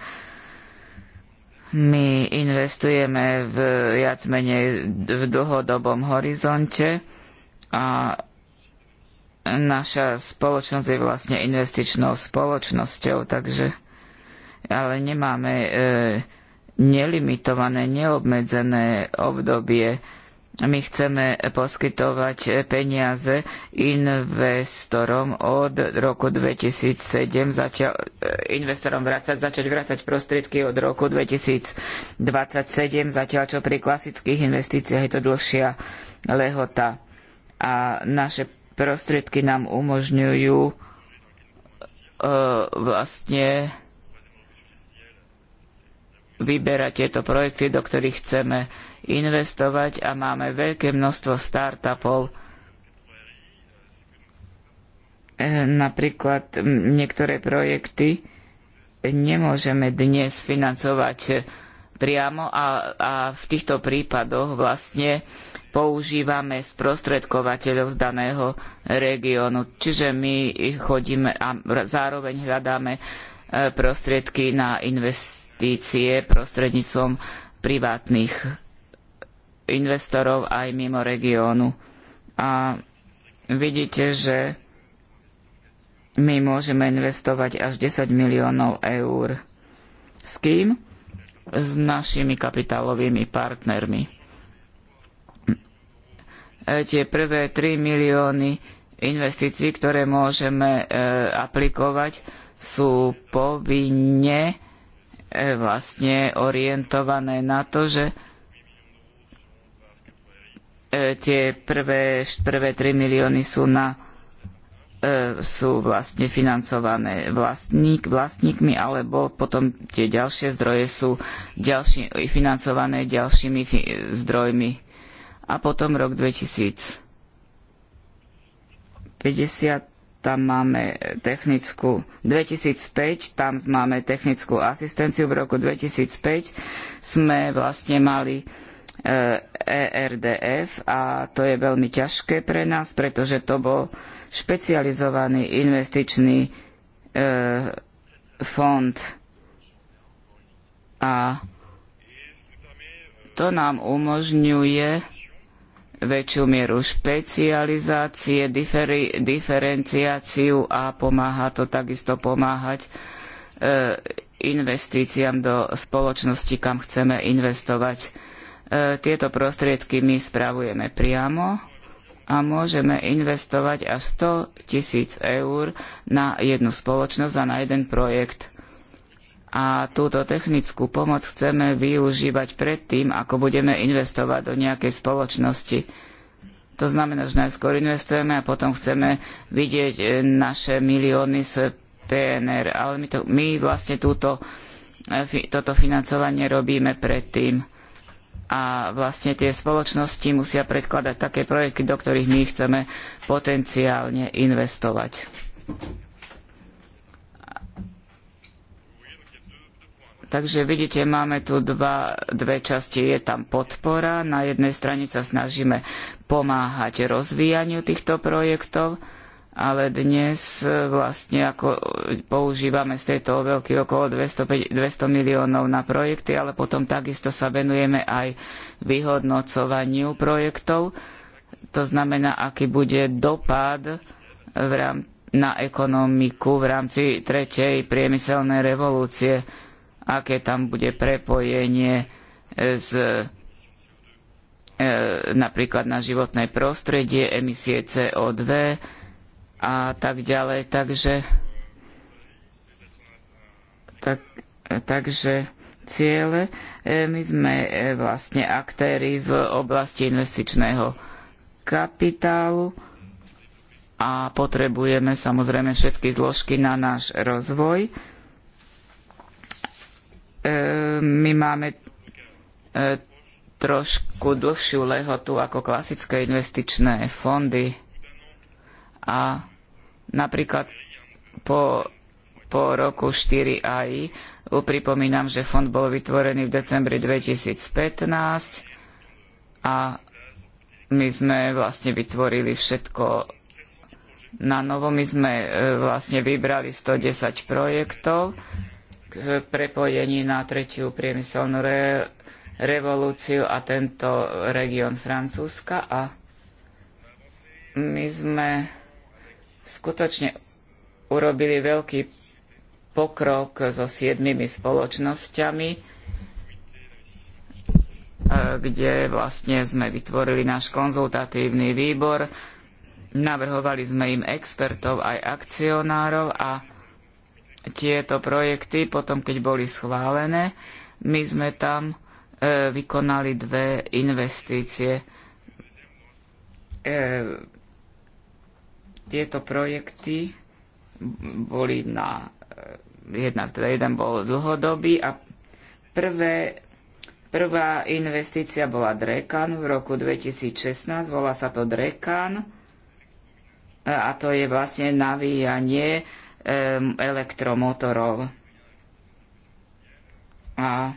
My investujeme v viac menej v dlhodobom horizonte a naša spoločnosť je vlastne investičnou spoločnosťou, takže ale nemáme e, nelimitované, neobmedzené obdobie. My chceme poskytovať peniaze investorom od roku 2007, zatiaľ, e, investorom vracať, začať vracať prostriedky od roku 2027, zatiaľ čo pri klasických investíciách je to dlhšia lehota. A naše prostriedky nám umožňujú e, vlastne vyberať tieto projekty, do ktorých chceme investovať a máme veľké množstvo startupov. E, napríklad niektoré projekty nemôžeme dnes financovať priamo a, a v týchto prípadoch vlastne používame sprostredkovateľov z daného regiónu. Čiže my chodíme a zároveň hľadáme e, prostriedky na investície investície prostredníctvom privátnych investorov aj mimo regiónu. A vidíte, že my môžeme investovať až 10 miliónov eur. S kým? S našimi kapitálovými partnermi. E, tie prvé 3 milióny investícií, ktoré môžeme e, aplikovať, sú povinne E, vlastne orientované na to, že e, tie prvé, prvé 3 milióny sú na e, sú vlastne financované vlastník, vlastníkmi, alebo potom tie ďalšie zdroje sú ďalší, financované ďalšími fi, zdrojmi. A potom rok 2050 tam máme technickú 2005, tam máme technickú asistenciu. V roku 2005 sme vlastne mali ERDF e a to je veľmi ťažké pre nás, pretože to bol špecializovaný investičný e, fond a to nám umožňuje väčšiu mieru špecializácie, diferi, diferenciáciu a pomáha to takisto pomáhať e, investíciám do spoločnosti, kam chceme investovať. E, tieto prostriedky my spravujeme priamo a môžeme investovať až 100 tisíc eur na jednu spoločnosť a na jeden projekt a túto technickú pomoc chceme využívať predtým, ako budeme investovať do nejakej spoločnosti. To znamená, že najskôr investujeme a potom chceme vidieť e, naše milióny z PNR. Ale my, to, my vlastne túto, e, toto financovanie robíme predtým. A vlastne tie spoločnosti musia predkladať také projekty, do ktorých my chceme potenciálne investovať. Takže vidíte, máme tu dva, dve časti. Je tam podpora. Na jednej strane sa snažíme pomáhať rozvíjaniu týchto projektov, ale dnes vlastne ako používame z tejto veľky okolo 200, 200 miliónov na projekty, ale potom takisto sa venujeme aj vyhodnocovaniu projektov. To znamená, aký bude dopad v rám- na ekonomiku v rámci tretej priemyselnej revolúcie aké tam bude prepojenie e, z, e, napríklad na životné prostredie, emisie CO2 a tak ďalej. Takže, tak, takže ciele. E, my sme e, vlastne aktéry v oblasti investičného kapitálu a potrebujeme samozrejme všetky zložky na náš rozvoj. E, my máme e, trošku dlhšiu lehotu ako klasické investičné fondy a napríklad po, po roku 4AI pripomínam, že fond bol vytvorený v decembri 2015 a my sme vlastne vytvorili všetko na novo. My sme e, vlastne vybrali 110 projektov k prepojení na tretiu priemyselnú re, revolúciu a tento región Francúzska a my sme skutočne urobili veľký pokrok so siedmimi spoločnosťami, e, kde vlastne sme vytvorili náš konzultatívny výbor, navrhovali sme im expertov aj akcionárov a tieto projekty, potom keď boli schválené, my sme tam e, vykonali dve investície. E, tieto projekty boli na... E, jednak teda jeden bol dlhodobý a prvé, prvá investícia bola Drekan v roku 2016, volá sa to Drekan e, a to je vlastne navíjanie elektromotorov. A,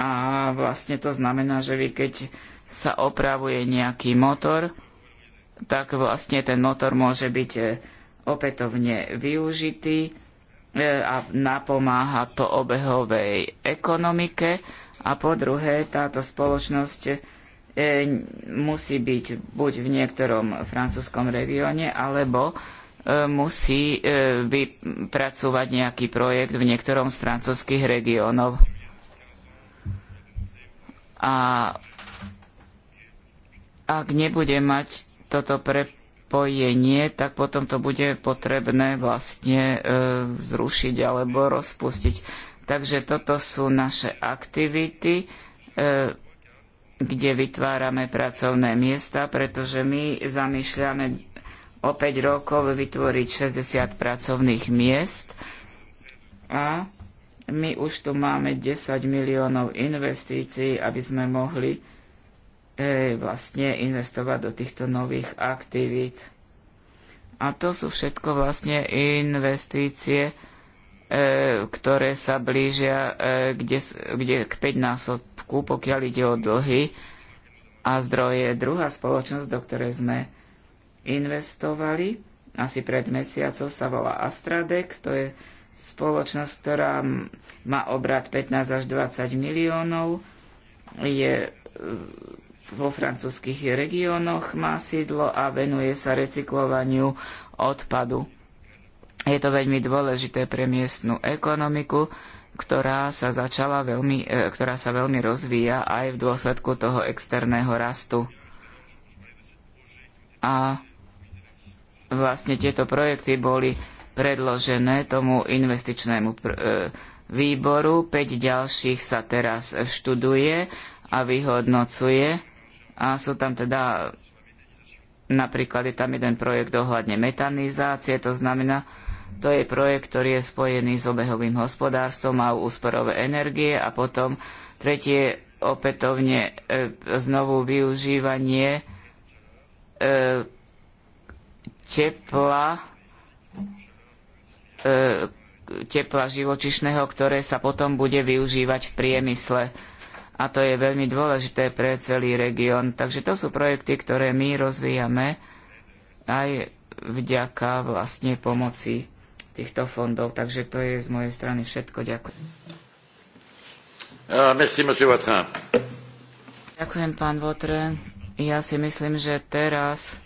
a vlastne to znamená, že vy keď sa opravuje nejaký motor, tak vlastne ten motor môže byť e, opätovne využitý e, a napomáha to obehovej ekonomike. A po druhé, táto spoločnosť E, musí byť buď v niektorom francúzskom regióne, alebo e, musí e, vypracovať nejaký projekt v niektorom z francúzskych regiónov. A ak nebude mať toto prepojenie, tak potom to bude potrebné vlastne zrušiť alebo rozpustiť. Takže toto sú naše aktivity kde vytvárame pracovné miesta, pretože my zamýšľame o 5 rokov vytvoriť 60 pracovných miest a my už tu máme 10 miliónov investícií, aby sme mohli e, vlastne investovať do týchto nových aktivít. A to sú všetko vlastne investície, E, ktoré sa blížia e, kde, kde k 5 násobku, pokiaľ ide o dlhy a zdroje. Druhá spoločnosť, do ktorej sme investovali, asi pred mesiacom sa volá Astradek, to je spoločnosť, ktorá má obrad 15 až 20 miliónov, je e, vo francúzskych regiónoch, má sídlo a venuje sa recyklovaniu odpadu je to veľmi dôležité pre miestnu ekonomiku, ktorá sa, začala veľmi, e, ktorá sa veľmi rozvíja aj v dôsledku toho externého rastu. A vlastne tieto projekty boli predložené tomu investičnému e, výboru. päť ďalších sa teraz študuje a vyhodnocuje. A sú tam teda, napríklad je tam jeden projekt ohľadne metanizácie, to znamená, to je projekt, ktorý je spojený s obehovým hospodárstvom a úsporové energie a potom tretie opätovne e, znovu využívanie e, tepla, e, tepla živočišného, ktoré sa potom bude využívať v priemysle. A to je veľmi dôležité pre celý región. Takže to sú projekty, ktoré my rozvíjame aj vďaka vlastne pomoci týchto fondov. Takže to je z mojej strany všetko. Ďakujem. Ah, monsieur merci, Ďakujem, pán Votre. Ja si myslím, že teraz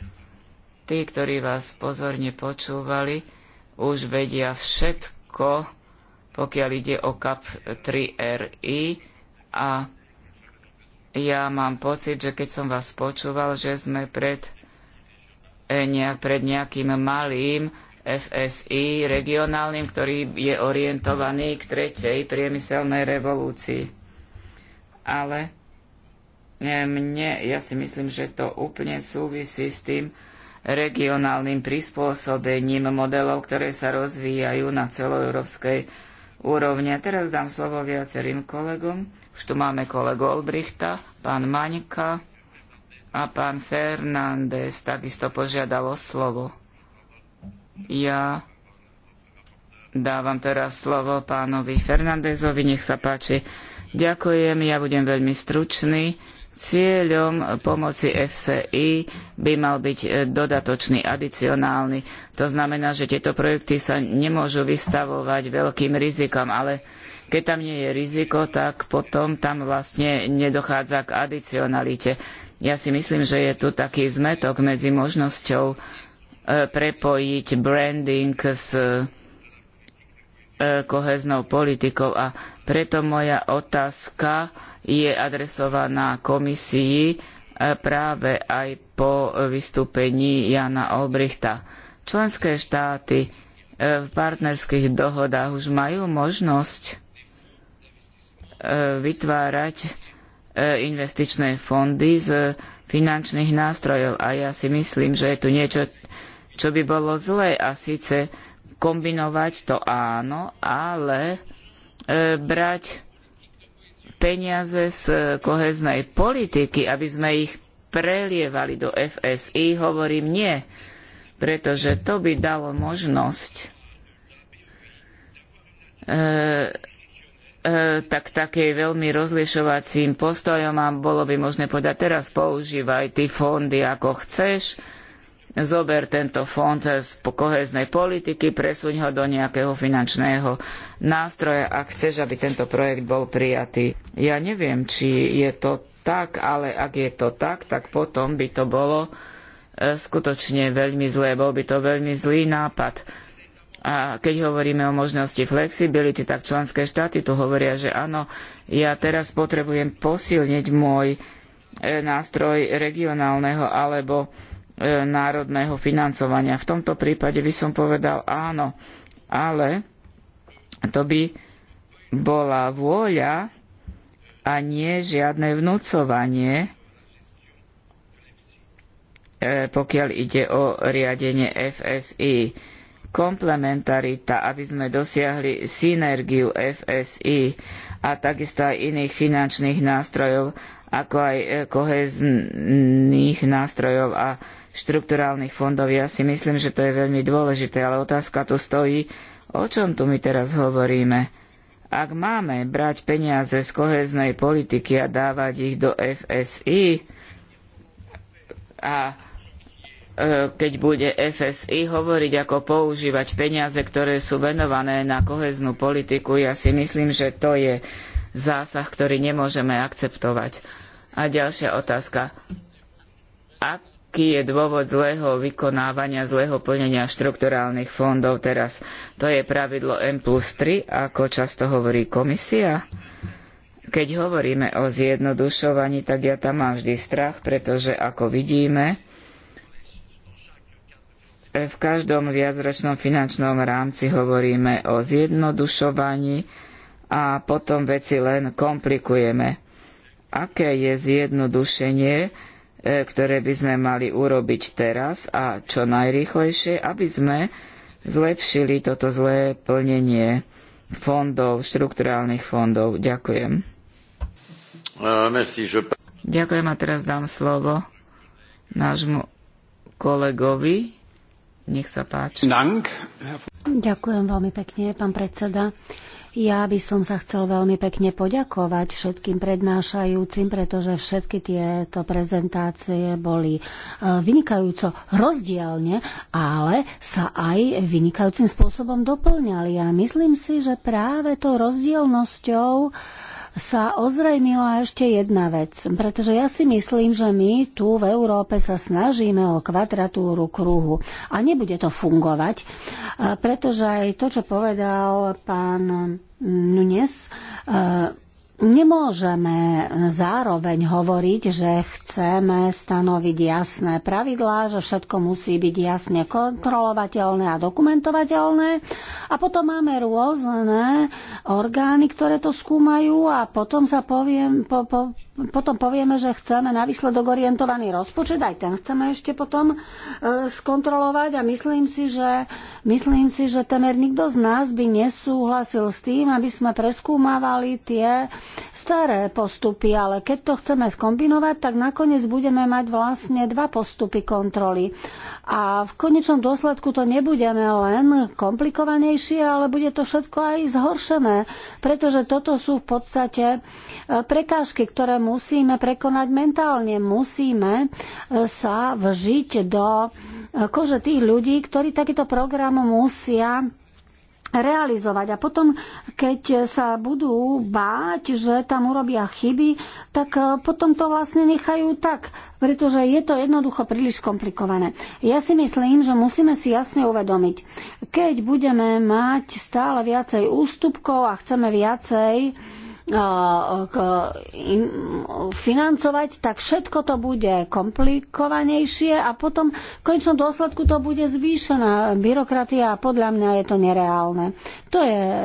tí, ktorí vás pozorne počúvali, už vedia všetko, pokiaľ ide o kap 3RI er a ja mám pocit, že keď som vás počúval, že sme pred, eh, nejak, pred nejakým malým FSI regionálnym, ktorý je orientovaný k tretej priemyselnej revolúcii. Ale e, mne, ja si myslím, že to úplne súvisí s tým regionálnym prispôsobením modelov, ktoré sa rozvíjajú na celoeurópskej úrovni. A teraz dám slovo viacerým kolegom. Už tu máme kolegu Olbrichta, pán Maňka a pán Fernández takisto požiadal o slovo. Ja dávam teraz slovo pánovi Fernandezovi, nech sa páči. Ďakujem, ja budem veľmi stručný. Cieľom pomoci FCI by mal byť e, dodatočný, adicionálny. To znamená, že tieto projekty sa nemôžu vystavovať veľkým rizikom, ale keď tam nie je riziko, tak potom tam vlastne nedochádza k adicionalite. Ja si myslím, že je tu taký zmetok medzi možnosťou E, prepojiť branding s e, e, koheznou politikou a preto moja otázka je adresovaná komisii práve aj po vystúpení Jana Olbrichta. Členské štáty v partnerských dohodách už majú možnosť vytvárať investičné fondy z finančných nástrojov a ja si myslím, že je tu niečo, čo by bolo zlé a síce kombinovať to áno, ale e, brať peniaze z koheznej politiky, aby sme ich prelievali do FSI, hovorím nie, pretože to by dalo možnosť e, e, tak takej veľmi rozlišovacím postojom a bolo by možné povedať, teraz používaj ty fondy ako chceš, zober tento fond z kohéznej politiky, presuň ho do nejakého finančného nástroja, ak chceš, aby tento projekt bol prijatý. Ja neviem, či je to tak, ale ak je to tak, tak potom by to bolo e, skutočne veľmi zlé, bol by to veľmi zlý nápad. A keď hovoríme o možnosti flexibility, tak členské štáty tu hovoria, že áno, ja teraz potrebujem posilniť môj e, nástroj regionálneho alebo E, národného financovania. V tomto prípade by som povedal áno, ale to by bola vôľa a nie žiadne vnúcovanie, e, pokiaľ ide o riadenie FSI. Komplementarita, aby sme dosiahli synergiu FSI a takisto aj iných finančných nástrojov ako aj e, kohéznych nástrojov a štrukturálnych fondov. Ja si myslím, že to je veľmi dôležité, ale otázka tu stojí, o čom tu my teraz hovoríme. Ak máme brať peniaze z kohéznej politiky a dávať ich do FSI a e, keď bude FSI hovoriť, ako používať peniaze, ktoré sú venované na koheznú politiku, ja si myslím, že to je zásah, ktorý nemôžeme akceptovať. A ďalšia otázka. Aký je dôvod zlého vykonávania, zlého plnenia štrukturálnych fondov teraz? To je pravidlo M plus 3, ako často hovorí komisia. Keď hovoríme o zjednodušovaní, tak ja tam mám vždy strach, pretože ako vidíme, v každom viacročnom finančnom rámci hovoríme o zjednodušovaní a potom veci len komplikujeme aké je zjednodušenie, e, ktoré by sme mali urobiť teraz a čo najrýchlejšie, aby sme zlepšili toto zlé plnenie fondov, štrukturálnych fondov. Ďakujem. Ďakujem a teraz dám slovo nášmu kolegovi. Nech sa páči. Ďakujem veľmi pekne, pán predseda. Ja by som sa chcel veľmi pekne poďakovať všetkým prednášajúcim, pretože všetky tieto prezentácie boli e, vynikajúco rozdielne, ale sa aj vynikajúcim spôsobom doplňali. A myslím si, že práve tou rozdielnosťou sa ozrejmila ešte jedna vec, pretože ja si myslím, že my tu v Európe sa snažíme o kvadratúru kruhu a nebude to fungovať, e, pretože aj to, čo povedal pán Nunes, Nemôžeme zároveň hovoriť, že chceme stanoviť jasné pravidlá, že všetko musí byť jasne kontrolovateľné a dokumentovateľné. A potom máme rôzne orgány, ktoré to skúmajú a potom sa poviem, po, po, potom povieme, že chceme na výsledok orientovaný rozpočet, aj ten chceme ešte potom e, skontrolovať a myslím si, že, myslím si, že temer nikto z nás by nesúhlasil s tým, aby sme preskúmavali tie staré postupy, ale keď to chceme skombinovať, tak nakoniec budeme mať vlastne dva postupy kontroly. A v konečnom dôsledku to nebudeme len komplikovanejšie, ale bude to všetko aj zhoršené, pretože toto sú v podstate e, prekážky, ktoré musíme prekonať mentálne, musíme e, sa vžiť do e, kože tých ľudí, ktorí takýto program musia realizovať. A potom, keď sa budú báť, že tam urobia chyby, tak e, potom to vlastne nechajú tak, pretože je to jednoducho príliš komplikované. Ja si myslím, že musíme si jasne uvedomiť, keď budeme mať stále viacej ústupkov a chceme viacej financovať, tak všetko to bude komplikovanejšie a potom v končnom dôsledku to bude zvýšená byrokratia a podľa mňa je to nereálne. To je e,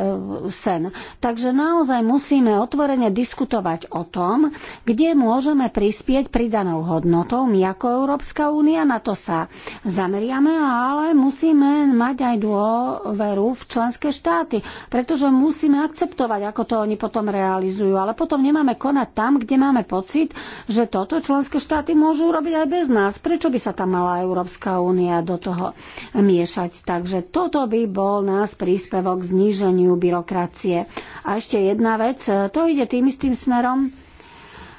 sen. Takže naozaj musíme otvorene diskutovať o tom, kde môžeme prispieť pridanou hodnotou my ako Európska únia. Na to sa zameriame, ale musíme mať aj dôveru v členské štáty, pretože musíme akceptovať, ako to oni potom reagujú realizujú. Ale potom nemáme konať tam, kde máme pocit, že toto členské štáty môžu urobiť aj bez nás. Prečo by sa tam mala Európska únia do toho miešať? Takže toto by bol nás príspevok k zníženiu byrokracie. A ešte jedna vec, to ide tým istým smerom,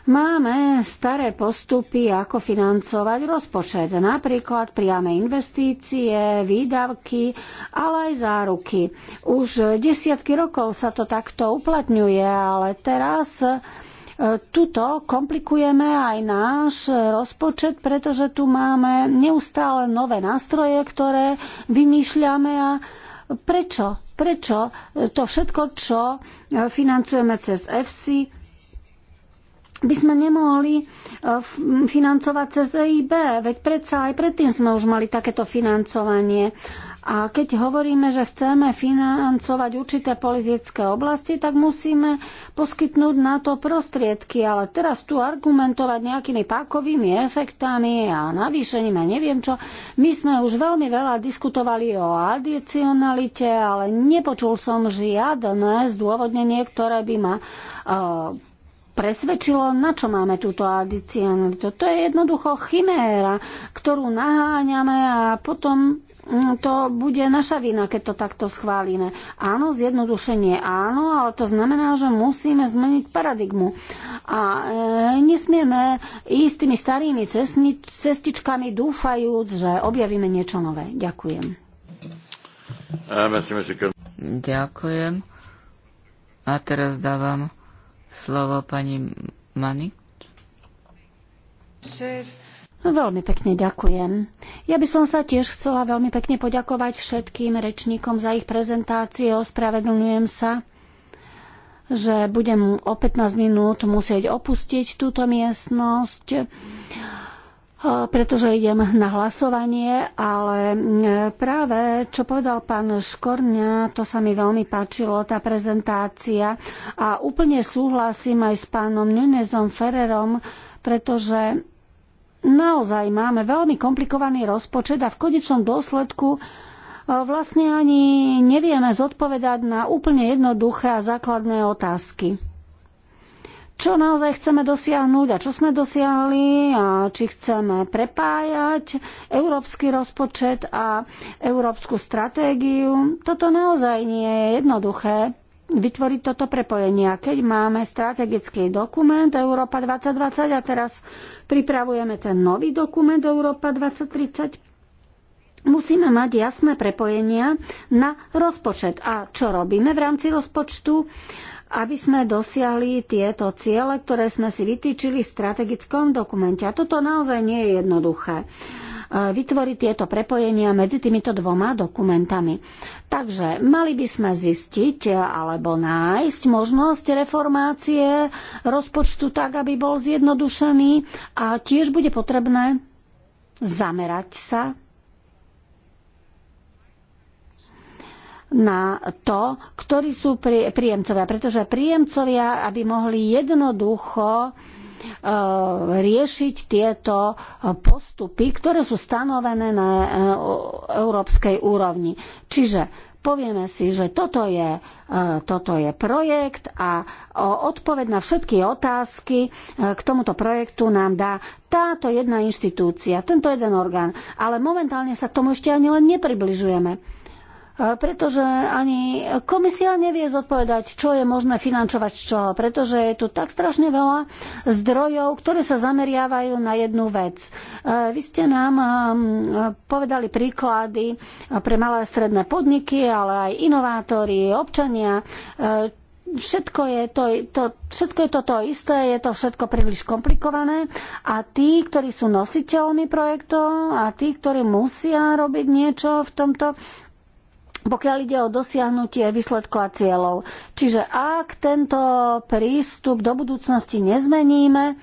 Máme staré postupy, ako financovať rozpočet, napríklad priame investície, výdavky, ale aj záruky. Už desiatky rokov sa to takto uplatňuje, ale teraz e, Tuto komplikujeme aj náš rozpočet, pretože tu máme neustále nové nástroje, ktoré vymýšľame a prečo? Prečo to všetko, čo financujeme cez EFSI, by sme nemohli e, financovať cez EIB, veď predsa aj predtým sme už mali takéto financovanie. A keď hovoríme, že chceme financovať určité politické oblasti, tak musíme poskytnúť na to prostriedky. Ale teraz tu argumentovať nejakými pákovými efektami a navýšením a neviem čo. My sme už veľmi veľa diskutovali o adicionalite, ale nepočul som žiadne zdôvodnenie, ktoré by ma uh, presvedčilo, na čo máme túto adicionalitu. To je jednoducho chiméra, ktorú naháňame a potom mm, to bude naša vina, keď to takto schválime. Áno, zjednodušenie áno, ale to znamená, že musíme zmeniť paradigmu. A e, nesmieme ísť tými starými cestni, cestičkami, dúfajúc, že objavíme niečo nové. Ďakujem. Ďakujem. A teraz dávam slovo pani Mani. No, veľmi pekne ďakujem. Ja by som sa tiež chcela veľmi pekne poďakovať všetkým rečníkom za ich prezentácie. Ospravedlňujem sa, že budem o 15 minút musieť opustiť túto miestnosť pretože idem na hlasovanie, ale e, práve čo povedal pán Škorňa, to sa mi veľmi páčilo, tá prezentácia. A úplne súhlasím aj s pánom Nunezom Ferrerom, pretože naozaj máme veľmi komplikovaný rozpočet a v konečnom dôsledku e, vlastne ani nevieme zodpovedať na úplne jednoduché a základné otázky čo naozaj chceme dosiahnuť a čo sme dosiahli a či chceme prepájať európsky rozpočet a európsku stratégiu. Toto naozaj nie je jednoduché vytvoriť toto prepojenie. A keď máme strategický dokument Európa 2020 a teraz pripravujeme ten nový dokument Európa 2030, musíme mať jasné prepojenia na rozpočet. A čo robíme v rámci rozpočtu? aby sme dosiahli tieto ciele, ktoré sme si vytýčili v strategickom dokumente. A toto naozaj nie je jednoduché e, vytvoriť tieto prepojenia medzi týmito dvoma dokumentami. Takže mali by sme zistiť alebo nájsť možnosť reformácie rozpočtu tak, aby bol zjednodušený a tiež bude potrebné zamerať sa na to, ktorí sú príjemcovia. Pretože príjemcovia, aby mohli jednoducho e, riešiť tieto postupy, ktoré sú stanovené na e, európskej úrovni. Čiže povieme si, že toto je, e, toto je projekt a odpoveď na všetky otázky k tomuto projektu nám dá táto jedna inštitúcia, tento jeden orgán. Ale momentálne sa k tomu ešte ani len nepribližujeme. E, pretože ani komisia nevie zodpovedať, čo je možné financovať z čoho, pretože je tu tak strašne veľa zdrojov, ktoré sa zameriavajú na jednu vec. E, vy ste nám e, povedali príklady pre malé a stredné podniky, ale aj inovátori, občania, všetko je to, to, všetko je to to isté, je to všetko príliš komplikované a tí, ktorí sú nositeľmi projektov a tí, ktorí musia robiť niečo v tomto pokiaľ ide o dosiahnutie výsledkov a cieľov. Čiže ak tento prístup do budúcnosti nezmeníme,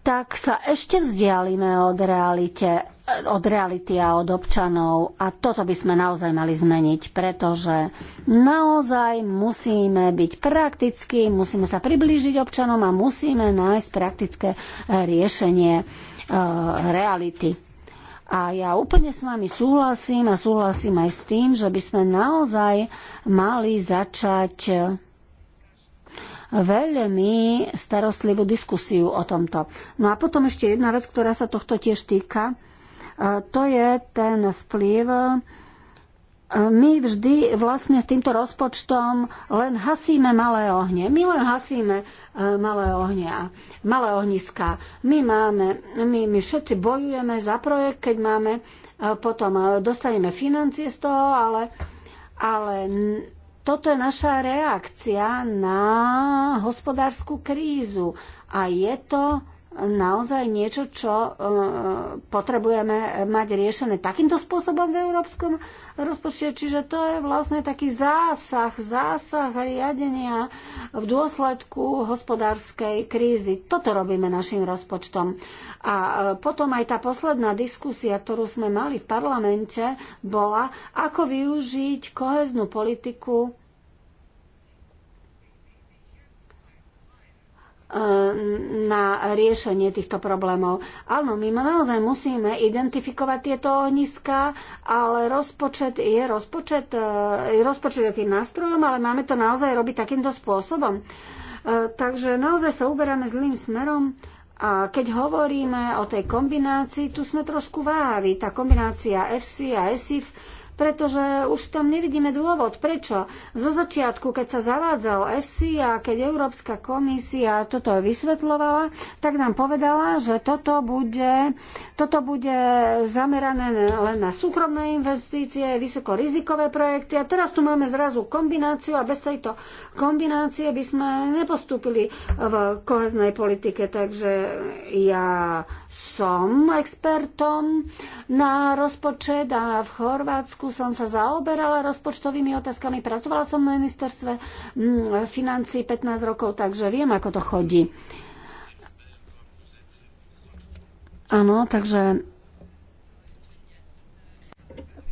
tak sa ešte vzdialíme od, realite, od reality a od občanov. A toto by sme naozaj mali zmeniť, pretože naozaj musíme byť praktickí, musíme sa priblížiť občanom a musíme nájsť praktické eh, riešenie eh, reality. A ja úplne s vami súhlasím a súhlasím aj s tým, že by sme naozaj mali začať e, veľmi starostlivú diskusiu o tomto. No a potom ešte jedna vec, ktorá sa tohto tiež týka. E, to je ten vplyv my vždy vlastne s týmto rozpočtom len hasíme malé ohne. My len hasíme e, malé a malé ohniska. My máme, my, my všetci bojujeme za projekt, keď máme e, potom e, dostaneme financie z toho, ale, ale toto je naša reakcia na hospodárskú krízu. A je to naozaj niečo, čo e, potrebujeme mať riešené takýmto spôsobom v európskom rozpočte. Čiže to je vlastne taký zásah, zásah riadenia v dôsledku hospodárskej krízy. Toto robíme našim rozpočtom. A e, potom aj tá posledná diskusia, ktorú sme mali v parlamente, bola, ako využiť koheznú politiku na riešenie týchto problémov. Áno, my naozaj musíme identifikovať tieto ohniska, ale rozpočet je rozpočet, e, rozpočet je tým nástrojom, ale máme to naozaj robiť takýmto spôsobom. E, takže naozaj sa uberáme zlým smerom. A keď hovoríme o tej kombinácii, tu sme trošku váhaví. Tá kombinácia FC a SIF pretože už tam nevidíme dôvod. Prečo? Zo začiatku, keď sa zavádzal FC a keď Európska komisia toto vysvetlovala, tak nám povedala, že toto bude, toto bude zamerané len na súkromné investície, vysokorizikové projekty a teraz tu máme zrazu kombináciu a bez tejto kombinácie by sme nepostúpili v koheznej politike. Takže ja som expertom na rozpočet a v Chorvátsku som sa zaoberala rozpočtovými otázkami, pracovala som na ministerstve mm, financí 15 rokov, takže viem, ako to chodí. Áno, takže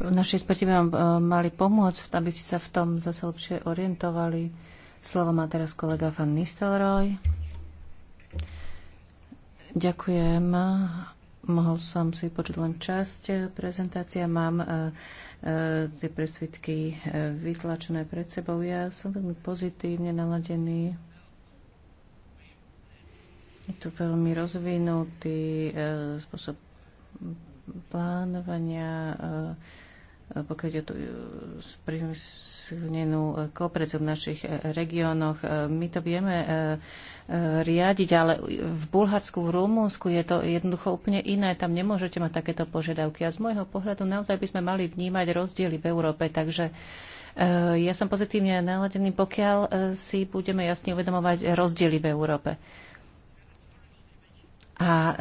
naši experti by vám eh, mali pomôcť, aby ste sa v tom zase lepšie orientovali. Slovo má teraz kolega Van Nistelrooy. Ďakujem. Mohol som si počuť len časť prezentácia. Mám eh, E, tie presvitky e, vytlačené pred sebou. Ja som veľmi pozitívne naladený. Je to veľmi rozvinutý e, spôsob plánovania, pokiaľ je tu sprihnenú kooperáciu v našich regiónoch. My to vieme riadiť, ale v Bulharsku, v Rumunsku je to jednoducho úplne iné. Tam nemôžete mať takéto požiadavky. A z môjho pohľadu naozaj by sme mali vnímať rozdiely v Európe. Takže e, ja som pozitívne naladený, pokiaľ e, si budeme jasne uvedomovať rozdiely v Európe. A e,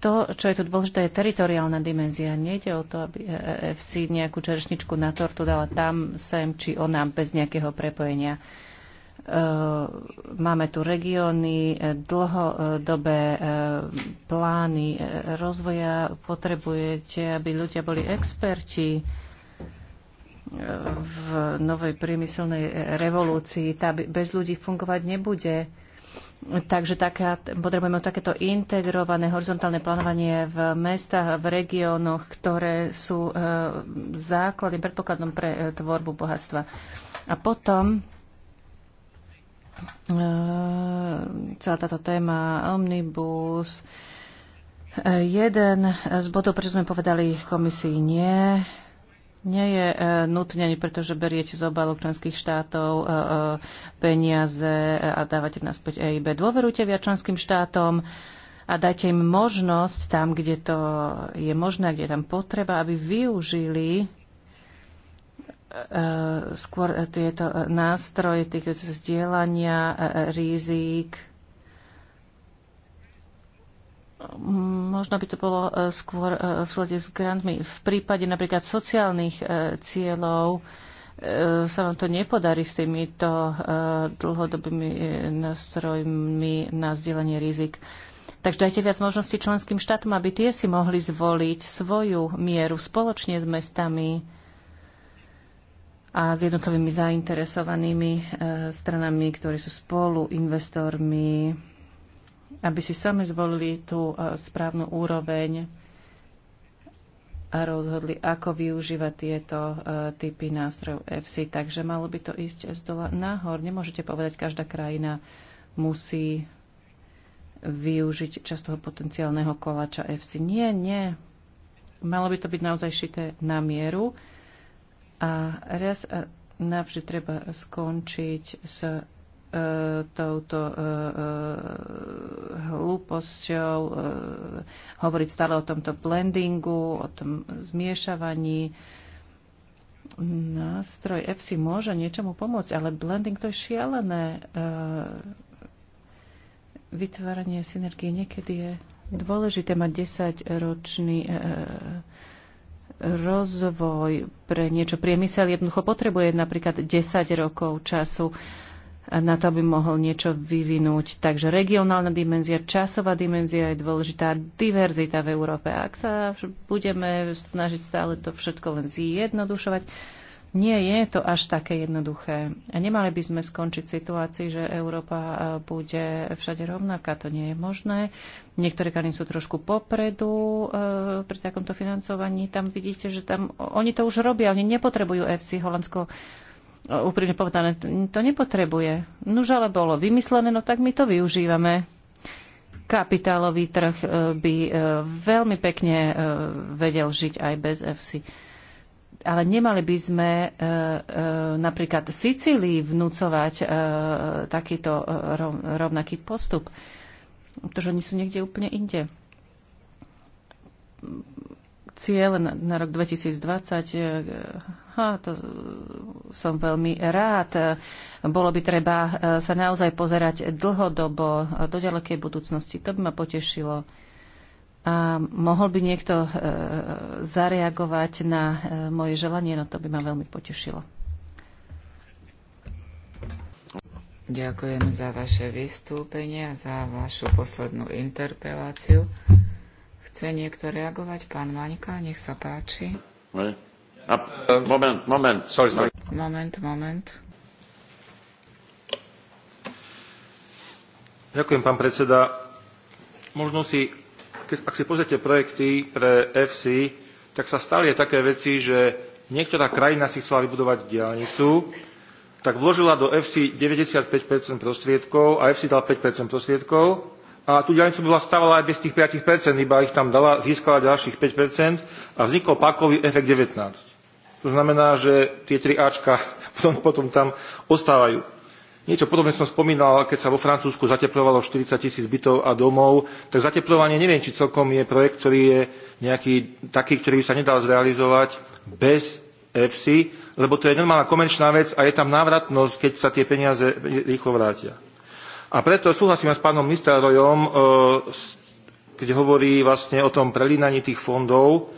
to, čo je tu dôležité, je teritoriálna dimenzia. Nejde o to, aby FC nejakú čerešničku na tortu dala tam, sem či onám bez nejakého prepojenia. Ehm, máme tu regióny, e, dlhodobé e, plány e, rozvoja. Potrebujete, aby ľudia boli experti v novej priemyselnej revolúcii. Tá bez ľudí fungovať nebude. Takže taká, potrebujeme takéto integrované horizontálne plánovanie v mestách a v regiónoch, ktoré sú e, základným predpokladom pre e, tvorbu bohatstva. A potom Eh, celá táto téma Omnibus. Eh, jeden z bodov, prečo sme povedali komisii nie, nie je eh, nutne, ani preto, že beriete z obalu členských štátov peniaze a dávate naspäť EIB. Dôverujte viac členským štátom a dajte im možnosť tam, kde to je možné, kde je tam potreba, aby využili E, skôr tieto nástroje týkajúce zdieľania e, e, rizík. Možno by to bolo skôr v súlade s grantmi. V prípade napríklad sociálnych cieľov sa vám to nepodarí s týmito dlhodobými nástrojmi na zdieľanie rizik. Takže dajte viac možností členským štátom, aby tie si mohli zvoliť svoju mieru spoločne s mestami a s jednotlivými zainteresovanými e, stranami, ktorí sú spolu investormi, aby si sami zvolili tú e, správnu úroveň a rozhodli, ako využívať tieto e, typy nástrojov FC. Takže malo by to ísť z dola nahor. Nemôžete povedať, každá krajina musí využiť časť toho potenciálneho koláča FC. Nie, nie. Malo by to byť naozaj šité na mieru a raz a navždy treba skončiť s e, touto e, e, hlúposťou, e, hovoriť stále o tomto blendingu, o tom zmiešavaní. Nástroj FC môže niečomu pomôcť, ale blending to je šialené. E, vytváranie synergie niekedy je dôležité mať 10-ročný rozvoj pre niečo priemysel jednoducho potrebuje napríklad 10 rokov času na to, aby mohol niečo vyvinúť. Takže regionálna dimenzia, časová dimenzia je dôležitá, diverzita v Európe. Ak sa budeme snažiť stále to všetko len zjednodušovať, nie je to až také jednoduché. A nemali by sme skončiť v situácii, že Európa e, bude všade rovnaká. To nie je možné. Niektoré krajiny sú trošku popredu e, pri takomto financovaní. Tam vidíte, že tam oni to už robia. Oni nepotrebujú FC Holandsko e, úprimne povedané, to nepotrebuje. Nuž ale bolo vymyslené, no tak my to využívame kapitálový trh by veľmi pekne vedel žiť aj bez EFSI ale nemali by sme e, e, napríklad Sicílii vnúcovať e, takýto rovnaký postup, pretože oni sú niekde úplne inde. Cieľ na rok 2020, ha, to som veľmi rád. Bolo by treba sa naozaj pozerať dlhodobo do ďalekej budúcnosti. To by ma potešilo. A mohol by niekto e, zareagovať na e, moje želanie, no to by ma veľmi potešilo. Ďakujem za vaše vystúpenie a za vašu poslednú interpeláciu. Chce niekto reagovať? Pán Maňka, nech sa páči. moment, moment, sorry, sorry. Moment, moment. Ďakujem, pán predseda. Možno si ak si pozrite projekty pre FC, tak sa stali aj také veci, že niektorá krajina si chcela vybudovať diálnicu, tak vložila do FC 95% prostriedkov a FC dal 5% prostriedkov a tú diálnicu by bola stávala aj bez tých 5%, iba ich tam dala, získala ďalších 5% a vznikol pakový efekt 19. To znamená, že tie tri Ačka [LAUGHS] potom, potom tam ostávajú. Niečo podobné som spomínal, keď sa vo Francúzsku zateplovalo 40 tisíc bytov a domov, tak zateplovanie neviem, či celkom je projekt, ktorý je nejaký taký, ktorý by sa nedal zrealizovať bez EFSI, lebo to je normálna komerčná vec a je tam návratnosť, keď sa tie peniaze rýchlo vrátia. A preto súhlasím aj s pánom Nistárojom, e, keď hovorí vlastne o tom prelínaní tých fondov,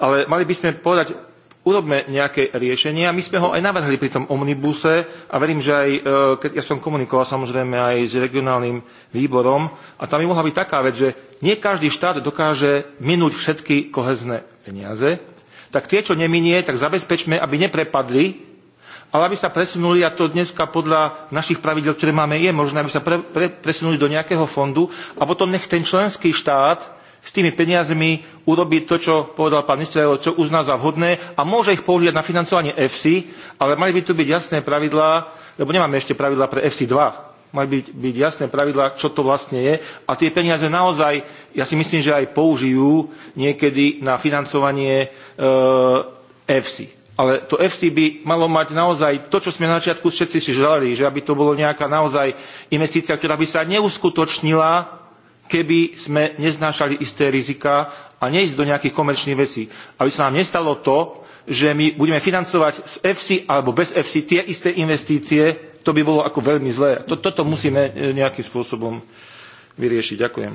ale mali by sme povedať urobme nejaké riešenie. A my sme ho aj navrhli pri tom omnibuse a verím, že aj, e, keď ja som komunikoval samozrejme aj s regionálnym výborom, a tam by mohla byť taká vec, že nie každý štát dokáže minúť všetky kohezné peniaze, tak tie, čo neminie, tak zabezpečme, aby neprepadli, ale aby sa presunuli, a to dneska podľa našich pravidel, ktoré máme, je možné, aby sa pre, pre, presunuli do nejakého fondu a potom nech ten členský štát s tými peniazmi urobiť to, čo povedal pán minister, čo uzná za vhodné a môže ich použiť na financovanie FC, ale mali by tu byť jasné pravidlá, lebo nemáme ešte pravidlá pre FC 2, mali byť, byť jasné pravidlá, čo to vlastne je. A tie peniaze naozaj, ja si myslím, že aj použijú niekedy na financovanie e, eh, EFSI. Ale to FC by malo mať naozaj to, čo sme na začiatku všetci si želali, že aby to bolo nejaká naozaj investícia, ktorá by sa neuskutočnila keby sme neznášali isté rizika a neísť do nejakých komerčných vecí. Aby sa nám nestalo to, že my budeme financovať z EFSI alebo bez EFSI tie isté investície, to by bolo ako veľmi zlé. Toto musíme e, nejakým spôsobom vyriešiť. Ďakujem.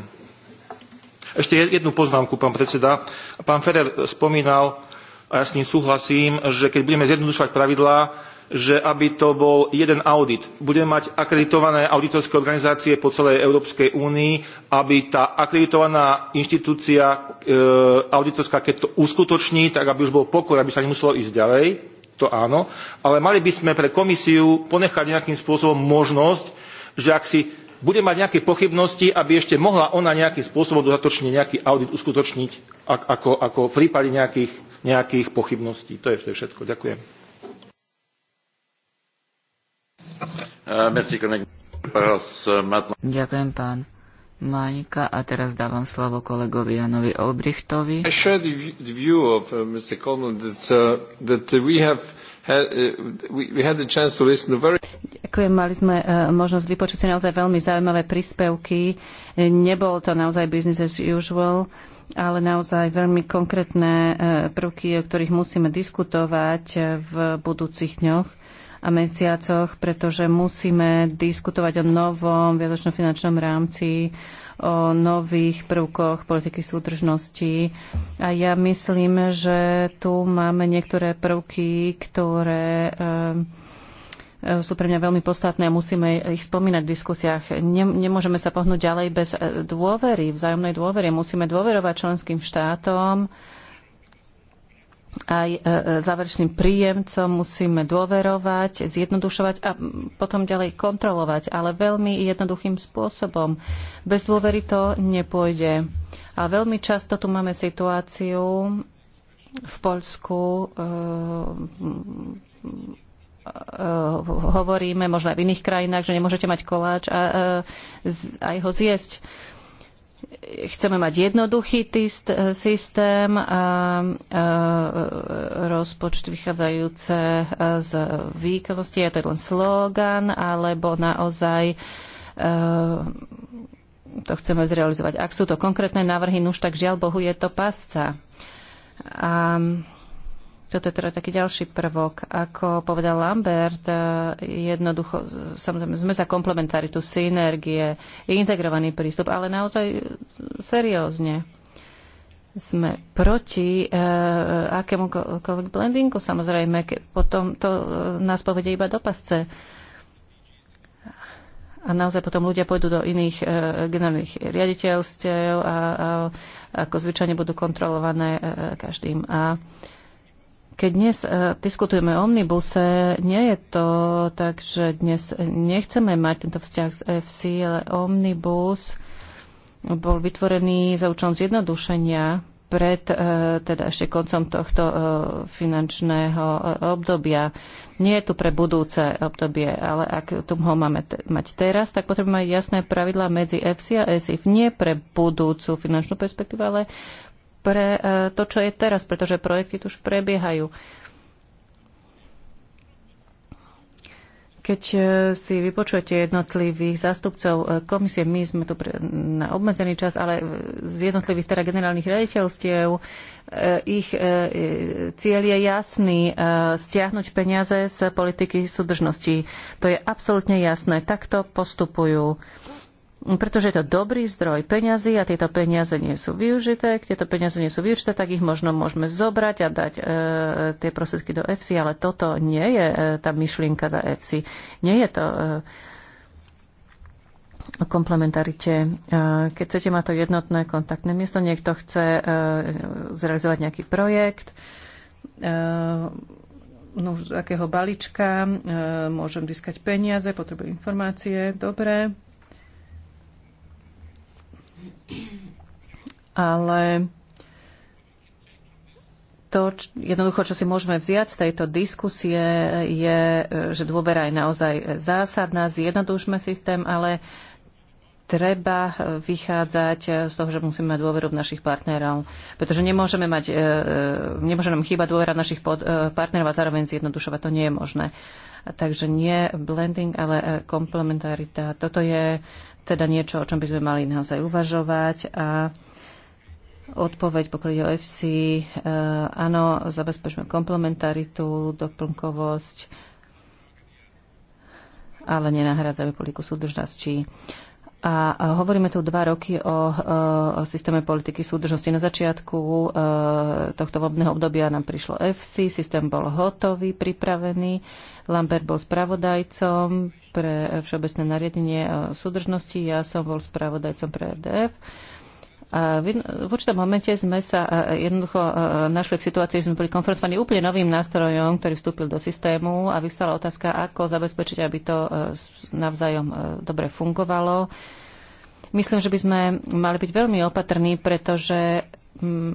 Ešte jednu poznámku, pán predseda. Pán Ferrer spomínal, a ja s ním súhlasím, že keď budeme zjednodušovať pravidlá, že aby to bol jeden audit. Budeme mať akreditované auditorské organizácie po celej Európskej únii, aby tá akreditovaná inštitúcia e, auditorská, keď to uskutoční, tak aby už bol pokoj, aby sa nemuselo ísť ďalej, to áno, ale mali by sme pre komisiu ponechať nejakým spôsobom možnosť, že ak si bude mať nejaké pochybnosti, aby ešte mohla ona nejakým spôsobom dodatočne nejaký audit uskutočniť ako, ako v prípade nejakých, nejakých pochybností. To je, to je všetko. Ďakujem. Ďakujem, pán Maňka. A teraz dávam slovo kolegovi Janovi Olbrichtovi. Ďakujem, mali sme uh, možnosť vypočuť si naozaj veľmi zaujímavé príspevky. Nebol to naozaj business as usual, ale naozaj veľmi konkrétne uh, prvky, o ktorých musíme diskutovať uh, v budúcich dňoch a mesiacoch, pretože musíme diskutovať o novom viadočnom finančnom rámci, o nových prvkoch politiky súdržnosti. A ja myslím, že tu máme niektoré prvky, ktoré eh, sú pre mňa veľmi podstatné a musíme ich spomínať v diskusiách. Nemôžeme sa pohnúť ďalej bez dôvery, vzájomnej dôvery. Musíme dôverovať členským štátom, aj e, e, záverečným príjemcom musíme dôverovať, zjednodušovať a potom ďalej kontrolovať, ale veľmi jednoduchým spôsobom. Bez dôvery to nepôjde. A veľmi často tu máme situáciu v Poľsku, e, hovoríme, možno aj v iných krajinách, že nemôžete mať koláč a, aj ho zjesť chceme mať jednoduchý tyst, e, systém a, a rozpočt vychádzajúce e, z výkonnosti, je to len slogan, alebo naozaj a, e, to chceme zrealizovať. Ak sú to konkrétne návrhy, nuž tak žiaľ Bohu je to pasca. A toto je teda taký ďalší prvok. Ako povedal Lambert, e, jednoducho, samozrejme, sme za komplementaritu, synergie, integrovaný prístup, ale naozaj seriózne sme proti akému e, akémukoľvek blendingu, samozrejme, ke, potom to e, nás povedie iba do pasce. A naozaj potom ľudia pôjdu do iných e, generálnych riaditeľstiev a, a ako zvyčajne budú kontrolované e, každým. A e, keď dnes e, diskutujeme o omnibuse, nie je to tak, že dnes nechceme mať tento vzťah s FC, ale omnibus bol vytvorený za účelom zjednodušenia pred e, teda ešte koncom tohto e, finančného obdobia. Nie je tu pre budúce obdobie, ale ak tu ho máme mať teraz, tak potrebujeme mať jasné pravidlá medzi EFSI a ESIF. Nie pre budúcu finančnú perspektívu, ale pre e, to, čo je teraz, pretože projekty tu už prebiehajú. Keď e, si vypočujete jednotlivých zástupcov e, komisie, my sme tu na obmedzený čas, ale z jednotlivých teda generálnych riaditeľstiev, ich cieľ je jasný, stiahnuť peniaze z politiky súdržnosti. To je absolútne jasné. Takto postupujú pretože je to dobrý zdroj peňazí a tieto peniaze nie sú využité. Keď tieto peniaze nie sú využité, tak ich možno môžeme zobrať a dať e, tie prostriedky do EFSI, ale toto nie je e, tá myšlienka za EFSI. Nie je to e, o komplementarite. E, keď chcete mať to jednotné kontaktné miesto, niekto chce e, zrealizovať nejaký projekt, e, no, z akého balíčka môžem získať peniaze, potrebujem informácie, dobre, ale to jednoducho, čo si môžeme vziať z tejto diskusie, je, že dôvera je naozaj zásadná, zjednodušme systém, ale treba vychádzať z toho, že musíme mať dôveru v našich partnerov. Pretože nemôžeme mať, e, e, nemôže nám chýbať dôvera našich e, partnerov a zároveň zjednodušovať. To nie je možné. Takže nie blending, ale komplementarita. Toto je teda niečo, o čom by sme mali naozaj uvažovať a odpoveď, pokiaľ ide o FC, e, áno, zabezpečme komplementaritu, doplnkovosť, ale nenahrádzajú politiku súdržnosti. A hovoríme tu dva roky o, o systéme politiky súdržnosti. Na začiatku e, tohto vodného obdobia nám prišlo FC, systém bol hotový, pripravený. Lambert bol spravodajcom pre Všeobecné nariadenie súdržnosti, ja som bol spravodajcom pre RDF. A v určitom momente sme sa e, e, jednoducho e, našli v situácii, že sme boli konfrontovaní úplne novým nástrojom, ktorý vstúpil do systému a vystala otázka, ako zabezpečiť, aby to navzájom dobre fungovalo. Myslím, že by sme mali byť veľmi opatrní, pretože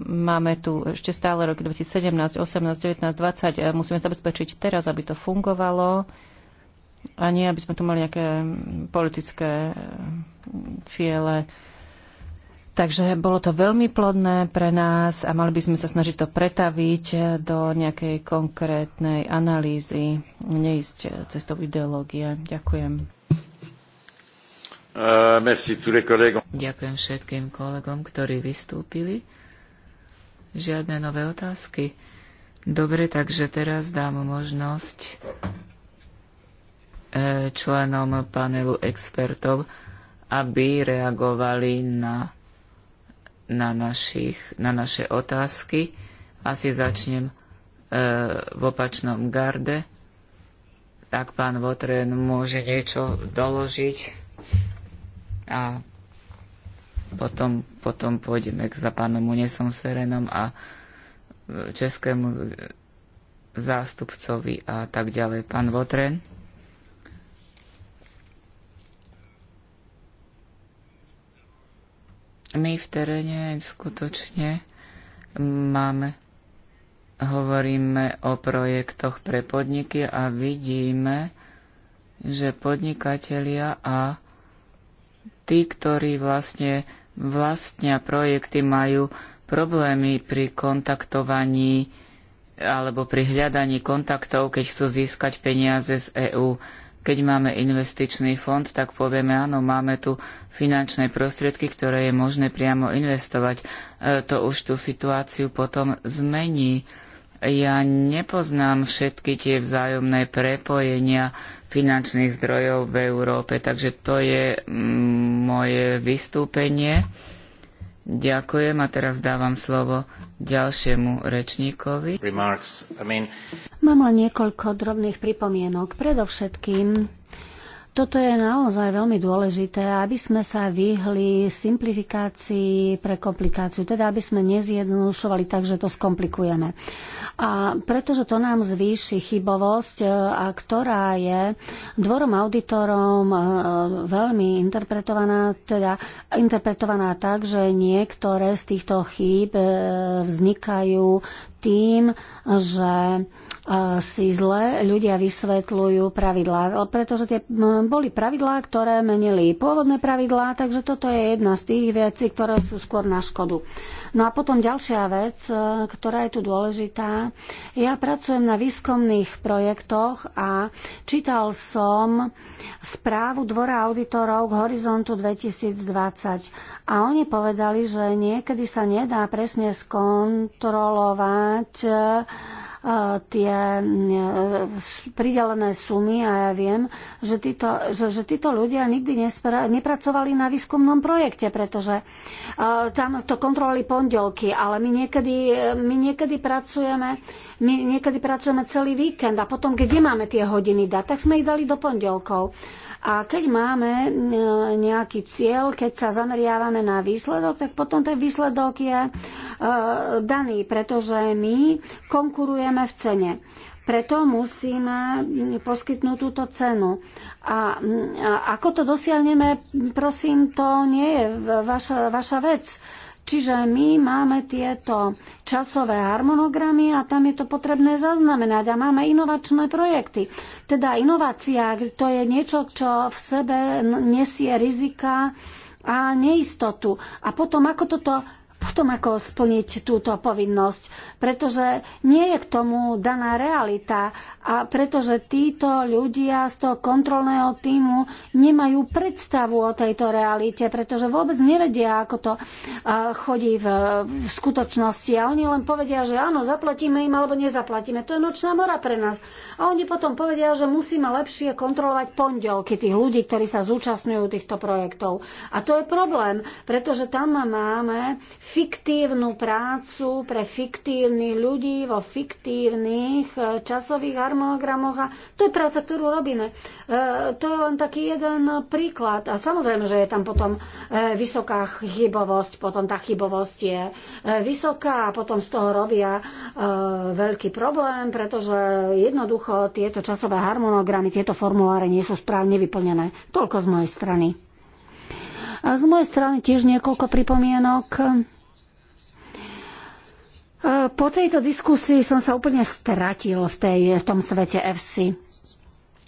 máme tu ešte stále roky 2017, 18, 19, 20. Musíme zabezpečiť teraz, aby to fungovalo a nie, aby sme tu mali nejaké politické ciele. Takže bolo to veľmi plodné pre nás a mali by sme sa snažiť to pretaviť do nejakej konkrétnej analýzy, neísť cestou ideológie. Ďakujem. Uh, Ďakujem všetkým kolegom, ktorí vystúpili. Žiadne nové otázky. Dobre, takže teraz dám možnosť eh, členom panelu expertov, aby reagovali na na, našich, na naše otázky. Asi začnem e, v opačnom garde. Tak pán Votren môže niečo doložiť a potom, potom pôjdeme za pánom Unesom Serenom a e, českému zástupcovi a tak ďalej. Pán Votren. My v teréne skutočne máme, hovoríme o projektoch pre podniky a vidíme, že podnikatelia a tí, ktorí vlastne vlastnia projekty, majú problémy pri kontaktovaní alebo pri hľadaní kontaktov, keď chcú získať peniaze z EÚ. Keď máme investičný fond, tak povieme, áno, máme tu finančné prostriedky, ktoré je možné priamo investovať. E, to už tú situáciu potom zmení. Ja nepoznám všetky tie vzájomné prepojenia finančných zdrojov v Európe, takže to je mm, moje vystúpenie. Ďakujem a teraz dávam slovo ďalšiemu rečníkovi. I mean... Mám len niekoľko drobných pripomienok. Predovšetkým toto je naozaj veľmi dôležité, aby sme sa vyhli simplifikácii pre komplikáciu, teda aby sme nezjednodušovali tak, že to skomplikujeme. A pretože to nám zvýši chybovosť, e, a ktorá je dvorom auditorom e, veľmi interpretovaná, teda interpretovaná tak, že niektoré z týchto chýb e, vznikajú tým, že e, si zle ľudia vysvetľujú pravidlá, pretože tie boli pravidlá, ktoré menili pôvodné pravidlá, takže toto je jedna z tých vecí, ktoré sú skôr na škodu. No a potom ďalšia vec, e, ktorá je tu dôležitá. Ja pracujem na výskumných projektoch a čítal som správu Dvora auditorov k Horizontu 2020 a oni povedali, že niekedy sa nedá presne skontrolovať, mať e, e, tie e, pridelené sumy a ja viem, že títo, že, že títo ľudia nikdy nespra- nepracovali na výskumnom projekte, pretože uh, tam to kontrolovali pondelky, ale my niekedy, my niekedy pracujeme my niekedy pracujeme celý víkend a potom kde máme tie hodiny dať, tak sme ich dali do pondelkov. A keď máme e, nejaký cieľ, keď sa zameriavame na výsledok, tak potom ten výsledok je e, daný, pretože my konkurujeme v cene. Preto musíme poskytnúť túto cenu. A, a ako to dosiahneme, prosím, to nie je vaša, vaša vec. Čiže my máme tieto časové harmonogramy a tam je to potrebné zaznamenať a máme inovačné projekty. Teda inovácia to je niečo, čo v sebe nesie rizika a neistotu. A potom ako toto potom ako splniť túto povinnosť, pretože nie je k tomu daná realita a pretože títo ľudia z toho kontrolného týmu nemajú predstavu o tejto realite, pretože vôbec nevedia, ako to chodí v, v skutočnosti. A oni len povedia, že áno, zaplatíme im alebo nezaplatíme. To je nočná mora pre nás. A oni potom povedia, že musíme lepšie kontrolovať pondelky tých ľudí, ktorí sa zúčastňujú týchto projektov. A to je problém, pretože tam máme fiktívnu prácu pre fiktívnych ľudí vo fiktívnych e, časových harmonogramoch a to je práca, ktorú robíme. E, to je len taký jeden príklad. A samozrejme, že je tam potom e, vysoká chybovosť, potom tá chybovosť je e, vysoká a potom z toho robia veľký problém, pretože jednoducho tieto časové harmonogramy, tieto formuláre nie sú správne vyplnené. Toľko z mojej strany. A z mojej strany tiež niekoľko pripomienok. E, po tejto diskusii som sa úplne stratil v, tej, v tom svete FC.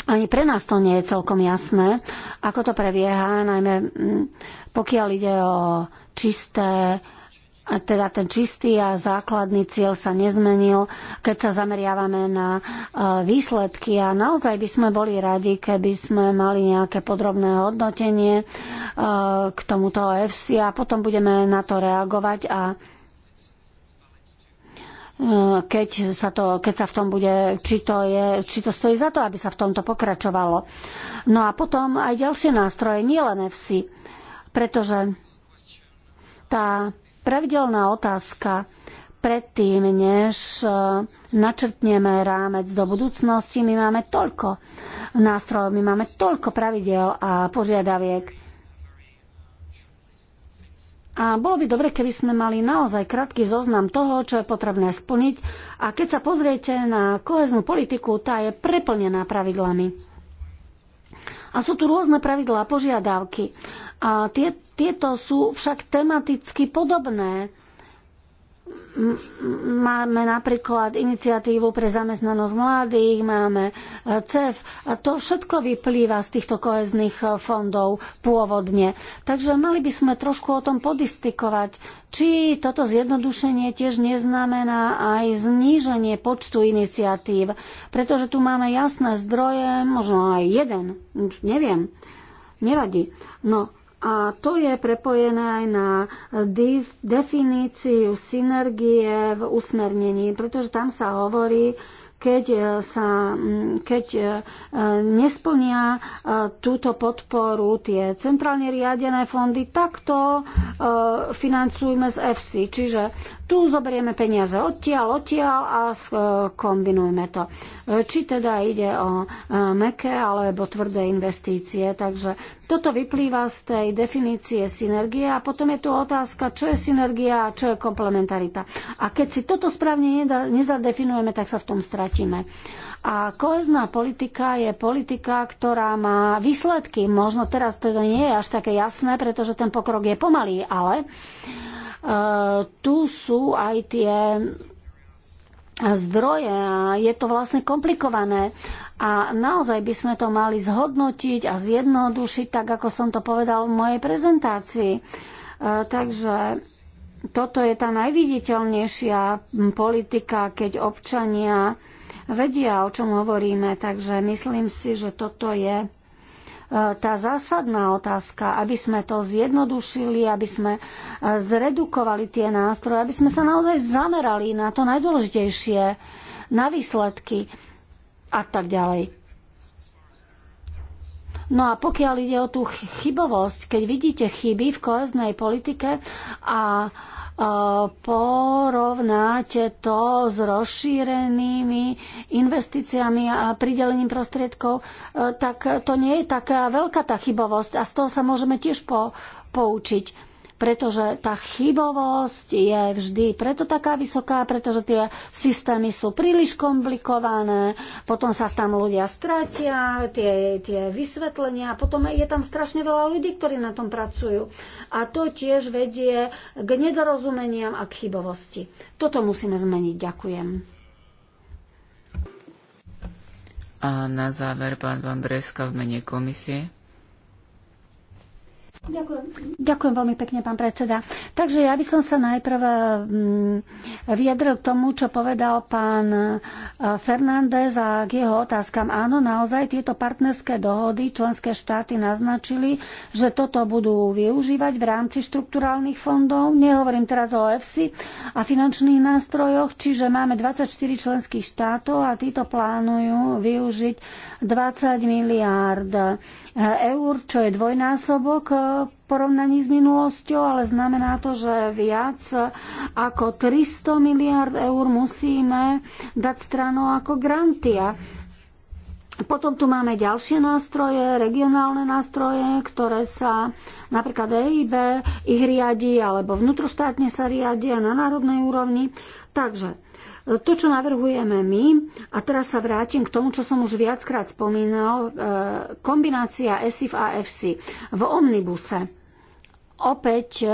Ani pre nás to nie je celkom jasné, ako to prebieha, najmä pokiaľ ide o čisté teda ten čistý a základný cieľ sa nezmenil, keď sa zameriavame na e, výsledky a naozaj by sme boli radi, keby sme mali nejaké podrobné hodnotenie e, k tomuto FC a potom budeme na to reagovať a Eh, keď sa, to, keď sa v tom bude, či to, je, či to stojí za to, aby sa v tomto pokračovalo. No a potom aj ďalšie nástroje, nielen FC, pretože tá pravidelná otázka predtým, než eh, načrtneme rámec do budúcnosti, my máme toľko nástrojov, my máme toľko pravidel a požiadaviek, a bolo by dobre, keby sme mali naozaj krátky zoznam toho, čo je potrebné splniť. A keď sa pozriete na koheznú politiku, tá je preplnená pravidlami. A sú tu rôzne pravidlá a požiadavky. A tie, tieto sú však tematicky podobné. Máme napríklad iniciatívu pre zamestnanosť mladých, máme e, CEF a to všetko vyplýva z týchto kohezných e, fondov pôvodne. Takže mali by sme trošku o tom podistikovať, či toto zjednodušenie tiež neznamená aj zníženie počtu iniciatív, pretože tu máme jasné zdroje, možno aj jeden, neviem, nevadí. No a to je prepojené aj na definíciu synergie v usmernení, pretože tam sa hovorí, keď, e, sa, keď e, e, nesplnia túto podporu tie centrálne riadené fondy, tak to financujme z FC. Čiže tu zoberieme peniaze odtiaľ, odtiaľ a kombinujme to. Či teda ide o meké alebo tvrdé investície. Takže toto vyplýva z tej definície synergie a potom je tu otázka, čo je synergia a čo je komplementarita. A keď si toto správne nezadefinujeme, tak sa v tom stratíme. A kohezná politika je politika, ktorá má výsledky. Možno teraz to nie je až také jasné, pretože ten pokrok je pomalý, ale uh, tu sú aj tie zdroje a je to vlastne komplikované. A naozaj by sme to mali zhodnotiť a zjednodušiť, tak ako som to povedal v mojej prezentácii. E, takže toto je tá najviditeľnejšia politika, keď občania vedia, o čom hovoríme. Takže myslím si, že toto je tá zásadná otázka, aby sme to zjednodušili, aby sme e, zredukovali tie nástroje, aby sme sa naozaj zamerali na to najdôležitejšie, na výsledky a tak ďalej. No a pokiaľ ide o tú chybovosť, keď vidíte chyby v koheznej politike a porovnáte to s rozšírenými investíciami a pridelením prostriedkov, e, tak to nie je taká veľká tá chybovosť a z toho sa môžeme tiež po, poučiť pretože tá chybovosť je vždy preto taká vysoká, pretože tie systémy sú príliš komplikované, potom sa tam ľudia stratia, tie, tie vysvetlenia, potom je tam strašne veľa ľudí, ktorí na tom pracujú. A to tiež vedie k nedorozumeniam a k chybovosti. Toto musíme zmeniť. Ďakujem. A na záver pán Vandreska v mene komisie. Ďakujem. Ďakujem veľmi pekne, pán predseda. Takže ja by som sa najprv mm, vyjadril k tomu, čo povedal pán e, Fernández a k jeho otázkam. Áno, naozaj tieto partnerské dohody členské štáty naznačili, že toto budú využívať v rámci štrukturálnych fondov. Nehovorím teraz o EFSI a finančných nástrojoch, čiže máme 24 členských štátov a títo plánujú využiť 20 miliárd e, eur, čo je dvojnásobok e, porovnaní s minulosťou, ale znamená to, že viac ako 300 miliard eur musíme dať stranou ako grantia. Potom tu máme ďalšie nástroje, regionálne nástroje, ktoré sa napríklad EIB ich riadi, alebo vnútroštátne sa riadia na národnej úrovni. Takže to, čo navrhujeme my, a teraz sa vrátim k tomu, čo som už viackrát spomínal, e, kombinácia ESIF a EFSI v omnibuse. Opäť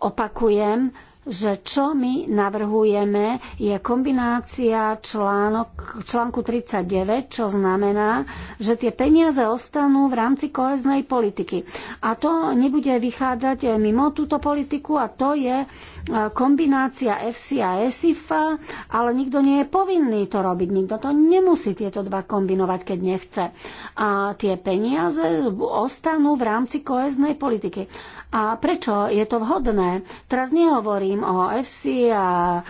opakujem, že čo my navrhujeme je kombinácia článok, článku 39, čo znamená, že tie peniaze ostanú v rámci koheznej politiky. A to nebude vychádzať mimo túto politiku a to je e, kombinácia FC a SIF, ale nikto nie je povinný to robiť. Nikto to nemusí tieto dva kombinovať, keď nechce. A tie peniaze ostanú v rámci koheznej politiky. A prečo je to vhodné? Teraz nehovorím o FC a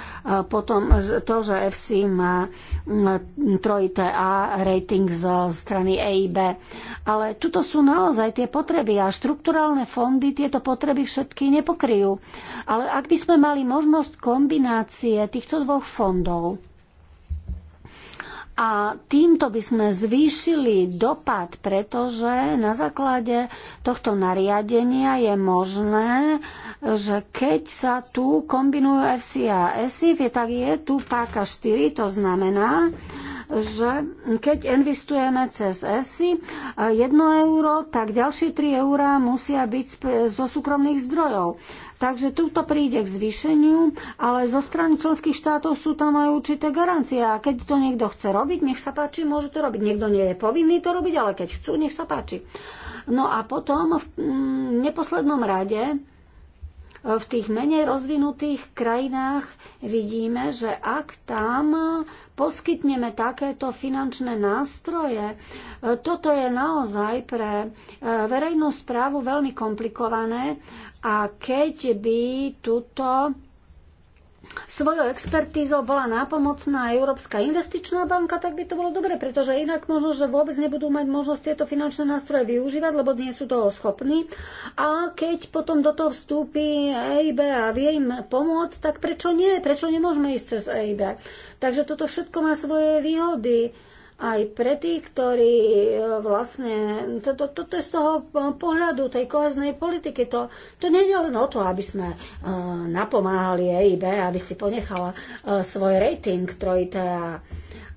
potom to, že FC má 3 A rating zo strany EIB. Ale tuto sú naozaj tie potreby a štrukturálne fondy tieto potreby všetky nepokryjú. Ale ak by sme mali možnosť kombinácie týchto dvoch fondov, a týmto by sme zvýšili dopad, pretože na základe tohto nariadenia je možné, že keď sa tu kombinujú FC a SIF, je, tak je tu páka 4, to znamená, že keď investujeme cez ESI 1 euro, tak ďalšie 3 eurá musia byť zo súkromných zdrojov. Takže tuto príde k zvýšeniu, ale zo strany členských štátov sú tam aj určité garancie a keď to niekto chce robiť, nech sa páči, môže to robiť. Niekto nie je povinný to robiť, ale keď chcú, nech sa páči. No a potom v mm, neposlednom rade v tých menej rozvinutých krajinách vidíme, že ak tam poskytneme takéto finančné nástroje, toto je naozaj pre e, verejnú správu veľmi komplikované a keď by túto svojou expertízou bola nápomocná Európska investičná banka, tak by to bolo dobre, pretože inak možno, že vôbec nebudú mať možnosť tieto finančné nástroje využívať, lebo nie sú toho schopní. A keď potom do toho vstúpi EIB a vie im pomôcť, tak prečo nie? Prečo nemôžeme ísť cez EIB? Takže toto všetko má svoje výhody aj pre tých, ktorí e, vlastne, toto to, to, to je z toho e, pohľadu tej koheznej politiky, to, to nie je len o to, aby sme uh, napomáhali EIB, aby si ponechala uh, svoj rating trojité a,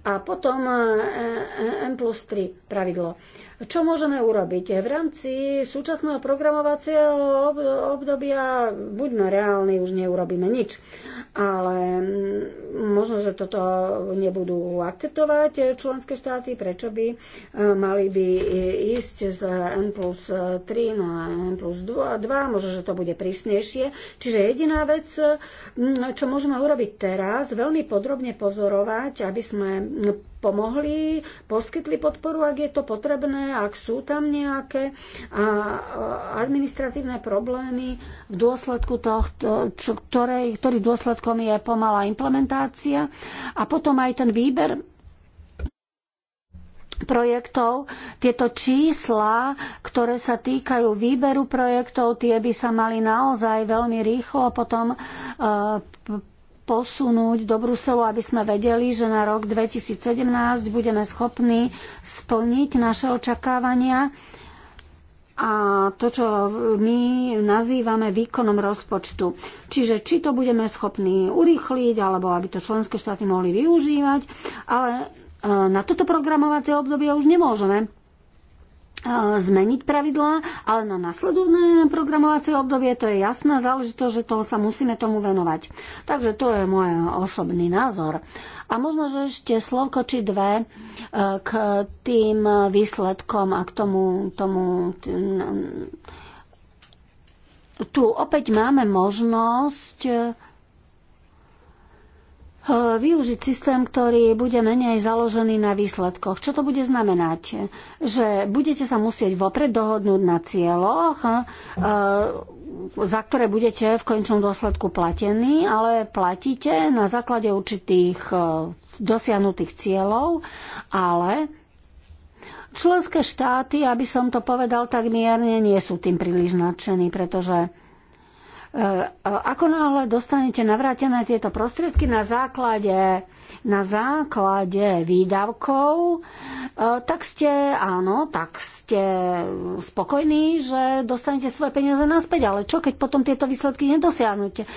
a potom uh, M plus 3 pravidlo. Uh, čo môžeme urobiť? V rámci súčasného programovacieho obdobia buď na reálny už neurobíme nič, ale mm, možno, že toto nebudú akceptovať členské štáty, prečo by e, mali by ísť z N plus 3 na N plus 2, možno, že to bude prísnejšie. Čiže jediná vec, mm, čo môžeme urobiť teraz, veľmi podrobne pozorovať, aby sme pomohli, poskytli podporu, ak je to potrebné, ak sú tam nejaké a, administratívne problémy, v dôsledku tohto, čo, ktoré, ktorý dôsledkom je pomalá implementácia a potom aj ten výber projektov. Tieto čísla, ktoré sa týkajú výberu projektov, tie by sa mali naozaj veľmi rýchlo potom e, posunúť do Bruselu, aby sme vedeli, že na rok 2017 budeme schopní splniť naše očakávania a to, čo my nazývame výkonom rozpočtu. Čiže či to budeme schopní urýchliť, alebo aby to členské štáty mohli využívať, ale e, na toto programovacie obdobie už nemôžeme E, zmeniť pravidlá, ale na nasledovné programovacie obdobie to je jasná záležitosť, že to sa musíme tomu venovať. Takže to je môj osobný názor. A možno, že ešte slovko či dve e, k tým výsledkom a k tomu, tomu tým, tu opäť máme možnosť využiť systém, ktorý bude menej založený na výsledkoch. Čo to bude znamenať? Že budete sa musieť vopred dohodnúť na cieľoch, za ktoré budete v končnom dôsledku platení, ale platíte na základe určitých dosiahnutých cieľov, ale členské štáty, aby som to povedal tak mierne, nie sú tým príliš nadšení, pretože E, ako náhle dostanete navrátené tieto prostriedky na základe, na základe výdavkov, e, tak ste, áno, tak ste spokojní, že dostanete svoje peniaze naspäť. Ale čo, keď potom tieto výsledky nedosiahnete? E,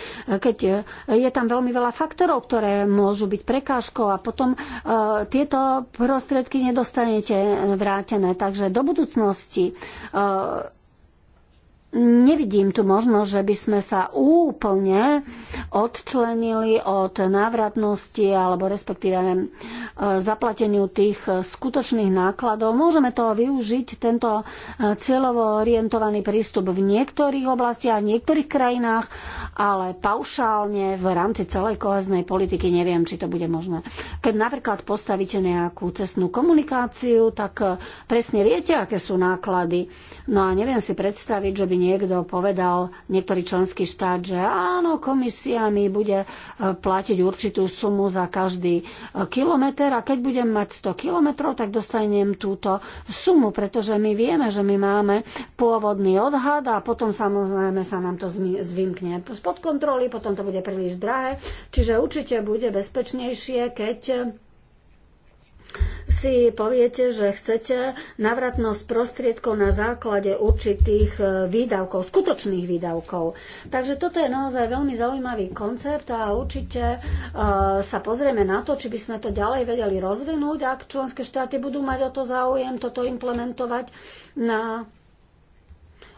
keď je tam veľmi veľa faktorov, ktoré môžu byť prekážkou a potom tieto prostriedky nedostanete vrátené. Takže do budúcnosti Nevidím tu možnosť, že by sme sa úplne odčlenili od návratnosti alebo respektíve e, zaplateniu tých e, skutočných nákladov. Môžeme to využiť, tento e, cieľovo orientovaný prístup v niektorých oblastiach, v niektorých krajinách, ale paušálne v rámci celej koheznej politiky neviem, či to bude možné. Keď napríklad postavíte nejakú cestnú komunikáciu, tak presne viete, aké sú náklady. No a neviem si predstaviť, že by niekto povedal, niektorý členský štát, že áno, komisia mi bude e, platiť určitú sumu za každý e, kilometr a keď budem mať 100 kilometrov, tak dostanem túto sumu, pretože my vieme, že my máme pôvodný odhad a potom samozrejme sa nám to zvymkne spod kontroly, potom to bude príliš drahé, čiže určite bude bezpečnejšie, keď si poviete, že chcete navratnosť prostriedkov na základe určitých e, výdavkov, skutočných výdavkov. Takže toto je naozaj veľmi zaujímavý koncept a určite e, sa pozrieme na to, či by sme to ďalej vedeli rozvinúť, ak členské štáty budú mať o to záujem toto implementovať na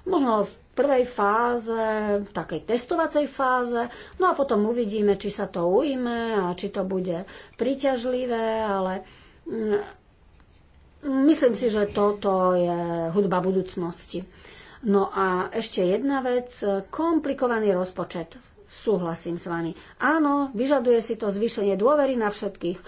možno v prvej fáze, v takej testovacej fáze, no a potom uvidíme, či sa to ujme a či to bude príťažlivé, ale Myslím si, že toto je hudba budúcnosti. No a ešte jedna vec, komplikovaný rozpočet súhlasím s vami. Áno, vyžaduje si to zvýšenie dôvery na všetkých e,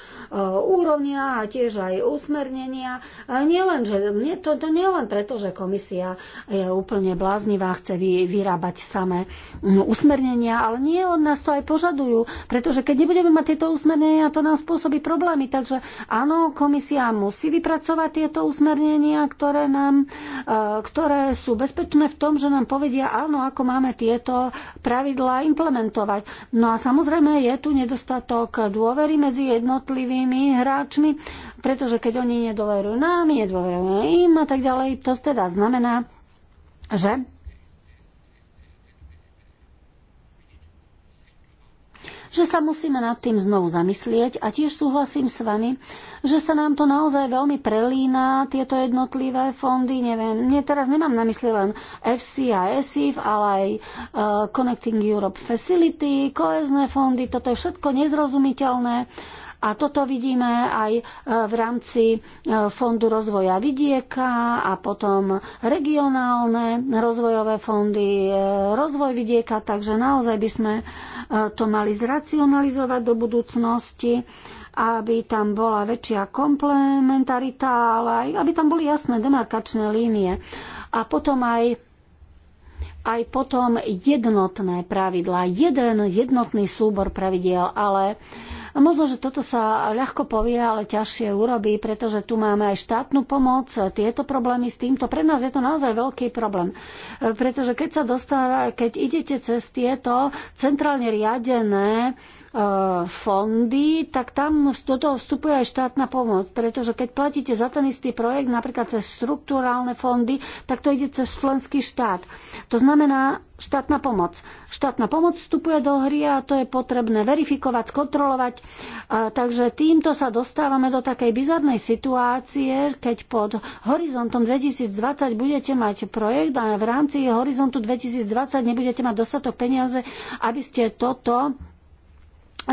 úrovniach a tiež aj usmernenia. E, nielen, že, to, to nielen preto, že komisia je úplne bláznivá, chce vy, vyrábať samé mm, usmernenia, ale nie od nás to aj požadujú, pretože keď nebudeme mať tieto usmernenia, to nám spôsobí problémy. Takže áno, komisia musí vypracovať tieto usmernenia, ktoré, nám, e, ktoré sú bezpečné v tom, že nám povedia, áno, ako máme tieto pravidlá implementovať implementovať. No a samozrejme je tu nedostatok dôvery medzi jednotlivými hráčmi, pretože keď oni nedoverujú nám, nedoverujú im a tak ďalej, to teda znamená, že že sa musíme nad tým znovu zamyslieť a tiež súhlasím s vami, že sa nám to naozaj veľmi prelína, tieto jednotlivé fondy, neviem, nie, teraz nemám na mysli len FC a ESIF, ale aj uh, Connecting Europe Facility, koezné fondy, toto je všetko nezrozumiteľné a toto vidíme aj e, v rámci e, Fondu rozvoja vidieka a potom regionálne rozvojové fondy, e, rozvoj vidieka, takže naozaj by sme to mali zracionalizovať do budúcnosti aby tam bola väčšia komplementarita, ale aj aby tam boli jasné demarkačné línie. A potom aj aj potom jednotné pravidlá, jeden jednotný súbor pravidiel, ale uh, a možno, že toto sa ľahko povie, ale ťažšie urobí, pretože tu máme aj štátnu pomoc, tieto problémy s týmto. Pre nás je to naozaj veľký problém. Pretože keď sa dostáva, keď idete cez tieto centrálne riadené E, fondy, tak tam do toho vstupuje aj štátna pomoc, pretože keď platíte za ten istý projekt, napríklad cez štruktúrálne fondy, tak to ide cez členský štát. To znamená štátna pomoc. Štátna pomoc vstupuje do hry a to je potrebné verifikovať, skontrolovať. E, takže týmto sa dostávame do takej bizarnej situácie, keď pod horizontom 2020 budete mať projekt a v rámci horizontu 2020 nebudete mať dostatok peniaze, aby ste toto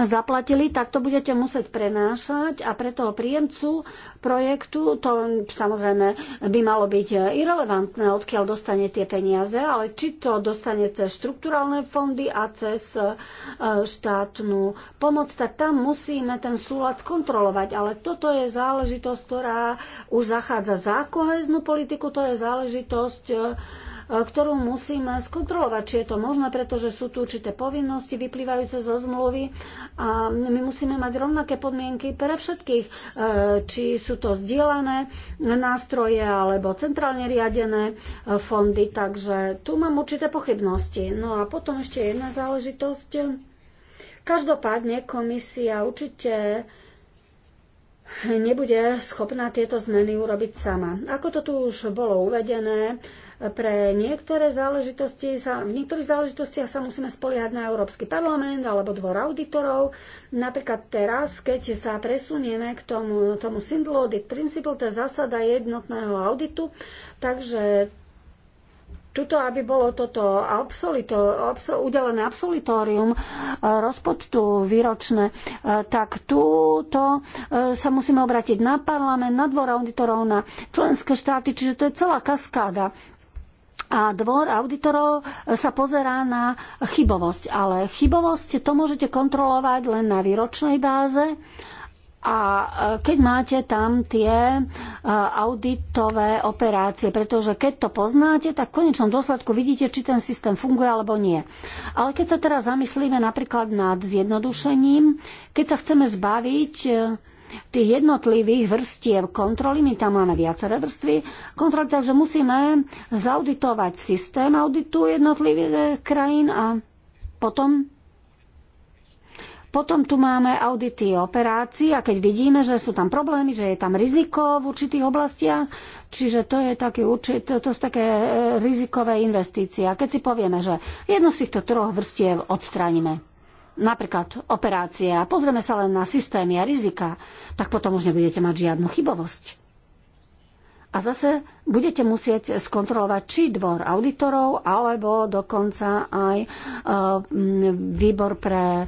zaplatili, tak to budete musieť prenášať a pre toho príjemcu projektu to samozrejme by malo byť irrelevantné, odkiaľ dostane tie peniaze, ale či to dostane cez štrukturálne fondy a cez e, štátnu pomoc, tak tam musíme ten súlad kontrolovať, Ale toto je záležitosť, ktorá už zachádza za koheznú politiku, to je záležitosť e, E, ktorú musím skontrolovať, či je to možné, pretože sú tu určité povinnosti vyplývajúce zo zmluvy a my musíme mať rovnaké podmienky pre všetkých, e, či sú to zdieľané nástroje alebo centrálne riadené e, fondy, takže tu mám určité pochybnosti. No a potom ešte jedna záležitosť. Každopádne komisia určite nebude schopná tieto zmeny urobiť sama. Ako to tu už bolo uvedené, pre niektoré záležitosti sa, v niektorých záležitostiach sa musíme spoliehať na Európsky parlament alebo dvor auditorov. Napríklad teraz, keď sa presunieme k tomu, tomu single audit principle, to je zásada jednotného auditu, takže tuto, aby bolo toto absolito, absol, udelené absolutórium e, rozpočtu výročné, e, tak túto e, sa musíme obrátiť na parlament, na dvor auditorov, na členské štáty, čiže to je celá kaskáda a dvor auditorov e, sa pozerá na chybovosť. Ale chybovosť to môžete kontrolovať len na výročnej báze a e, keď máte tam tie e, auditové operácie, pretože keď to poznáte, tak v konečnom dôsledku vidíte, či ten systém funguje alebo nie. Ale keď sa teraz zamyslíme napríklad nad zjednodušením, keď sa chceme zbaviť tých jednotlivých vrstiev kontroly, my tam máme viaceré vrstvy kontroly, takže musíme zauditovať systém auditu jednotlivých eh, krajín a potom potom tu máme audity operácií a keď vidíme, že sú tam problémy, že je tam riziko v určitých oblastiach, čiže to, je taký určit, to, sú také eh, rizikové investície. A keď si povieme, že jednu z týchto troch vrstiev odstránime, napríklad operácie a pozrieme sa len na systémy a rizika, tak potom už nebudete mať žiadnu chybovosť. A zase budete musieť skontrolovať či dvor auditorov, alebo dokonca aj e, výbor pre e,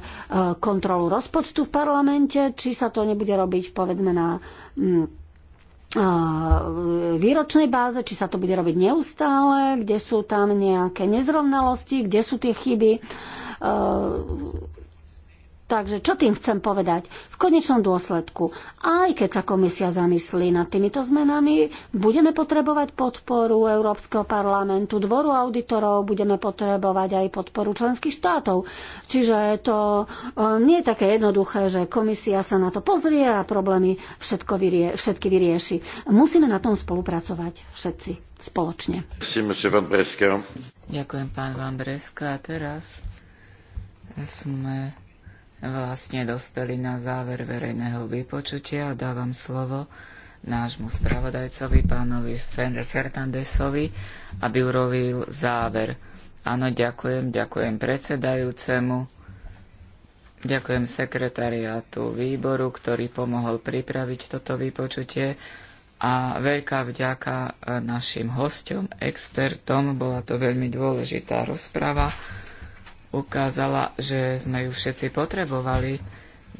kontrolu rozpočtu v parlamente, či sa to nebude robiť povedzme na mm, e, výročnej báze, či sa to bude robiť neustále, kde sú tam nejaké nezrovnalosti, kde sú tie chyby Takže čo tým chcem povedať? V konečnom dôsledku, aj keď sa komisia zamyslí nad týmito zmenami, budeme potrebovať podporu Európskeho parlamentu, dvoru auditorov, budeme potrebovať aj podporu členských štátov. Čiže to e, nie je také jednoduché, že komisia sa na to pozrie a problémy všetko vyrie, všetky vyrieši. Musíme na tom spolupracovať všetci spoločne. Ďakujem, pán Van A teraz sme vlastne dospeli na záver verejného vypočutia a dávam slovo nášmu spravodajcovi, pánovi Fernandesovi, aby urobil záver. Áno, ďakujem, ďakujem predsedajúcemu, ďakujem sekretariátu výboru, ktorý pomohol pripraviť toto vypočutie a veľká vďaka eh, našim hostom, expertom, bola to veľmi dôležitá rozprava ukázala, že sme ju všetci potrebovali.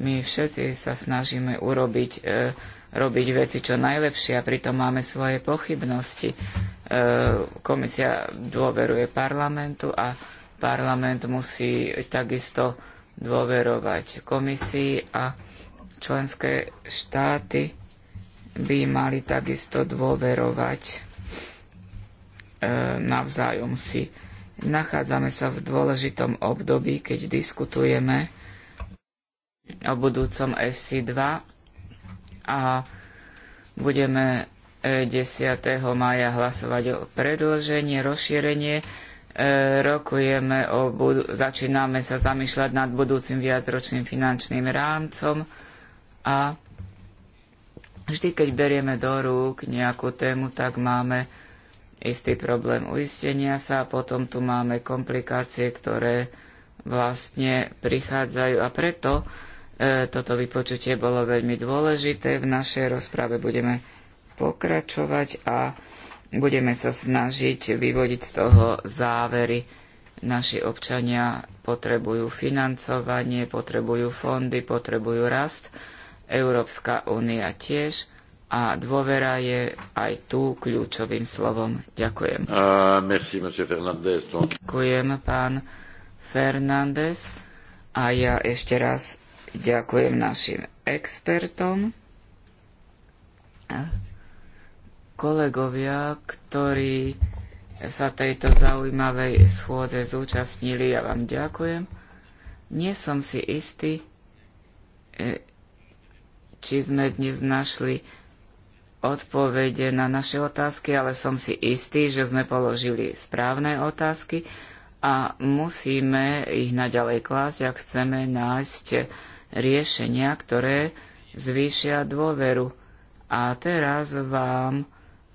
My všetci sa snažíme urobiť, e, robiť veci čo najlepšie a pritom máme svoje pochybnosti. E, komisia dôveruje parlamentu a parlament musí takisto dôverovať komisii a členské štáty by mali takisto dôverovať e, navzájom si. Nachádzame sa v dôležitom období, keď diskutujeme o budúcom FC2 a budeme 10. E, maja hlasovať o predĺženie, rozšírenie. E, rokujeme o budu- začíname sa zamýšľať nad budúcim viacročným finančným rámcom a vždy, keď berieme do rúk nejakú tému, tak máme istý problém uistenia sa a potom tu máme komplikácie, ktoré vlastne prichádzajú a preto e, toto vypočutie bolo veľmi dôležité. V našej rozprave budeme pokračovať a budeme sa snažiť vyvodiť z toho závery. Naši občania potrebujú financovanie, potrebujú fondy, potrebujú rast. Európska únia tiež a dôvera je aj tu kľúčovým slovom. Ďakujem. Uh, merci, Ďakujem, pán Fernández. A ja ešte raz ďakujem našim expertom, kolegovia, ktorí sa tejto zaujímavej schôdze zúčastnili. Ja vám ďakujem. Nie som si istý, e, či sme dnes našli odpovede na naše otázky, ale som si istý, že sme položili správne otázky a musíme ich naďalej klásť, ak chceme nájsť riešenia, ktoré zvýšia dôveru. A teraz vám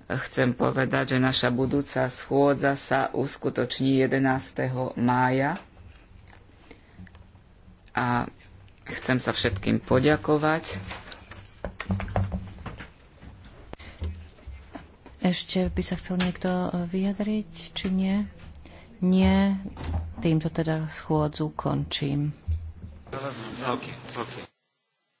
chcem povedať, že naša budúca schôdza sa uskutoční 11. mája. A chcem sa všetkým poďakovať ešte by sa chcel niekto e, vyjadriť, či nie? Nie. Týmto teda schôdzu končím. Okay, okay.